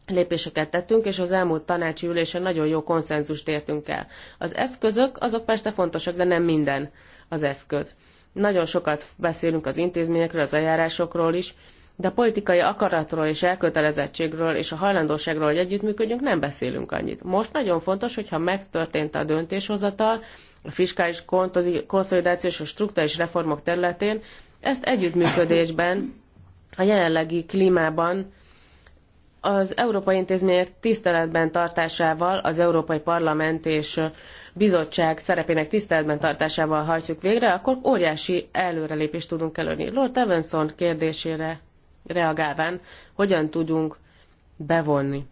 lépéseket tettünk, és az elmúlt tanácsi ülésen nagyon jó konszenzust értünk el. Az eszközök, azok persze fontosak, de nem minden az eszköz. Nagyon sokat beszélünk az intézményekről, az eljárásokról is, de a politikai akaratról és elkötelezettségről és a hajlandóságról, hogy együttműködjünk, nem beszélünk annyit. Most nagyon fontos, hogyha megtörtént a döntéshozatal, a fiskális konszolidáció és a struktúrális reformok területén, ezt együttműködésben, a jelenlegi klímában, az európai intézmények tiszteletben tartásával, az Európai Parlament és bizottság szerepének tiszteletben tartásával hajtjuk végre, akkor óriási előrelépést tudunk előni. Lord Evanson kérdésére reagálván hogyan tudjunk bevonni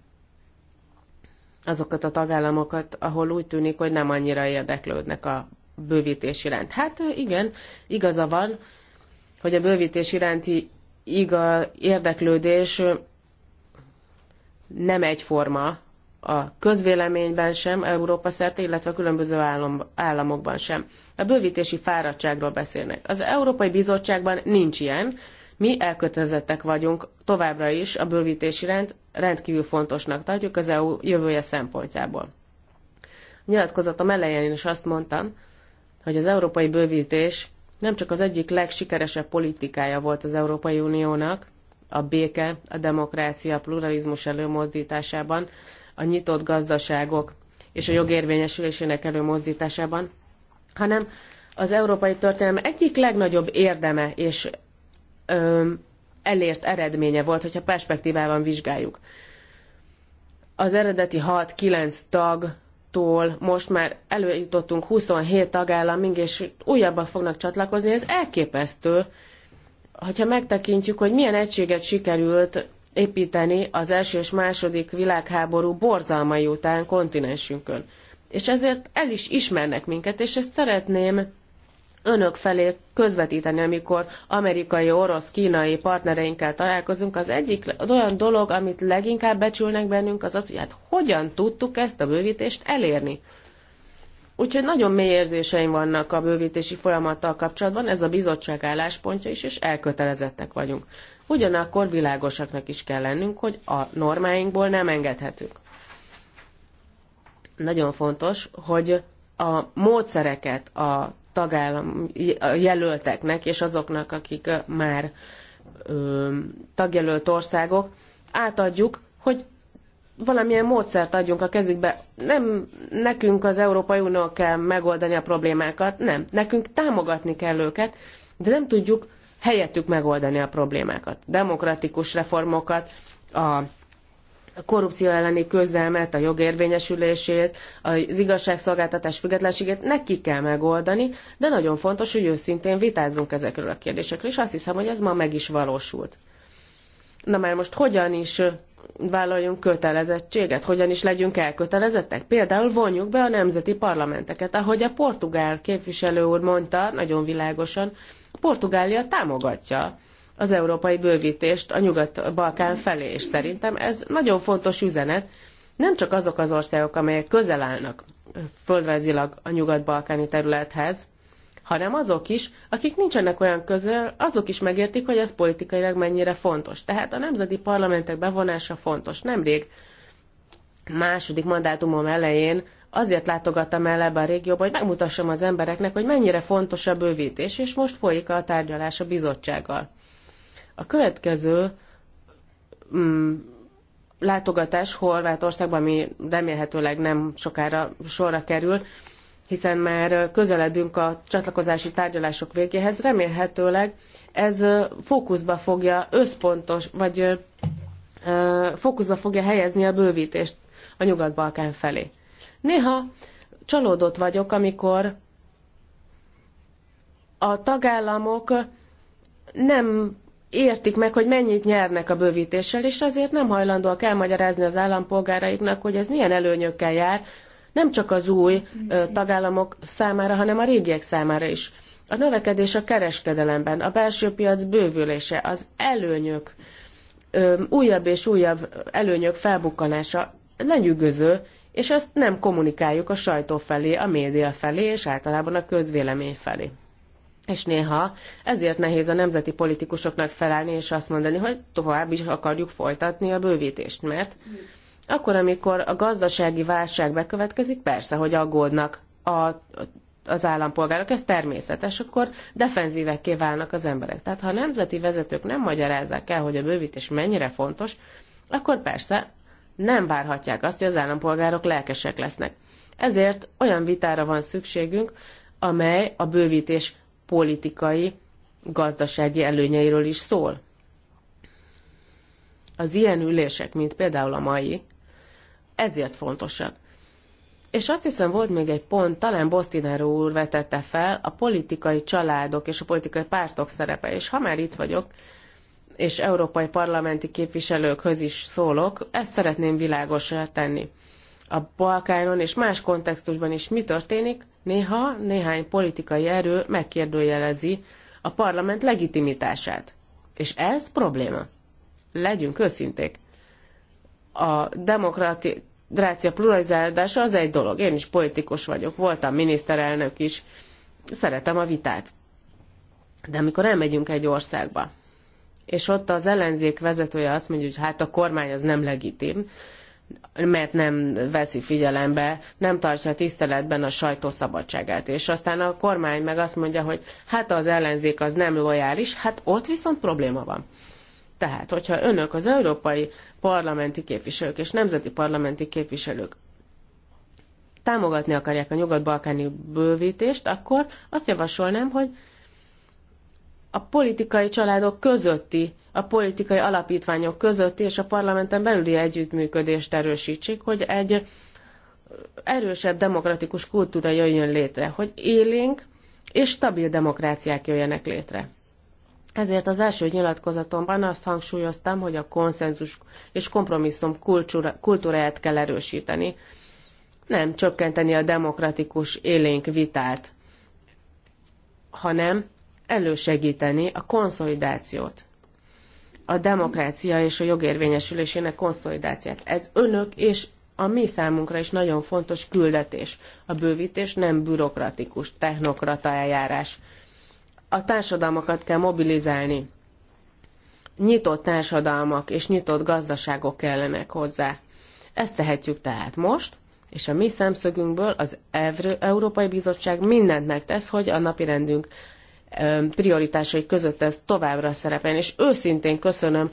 azokat a tagállamokat, ahol úgy tűnik, hogy nem annyira érdeklődnek a bővítés iránt. Hát igen, igaza van, hogy a bővítés iránti iga, érdeklődés nem egyforma a közvéleményben sem, Európa szerte, illetve a különböző államokban sem. A bővítési fáradtságról beszélnek. Az Európai Bizottságban nincs ilyen, mi elkötelezettek vagyunk továbbra is a bővítési iránt, rendkívül fontosnak tartjuk az EU jövője szempontjából. A nyilatkozatom elején is azt mondtam, hogy az európai bővítés nem csak az egyik legsikeresebb politikája volt az Európai Uniónak, a béke, a demokrácia, a pluralizmus előmozdításában, a nyitott gazdaságok és a jogérvényesülésének előmozdításában, hanem az európai történelem egyik legnagyobb érdeme és elért eredménye volt, hogyha perspektívában vizsgáljuk. Az eredeti 6-9 tagtól most már előjutottunk 27 tagállamig, és újabbak fognak csatlakozni. Ez elképesztő, hogyha megtekintjük, hogy milyen egységet sikerült építeni az első és második világháború borzalmai után kontinensünkön. És ezért el is ismernek minket, és ezt szeretném önök felé közvetíteni, amikor amerikai, orosz, kínai partnereinkkel találkozunk. Az egyik olyan dolog, amit leginkább becsülnek bennünk, az az, hogy hát hogyan tudtuk ezt a bővítést elérni. Úgyhogy nagyon mély érzéseim vannak a bővítési folyamattal kapcsolatban, ez a bizottság álláspontja is, és elkötelezettek vagyunk. Ugyanakkor világosaknak is kell lennünk, hogy a normáinkból nem engedhetünk. Nagyon fontos, hogy a módszereket, a tagállam jelölteknek és azoknak, akik már ö, tagjelölt országok, átadjuk, hogy valamilyen módszert adjunk a kezükbe. Nem nekünk az Európai Unió kell megoldani a problémákat, nem. Nekünk támogatni kell őket, de nem tudjuk helyettük megoldani a problémákat. Demokratikus reformokat, a korrupció elleni küzdelmet, a jogérvényesülését, az igazságszolgáltatás függetlenségét neki kell megoldani, de nagyon fontos, hogy őszintén vitázzunk ezekről a kérdésekről, és azt hiszem, hogy ez ma meg is valósult. Na már most hogyan is vállaljunk kötelezettséget, hogyan is legyünk elkötelezettek? Például vonjuk be a nemzeti parlamenteket, ahogy a portugál képviselő úr mondta, nagyon világosan, Portugália támogatja az európai bővítést a Nyugat-Balkán felé, és szerintem ez nagyon fontos üzenet, nem csak azok az országok, amelyek közel állnak földrajzilag a nyugat-balkáni területhez, hanem azok is, akik nincsenek olyan közel, azok is megértik, hogy ez politikailag mennyire fontos. Tehát a nemzeti parlamentek bevonása fontos. Nemrég második mandátumom elején azért látogattam el ebbe a régióba, hogy megmutassam az embereknek, hogy mennyire fontos a bővítés, és most folyik a tárgyalás a bizottsággal. A következő mm, látogatás Horvátországban, ami remélhetőleg nem sokára sorra kerül, hiszen már közeledünk a csatlakozási tárgyalások végéhez, remélhetőleg ez fókuszba fogja összpontos, vagy fókuszba fogja helyezni a bővítést a Nyugat-Balkán felé. Néha csalódott vagyok, amikor a tagállamok nem értik meg, hogy mennyit nyernek a bővítéssel, és azért nem hajlandóak elmagyarázni az állampolgáraiknak, hogy ez milyen előnyökkel jár, nem csak az új tagállamok számára, hanem a régiek számára is. A növekedés a kereskedelemben, a belső piac bővülése, az előnyök, újabb és újabb előnyök felbukkanása lenyűgöző, és ezt nem kommunikáljuk a sajtó felé, a média felé, és általában a közvélemény felé. És néha ezért nehéz a nemzeti politikusoknak felállni és azt mondani, hogy tovább is akarjuk folytatni a bővítést, mert akkor, amikor a gazdasági válság bekövetkezik, persze, hogy aggódnak a, az állampolgárok, ez természetes, akkor defenzívekké válnak az emberek. Tehát ha a nemzeti vezetők nem magyarázzák el, hogy a bővítés mennyire fontos, akkor persze nem várhatják azt, hogy az állampolgárok lelkesek lesznek. Ezért olyan vitára van szükségünk, amely a bővítés politikai, gazdasági előnyeiről is szól. Az ilyen ülések, mint például a mai, ezért fontosak. És azt hiszem volt még egy pont, talán Bostinero úr vetette fel, a politikai családok és a politikai pártok szerepe. És ha már itt vagyok, és európai parlamenti képviselőkhöz is szólok, ezt szeretném világosra tenni a Balkánon és más kontextusban is mi történik, néha néhány politikai erő megkérdőjelezi a parlament legitimitását. És ez probléma. Legyünk őszinték. A demokrácia pluralizálása az egy dolog. Én is politikus vagyok, voltam miniszterelnök is, szeretem a vitát. De amikor elmegyünk egy országba, és ott az ellenzék vezetője azt mondja, hogy hát a kormány az nem legitim, mert nem veszi figyelembe, nem tartja tiszteletben a sajtó szabadságát. És aztán a kormány meg azt mondja, hogy hát az ellenzék az nem lojális, hát ott viszont probléma van. Tehát, hogyha önök az európai parlamenti képviselők és nemzeti parlamenti képviselők támogatni akarják a nyugat-balkáni bővítést, akkor azt javasolnám, hogy a politikai családok közötti a politikai alapítványok között és a parlamenten belüli együttműködést erősítsék, hogy egy erősebb demokratikus kultúra jöjjön létre, hogy élénk és stabil demokráciák jöjjenek létre. Ezért az első nyilatkozatomban azt hangsúlyoztam, hogy a konszenzus és kompromisszum kultúráját kell erősíteni, nem csökkenteni a demokratikus élénk vitát, hanem elősegíteni a konszolidációt a demokrácia és a jogérvényesülésének konszolidációt. Ez önök és a mi számunkra is nagyon fontos küldetés. A bővítés nem bürokratikus, technokrata eljárás. A társadalmakat kell mobilizálni. Nyitott társadalmak és nyitott gazdaságok kellenek hozzá. Ezt tehetjük tehát most, és a mi szemszögünkből az Európai Bizottság mindent megtesz, hogy a napirendünk prioritásai között ez továbbra szerepel. És őszintén köszönöm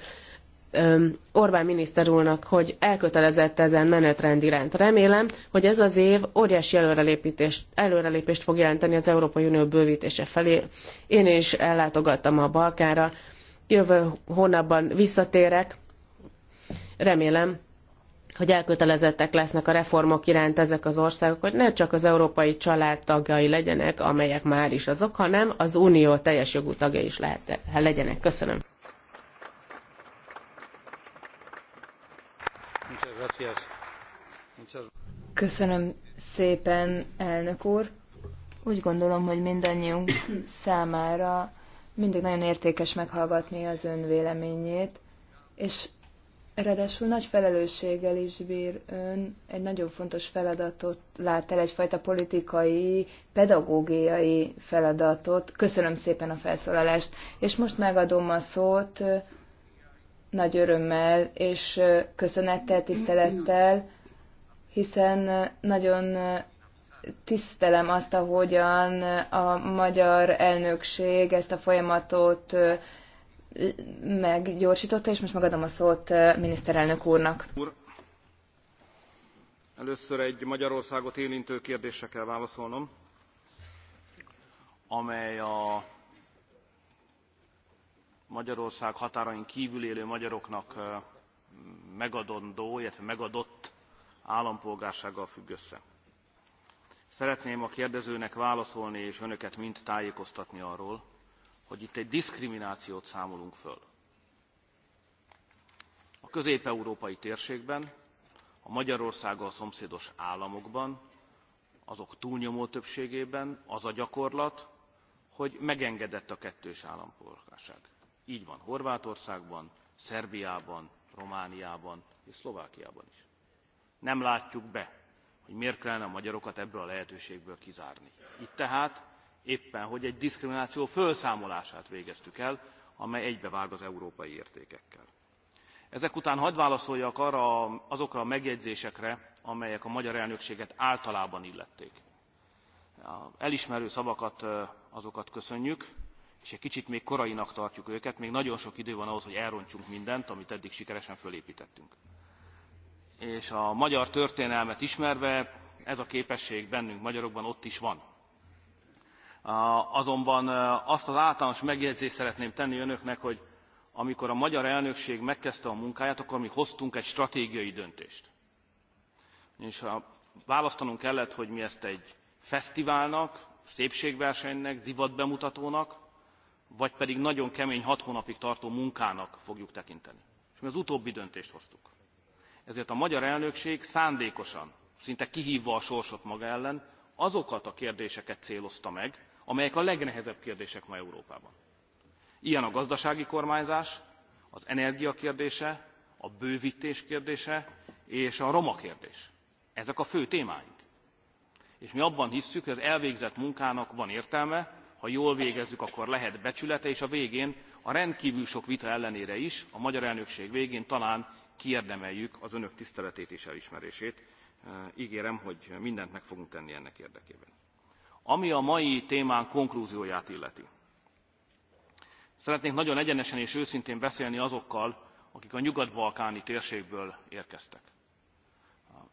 Orbán miniszter úrnak, hogy elkötelezett ezen menetrend iránt. Remélem, hogy ez az év óriási előrelépést, előrelépést fog jelenteni az Európai Unió bővítése felé. Én is ellátogattam a Balkánra, jövő hónapban visszatérek. Remélem, hogy elkötelezettek lesznek a reformok iránt ezek az országok, hogy ne csak az európai család tagjai legyenek, amelyek már is azok, hanem az unió teljes jogú tagja is lehet, legyenek. Köszönöm. Köszönöm szépen, elnök úr. Úgy gondolom, hogy mindannyiunk számára mindig nagyon értékes meghallgatni az ön véleményét, és Ráadásul nagy felelősséggel is bír ön, egy nagyon fontos feladatot lát el, egyfajta politikai, pedagógiai feladatot. Köszönöm szépen a felszólalást, és most megadom a szót nagy örömmel és köszönettel, tisztelettel, hiszen nagyon tisztelem azt, ahogyan a magyar elnökség ezt a folyamatot meggyorsította, és most megadom a szót miniszterelnök úrnak. Úr, először egy Magyarországot érintő kérdésre kell válaszolnom, amely a Magyarország határain kívül élő magyaroknak megadandó, illetve megadott állampolgársággal függ össze. Szeretném a kérdezőnek válaszolni és önöket mind tájékoztatni arról, hogy itt egy diszkriminációt számolunk föl. A közép-európai térségben, a Magyarországgal szomszédos államokban, azok túlnyomó többségében az a gyakorlat, hogy megengedett a kettős állampolgárság. Így van Horvátországban, Szerbiában, Romániában és Szlovákiában is. Nem látjuk be, hogy miért kellene a magyarokat ebből a lehetőségből kizárni. Itt tehát éppen hogy egy diszkrimináció fölszámolását végeztük el, amely egybevág az európai értékekkel. Ezek után hadd válaszoljak arra, azokra a megjegyzésekre, amelyek a magyar elnökséget általában illették. elismerő szavakat, azokat köszönjük, és egy kicsit még korainak tartjuk őket, még nagyon sok idő van ahhoz, hogy elrontsunk mindent, amit eddig sikeresen fölépítettünk. És a magyar történelmet ismerve ez a képesség bennünk magyarokban ott is van azonban azt az általános megjegyzést szeretném tenni önöknek hogy amikor a magyar elnökség megkezdte a munkáját akkor mi hoztunk egy stratégiai döntést és választanunk kellett hogy mi ezt egy fesztiválnak szépségversenynek divatbemutatónak vagy pedig nagyon kemény hat hónapig tartó munkának fogjuk tekinteni. És mi az utóbbi döntést hoztuk. Ezért a magyar elnökség szándékosan, szinte kihívva a sorsot maga ellen, azokat a kérdéseket célozta meg, amelyek a legnehezebb kérdések ma Európában. Ilyen a gazdasági kormányzás, az energia kérdése, a bővítés kérdése és a roma kérdés. Ezek a fő témáink. És mi abban hisszük, hogy az elvégzett munkának van értelme, ha jól végezzük, akkor lehet becsülete, és a végén a rendkívül sok vita ellenére is, a magyar elnökség végén talán kiérdemeljük az önök tiszteletét és elismerését. Ígérem, hogy mindent meg fogunk tenni ennek érdekében. Ami a mai témán konklúzióját illeti. Szeretnék nagyon egyenesen és őszintén beszélni azokkal, akik a nyugat-balkáni térségből érkeztek.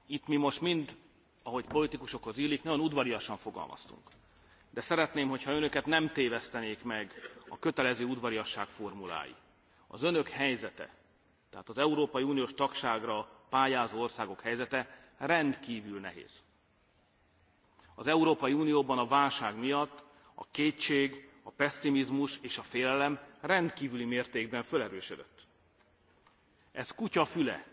Itt mi most mind, ahogy politikusokhoz illik, nagyon udvariasan fogalmaztunk. De szeretném, hogyha önöket nem tévesztenék meg a kötelező udvariasság formulái. Az önök helyzete, tehát az Európai Uniós tagságra pályázó országok helyzete rendkívül nehéz az európai unióban a válság miatt a kétség a pesszimizmus és a félelem rendkvüli mértékben felerősödött. ez kutya füle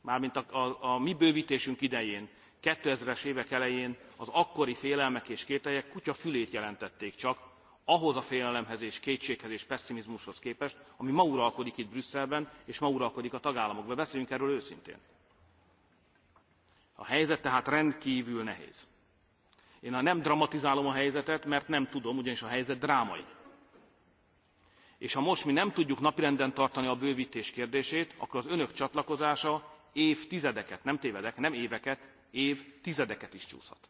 mármint a, a, a mi bővtésünk idején two thousand es évek elején az akkori félelmek és kételyek kutya fülét jelentették csak ahhoz a félelemhez és kétséghez és pesszimizmushoz képest ami ma uralkodik itt brüsszelben és ma uralkodik a tagállamokban. beszéljünk erről őszintén. a helyzet tehát rendkvül nehéz én nem dramatizálom a helyzetet, mert nem tudom, ugyanis a helyzet drámai. És ha most mi nem tudjuk napirenden tartani a bővítés kérdését, akkor az önök csatlakozása évtizedeket, nem tévedek, nem éveket, évtizedeket is csúszhat.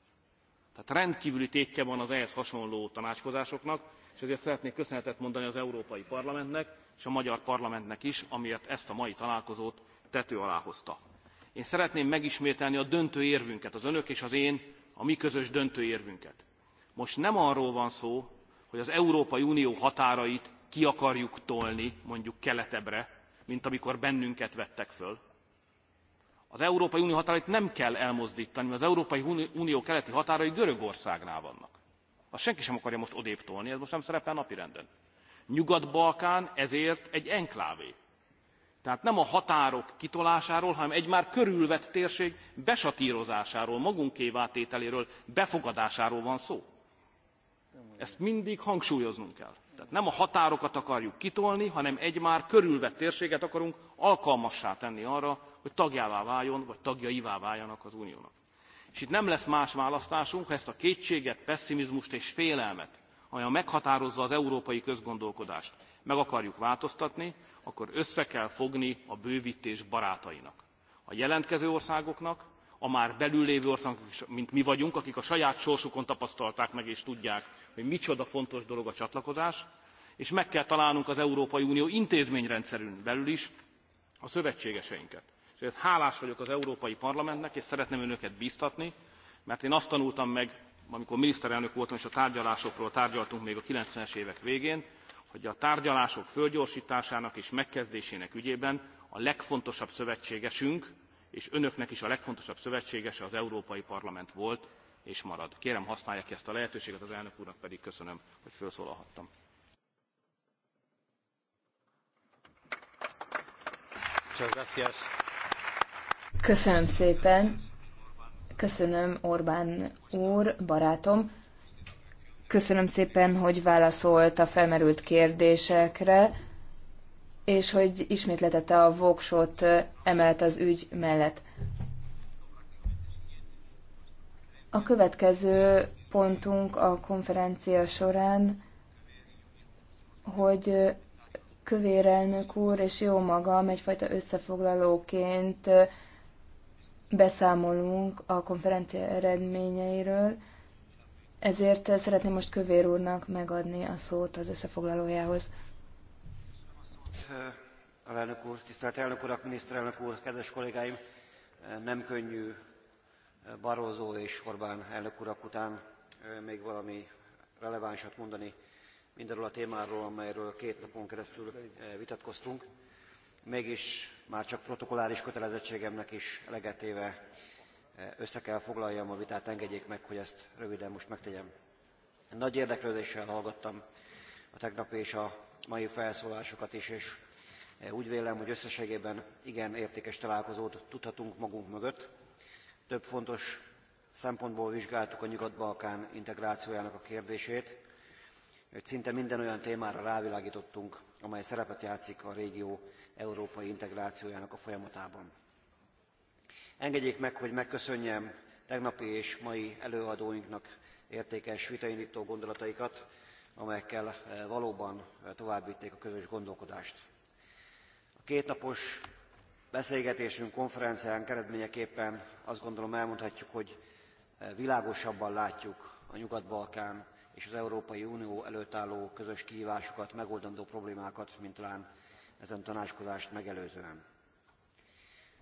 Tehát rendkívüli tétje van az ehhez hasonló tanácskozásoknak, és ezért szeretnék köszönetet mondani az Európai Parlamentnek és a Magyar Parlamentnek is, amiért ezt a mai találkozót tető alá hozta. Én szeretném megismételni a döntő érvünket, az önök és az én a mi közös érvünket. Most nem arról van szó, hogy az Európai Unió határait ki akarjuk tolni mondjuk keletebbre, mint amikor bennünket vettek föl. Az Európai Unió határait nem kell elmozdítani, mert az Európai Unió keleti határai Görögországnál vannak. Azt senki sem akarja most odéptolni, ez most nem szerepel napirenden. Nyugat-Balkán ezért egy enklávé tehát nem a határok kitolásáról, hanem egy már körülvett térség besatírozásáról, magunkévá tételéről, befogadásáról van szó. Ezt mindig hangsúlyoznunk kell. Tehát nem a határokat akarjuk kitolni, hanem egy már körülvett térséget akarunk alkalmassá tenni arra, hogy tagjává váljon, vagy tagjaivá váljanak az uniónak. És itt nem lesz más választásunk, ha ezt a kétséget, pessimizmust és félelmet, amely meghatározza az európai közgondolkodást, meg akarjuk változtatni akkor össze kell fogni a bővtés barátainak a jelentkező országoknak a már belül lévő országoknak is mint mi vagyunk akik a saját sorsukon tapasztalták meg és tudják hogy micsoda fontos dolog a csatlakozás és meg kell találnunk az európai unió intézményrendszerén belül is a szövetségeseinket. és ezért hálás vagyok az európai parlamentnek és szeretném önöket biztatni, mert én azt tanultam meg amikor miniszterelnök voltam és a tárgyalásokról tárgyaltunk még a ninety es évek végén hogy a tárgyalások fölgyorstásának és megkezdésének ügyében a legfontosabb szövetségesünk és önöknek is a legfontosabb szövetségese az európai parlament volt és marad. kérem használják ki ezt a lehetőséget az elnök úrnak pedig köszönöm hogy felszólalhattam. Köszönöm szépen. Köszönöm Orbán úr, barátom. Köszönöm szépen, hogy válaszolt a felmerült kérdésekre, és hogy ismétletette a voksot emelt az ügy mellett. A következő pontunk a konferencia során, hogy Kövér elnök úr és jó magam egyfajta összefoglalóként beszámolunk a konferencia eredményeiről, ezért szeretném most Kövér úrnak megadni a szót az összefoglalójához. Elnök úr, tisztelt elnök urak, miniszterelnök úr, kedves kollégáim! Nem könnyű Barózó és Orbán elnök urak után még valami relevánsat mondani mindenről a témáról, amelyről két napon keresztül vitatkoztunk. Mégis már csak protokolláris kötelezettségemnek is legetéve össze kell foglaljam a vitát, engedjék meg, hogy ezt röviden most megtegyem. Nagy érdeklődéssel hallgattam a tegnap és a mai felszólásokat is, és e, úgy vélem, hogy összességében igen értékes találkozót tudhatunk magunk mögött. Több fontos szempontból vizsgáltuk a Nyugat-Balkán integrációjának a kérdését, hogy szinte minden olyan témára rávilágítottunk, amely szerepet játszik a régió európai integrációjának a folyamatában. Engedjék meg, hogy megköszönjem tegnapi és mai előadóinknak értékes vitaindító gondolataikat, amelyekkel eh, valóban eh, továbbvitték a közös gondolkodást. A kétnapos beszélgetésünk, konferencián eredményeképpen azt gondolom elmondhatjuk, hogy eh, világosabban látjuk a Nyugat-Balkán és az Európai Unió előtt álló közös kihívásokat, megoldandó problémákat, mint talán ezen tanácskozást megelőzően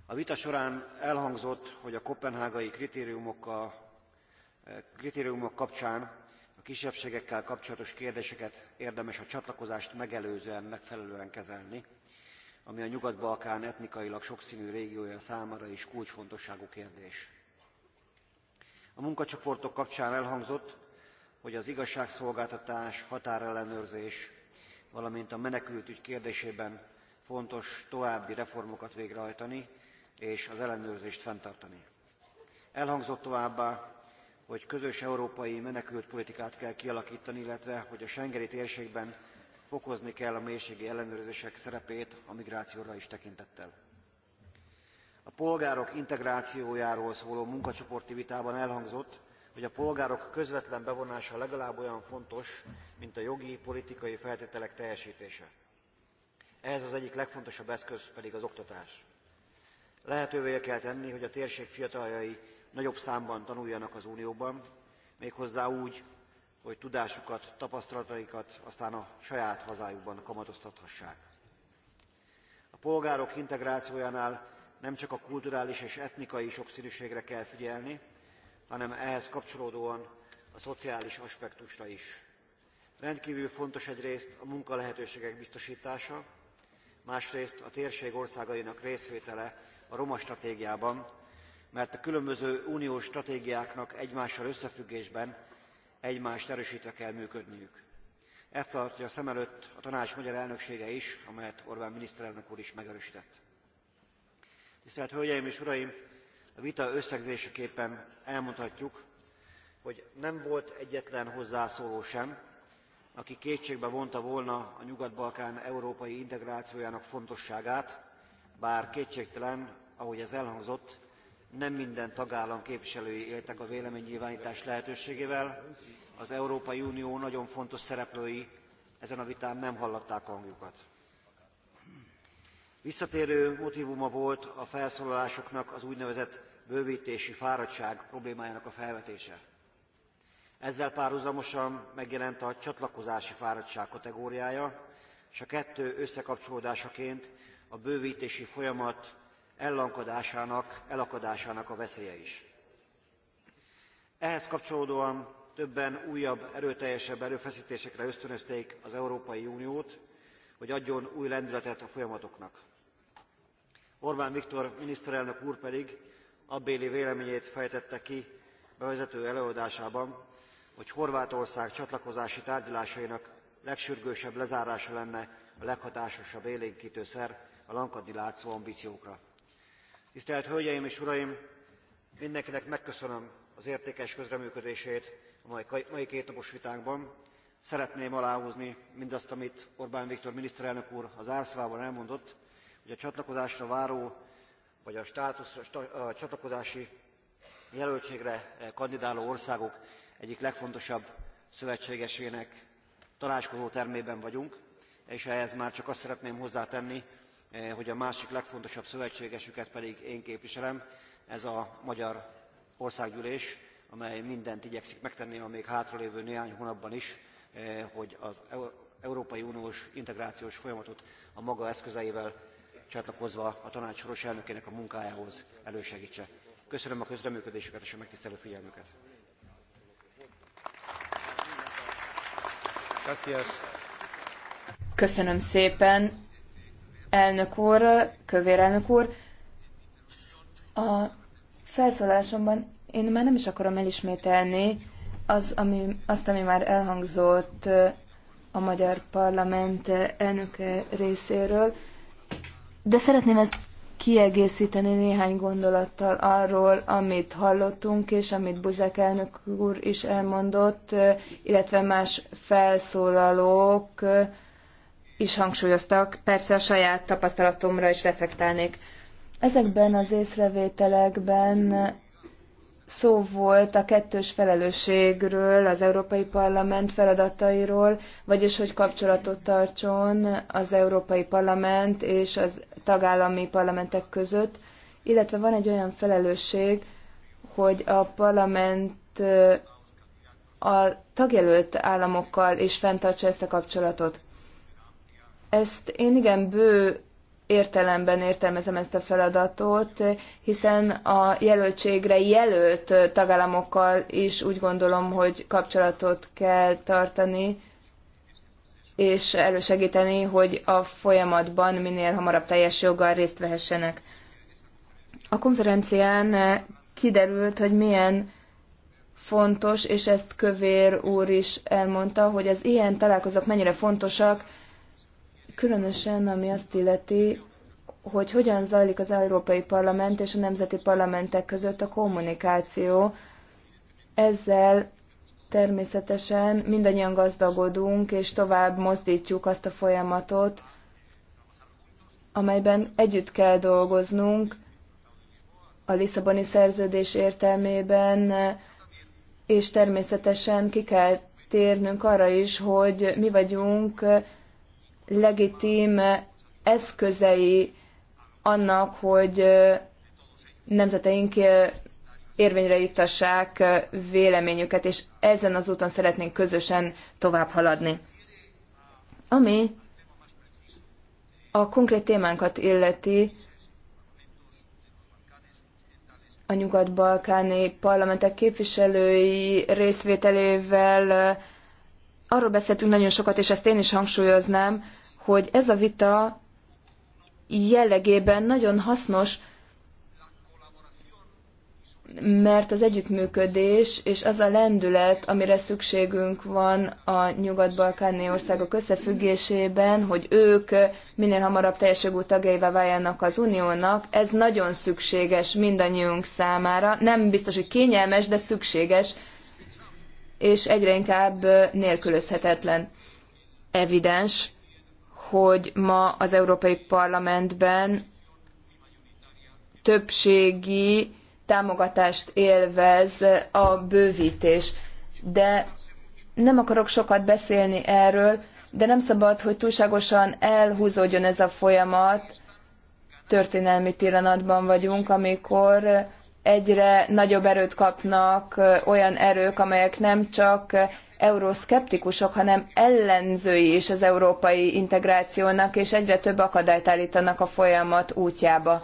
a vita során elhangzott hogy a koppenhágai eh, kritériumok kapcsán a kisebbségekkel kapcsolatos kérdéseket érdemes a csatlakozást megelőzően megfelelően kezelni ami a nyugat balkán etnikailag soksznű régiója számára is kulcsfontosságú kérdés. a munkacsoportok kapcsán elhangzott hogy az igazságszolgáltatás határellenőrzés valamint a menekültügy kérdésében fontos további reformokat végrehajtani és az ellenőrzést fenntartani. Elhangzott továbbá, hogy közös európai menekültpolitikát kell kialakítani, illetve hogy a Schengeni térségben fokozni kell a mélységi ellenőrzések szerepét a migrációra is tekintettel. A polgárok integrációjáról szóló munkacsoporti vitában elhangzott, hogy a polgárok közvetlen bevonása legalább olyan fontos, mint a jogi, politikai feltételek teljesítése. Ehhez az egyik legfontosabb eszköz pedig az oktatás. Lehetővé kell tenni, hogy a térség fiataljai nagyobb számban tanuljanak az Unióban, méghozzá úgy, hogy tudásukat, tapasztalataikat aztán a saját hazájukban kamatoztathassák. A polgárok integrációjánál nem csak a kulturális és etnikai sokszínűségre kell figyelni, hanem ehhez kapcsolódóan a szociális aspektusra is. Rendkívül fontos egyrészt a munkalehetőségek biztosítása, másrészt a térség országainak részvétele a roma stratégiában, mert a különböző uniós stratégiáknak egymással összefüggésben egymást erősítve kell működniük. Ezt tartja szem előtt a tanács magyar elnöksége is, amelyet Orbán miniszterelnök úr is megerősített. Tisztelt Hölgyeim és Uraim! A vita összegzéseképpen elmondhatjuk, hogy nem volt egyetlen hozzászóló sem, aki kétségbe vonta volna a Nyugat-Balkán európai integrációjának fontosságát, bár kétségtelen ahogy ez elhangzott, nem minden tagállam képviselői éltek a véleménynyilvánítás lehetőségével. Az Európai Unió nagyon fontos szereplői ezen a vitán nem hallatták hangjukat. Visszatérő motivuma volt a felszólalásoknak az úgynevezett bővítési fáradtság problémájának a felvetése. Ezzel párhuzamosan megjelent a csatlakozási fáradtság kategóriája, és a kettő összekapcsolódásaként a bővítési folyamat ellankadásának, elakadásának a veszélye is. Ehhez kapcsolódóan többen újabb, erőteljesebb erőfeszítésekre ösztönözték az Európai Uniót, hogy adjon új lendületet a folyamatoknak. Orbán Viktor miniszterelnök úr pedig abbéli véleményét fejtette ki bevezető előadásában, hogy Horvátország csatlakozási tárgyalásainak legsürgősebb lezárása lenne a leghatásosabb élénkítőszer a látszó ambíciókra. Tisztelt Hölgyeim és Uraim! Mindenkinek megköszönöm az értékes közreműködését a mai, mai kétnapos vitánkban. Szeretném aláhúzni mindazt, amit Orbán Viktor miniszterelnök úr az Árszvában elmondott, hogy a csatlakozásra váró, vagy a, státusz, a csatlakozási jelöltségre eh, kandidáló országok egyik legfontosabb szövetségesének tanácskozó termében vagyunk, és ehhez már csak azt szeretném hozzátenni, Eh, hogy a másik legfontosabb szövetségesüket pedig én képviselem, ez a Magyar Országgyűlés, amely mindent igyekszik megtenni a még hátralévő néhány hónapban is, eh, hogy az Európai Uniós integrációs folyamatot a maga eszközeivel csatlakozva a tanács soros elnökének a munkájához elősegítse. Köszönöm a közreműködésüket és a megtisztelő figyelmüket. Köszönöm szépen elnök úr, kövér elnök úr. A felszólásomban én már nem is akarom elismételni az, ami, azt, ami már elhangzott a magyar parlament elnöke részéről, de szeretném ezt kiegészíteni néhány gondolattal arról, amit hallottunk, és amit Buzek elnök úr is elmondott, illetve más felszólalók is hangsúlyoztak, persze a saját tapasztalatomra is reflektálnék. Ezekben az észrevételekben szó volt a kettős felelősségről, az Európai Parlament feladatairól, vagyis hogy kapcsolatot tartson az Európai Parlament és az tagállami parlamentek között, illetve van egy olyan felelősség, hogy a parlament a tagjelölt államokkal is fenntartsa ezt a kapcsolatot. Ezt én igen bő értelemben értelmezem ezt a feladatot, hiszen a jelöltségre jelölt tagállamokkal is úgy gondolom, hogy kapcsolatot kell tartani, és elősegíteni, hogy a folyamatban minél hamarabb teljes joggal részt vehessenek. A konferencián kiderült, hogy milyen fontos, és ezt Kövér úr is elmondta, hogy az ilyen találkozók mennyire fontosak különösen ami azt illeti, hogy hogyan zajlik az Európai Parlament és a nemzeti parlamentek között a kommunikáció. Ezzel természetesen mindannyian gazdagodunk, és tovább mozdítjuk azt a folyamatot, amelyben együtt kell dolgoznunk a Lisszaboni szerződés értelmében, és természetesen ki kell térnünk arra is, hogy mi vagyunk legitim eszközei annak, hogy nemzeteink érvényre juttassák véleményüket, és ezen az úton szeretnénk közösen tovább haladni. Ami a konkrét témánkat illeti, a nyugat-balkáni parlamentek képviselői részvételével arról beszéltünk nagyon sokat, és ezt én is hangsúlyoznám, hogy ez a vita jellegében nagyon hasznos, mert az együttműködés és az a lendület, amire szükségünk van a nyugat-balkáni országok összefüggésében, hogy ők minél hamarabb teljes jogú tagjaivá váljanak az uniónak, ez nagyon szükséges mindannyiunk számára. Nem biztos, hogy kényelmes, de szükséges, és egyre inkább nélkülözhetetlen. Evidens, hogy ma az Európai Parlamentben többségi támogatást élvez a bővítés. De nem akarok sokat beszélni erről, de nem szabad, hogy túlságosan elhúzódjon ez a folyamat. Történelmi pillanatban vagyunk, amikor egyre nagyobb erőt kapnak olyan erők, amelyek nem csak euroszkeptikusok, hanem ellenzői is az európai integrációnak, és egyre több akadályt állítanak a folyamat útjába.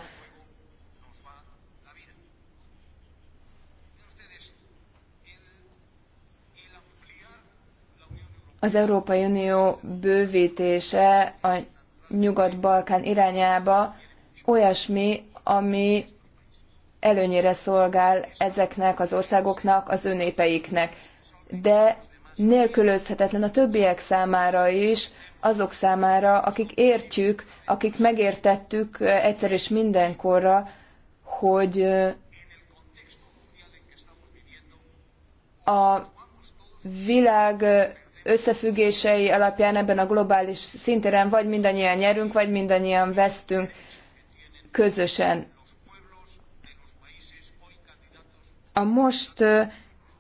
Az Európai Unió bővítése a Nyugat-Balkán irányába olyasmi, ami előnyére szolgál ezeknek az országoknak, az önépeiknek. De nélkülözhetetlen a többiek számára is, azok számára, akik értjük, akik megértettük egyszer és mindenkorra, hogy a világ összefüggései alapján ebben a globális szintéren vagy mindannyian nyerünk, vagy mindannyian vesztünk közösen. A most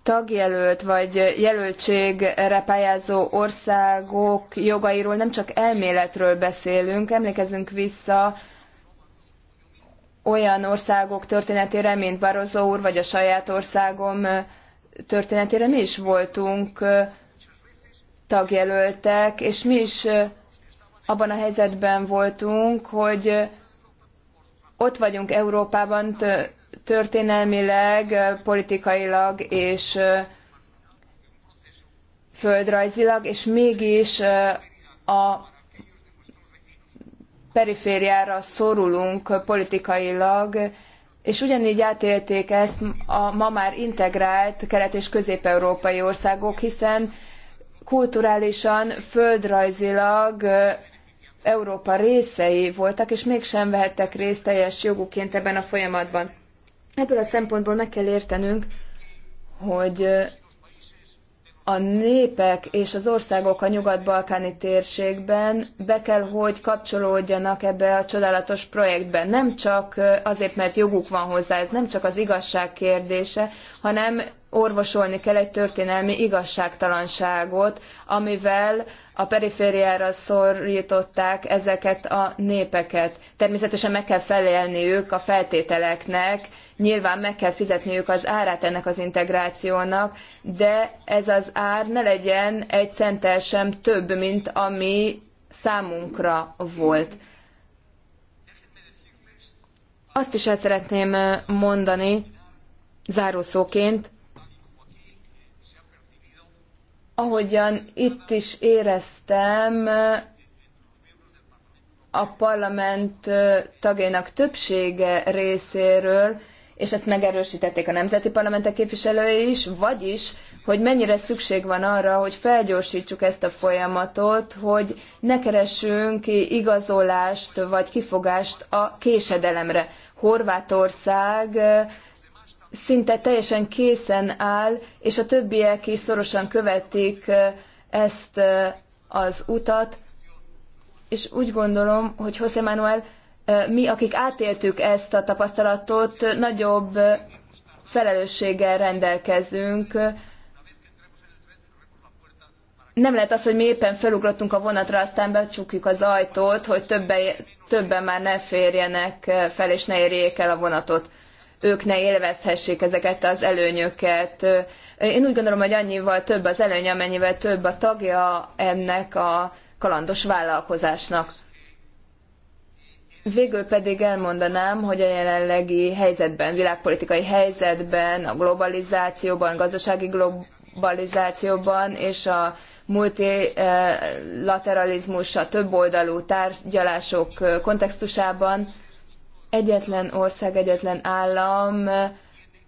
tagjelölt vagy jelöltségre pályázó országok jogairól nem csak elméletről beszélünk, emlékezzünk vissza olyan országok történetére, mint Barozó úr, vagy a saját országom történetére mi is voltunk tagjelöltek, és mi is abban a helyzetben voltunk, hogy ott vagyunk Európában, történelmileg, politikailag és földrajzilag, és mégis a perifériára szorulunk politikailag, és ugyanígy átélték ezt a ma már integrált kelet- és közép-európai országok, hiszen kulturálisan, földrajzilag Európa részei voltak, és mégsem vehettek részt teljes joguként ebben a folyamatban. Ebből a szempontból meg kell értenünk, hogy a népek és az országok a nyugat-balkáni térségben be kell, hogy kapcsolódjanak ebbe a csodálatos projektbe. Nem csak azért, mert joguk van hozzá, ez nem csak az igazság kérdése, hanem orvosolni kell egy történelmi igazságtalanságot, amivel a perifériára szorították ezeket a népeket. Természetesen meg kell felelniük a feltételeknek, Nyilván meg kell fizetniük az árát ennek az integrációnak, de ez az ár ne legyen egy centel sem több, mint ami számunkra volt. Azt is el szeretném mondani zárószóként, ahogyan itt is éreztem, a parlament tagjainak többsége részéről és ezt megerősítették a nemzeti parlamentek képviselői is, vagyis, hogy mennyire szükség van arra, hogy felgyorsítsuk ezt a folyamatot, hogy ne keressünk igazolást vagy kifogást a késedelemre. Horvátország szinte teljesen készen áll, és a többiek is szorosan követik ezt az utat, és úgy gondolom, hogy José Manuel mi, akik átéltük ezt a tapasztalatot, nagyobb felelősséggel rendelkezünk. Nem lehet az, hogy mi éppen felugrottunk a vonatra, aztán becsukjuk az ajtót, hogy többen, többen már ne férjenek fel, és ne érjék el a vonatot. Ők ne élvezhessék ezeket az előnyöket. Én úgy gondolom, hogy annyival több az előny, amennyivel több a tagja ennek a kalandos vállalkozásnak. Végül pedig elmondanám, hogy a jelenlegi helyzetben, világpolitikai helyzetben, a globalizációban, gazdasági globalizációban és a multilateralizmus, a oldalú tárgyalások kontextusában egyetlen ország, egyetlen állam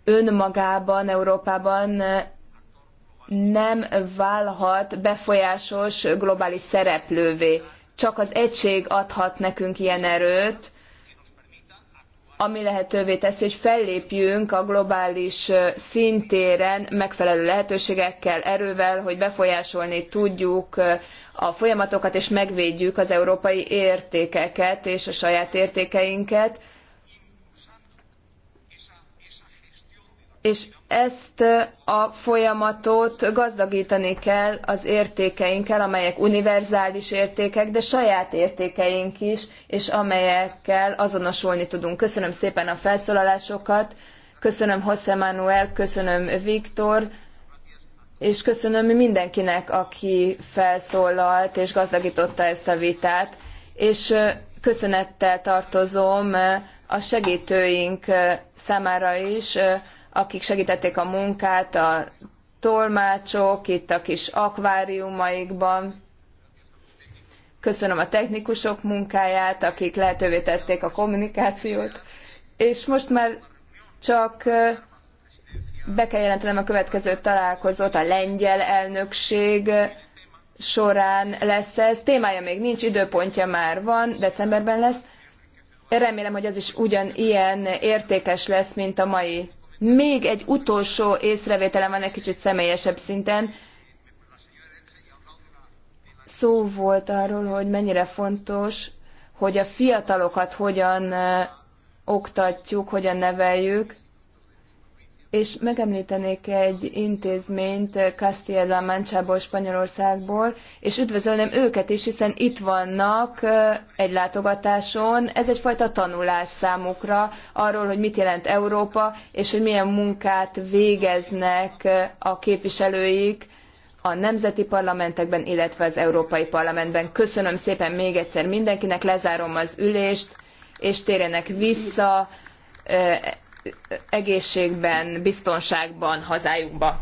önmagában, Európában nem válhat befolyásos globális szereplővé csak az egység adhat nekünk ilyen erőt, ami lehetővé teszi, hogy fellépjünk a globális szintéren megfelelő lehetőségekkel, erővel, hogy befolyásolni tudjuk a folyamatokat, és megvédjük az európai értékeket és a saját értékeinket. És ezt a folyamatot gazdagítani kell az értékeinkkel, amelyek univerzális értékek, de saját értékeink is, és amelyekkel azonosulni tudunk. Köszönöm szépen a felszólalásokat, köszönöm José Manuel, köszönöm Viktor, és köszönöm mindenkinek, aki felszólalt és gazdagította ezt a vitát, és köszönettel tartozom a segítőink számára is, akik segítették a munkát, a tolmácsok, itt a kis akváriumaikban. Köszönöm a technikusok munkáját, akik lehetővé tették a kommunikációt. És most már csak be kell jelentenem a következő találkozót, a lengyel elnökség során lesz ez. Témája még nincs, időpontja már van, decemberben lesz. Remélem, hogy az is ugyanilyen értékes lesz, mint a mai még egy utolsó észrevételem van egy kicsit személyesebb szinten. Szó volt arról, hogy mennyire fontos, hogy a fiatalokat hogyan oktatjuk, hogyan neveljük és megemlítenék egy intézményt Castilla Manchából, Spanyolországból, és üdvözölném őket is, hiszen itt vannak egy látogatáson. Ez egyfajta tanulás számukra arról, hogy mit jelent Európa, és hogy milyen munkát végeznek a képviselőik a nemzeti parlamentekben, illetve az Európai Parlamentben. Köszönöm szépen még egyszer mindenkinek, lezárom az ülést, és térjenek vissza egészségben, biztonságban hazájukba.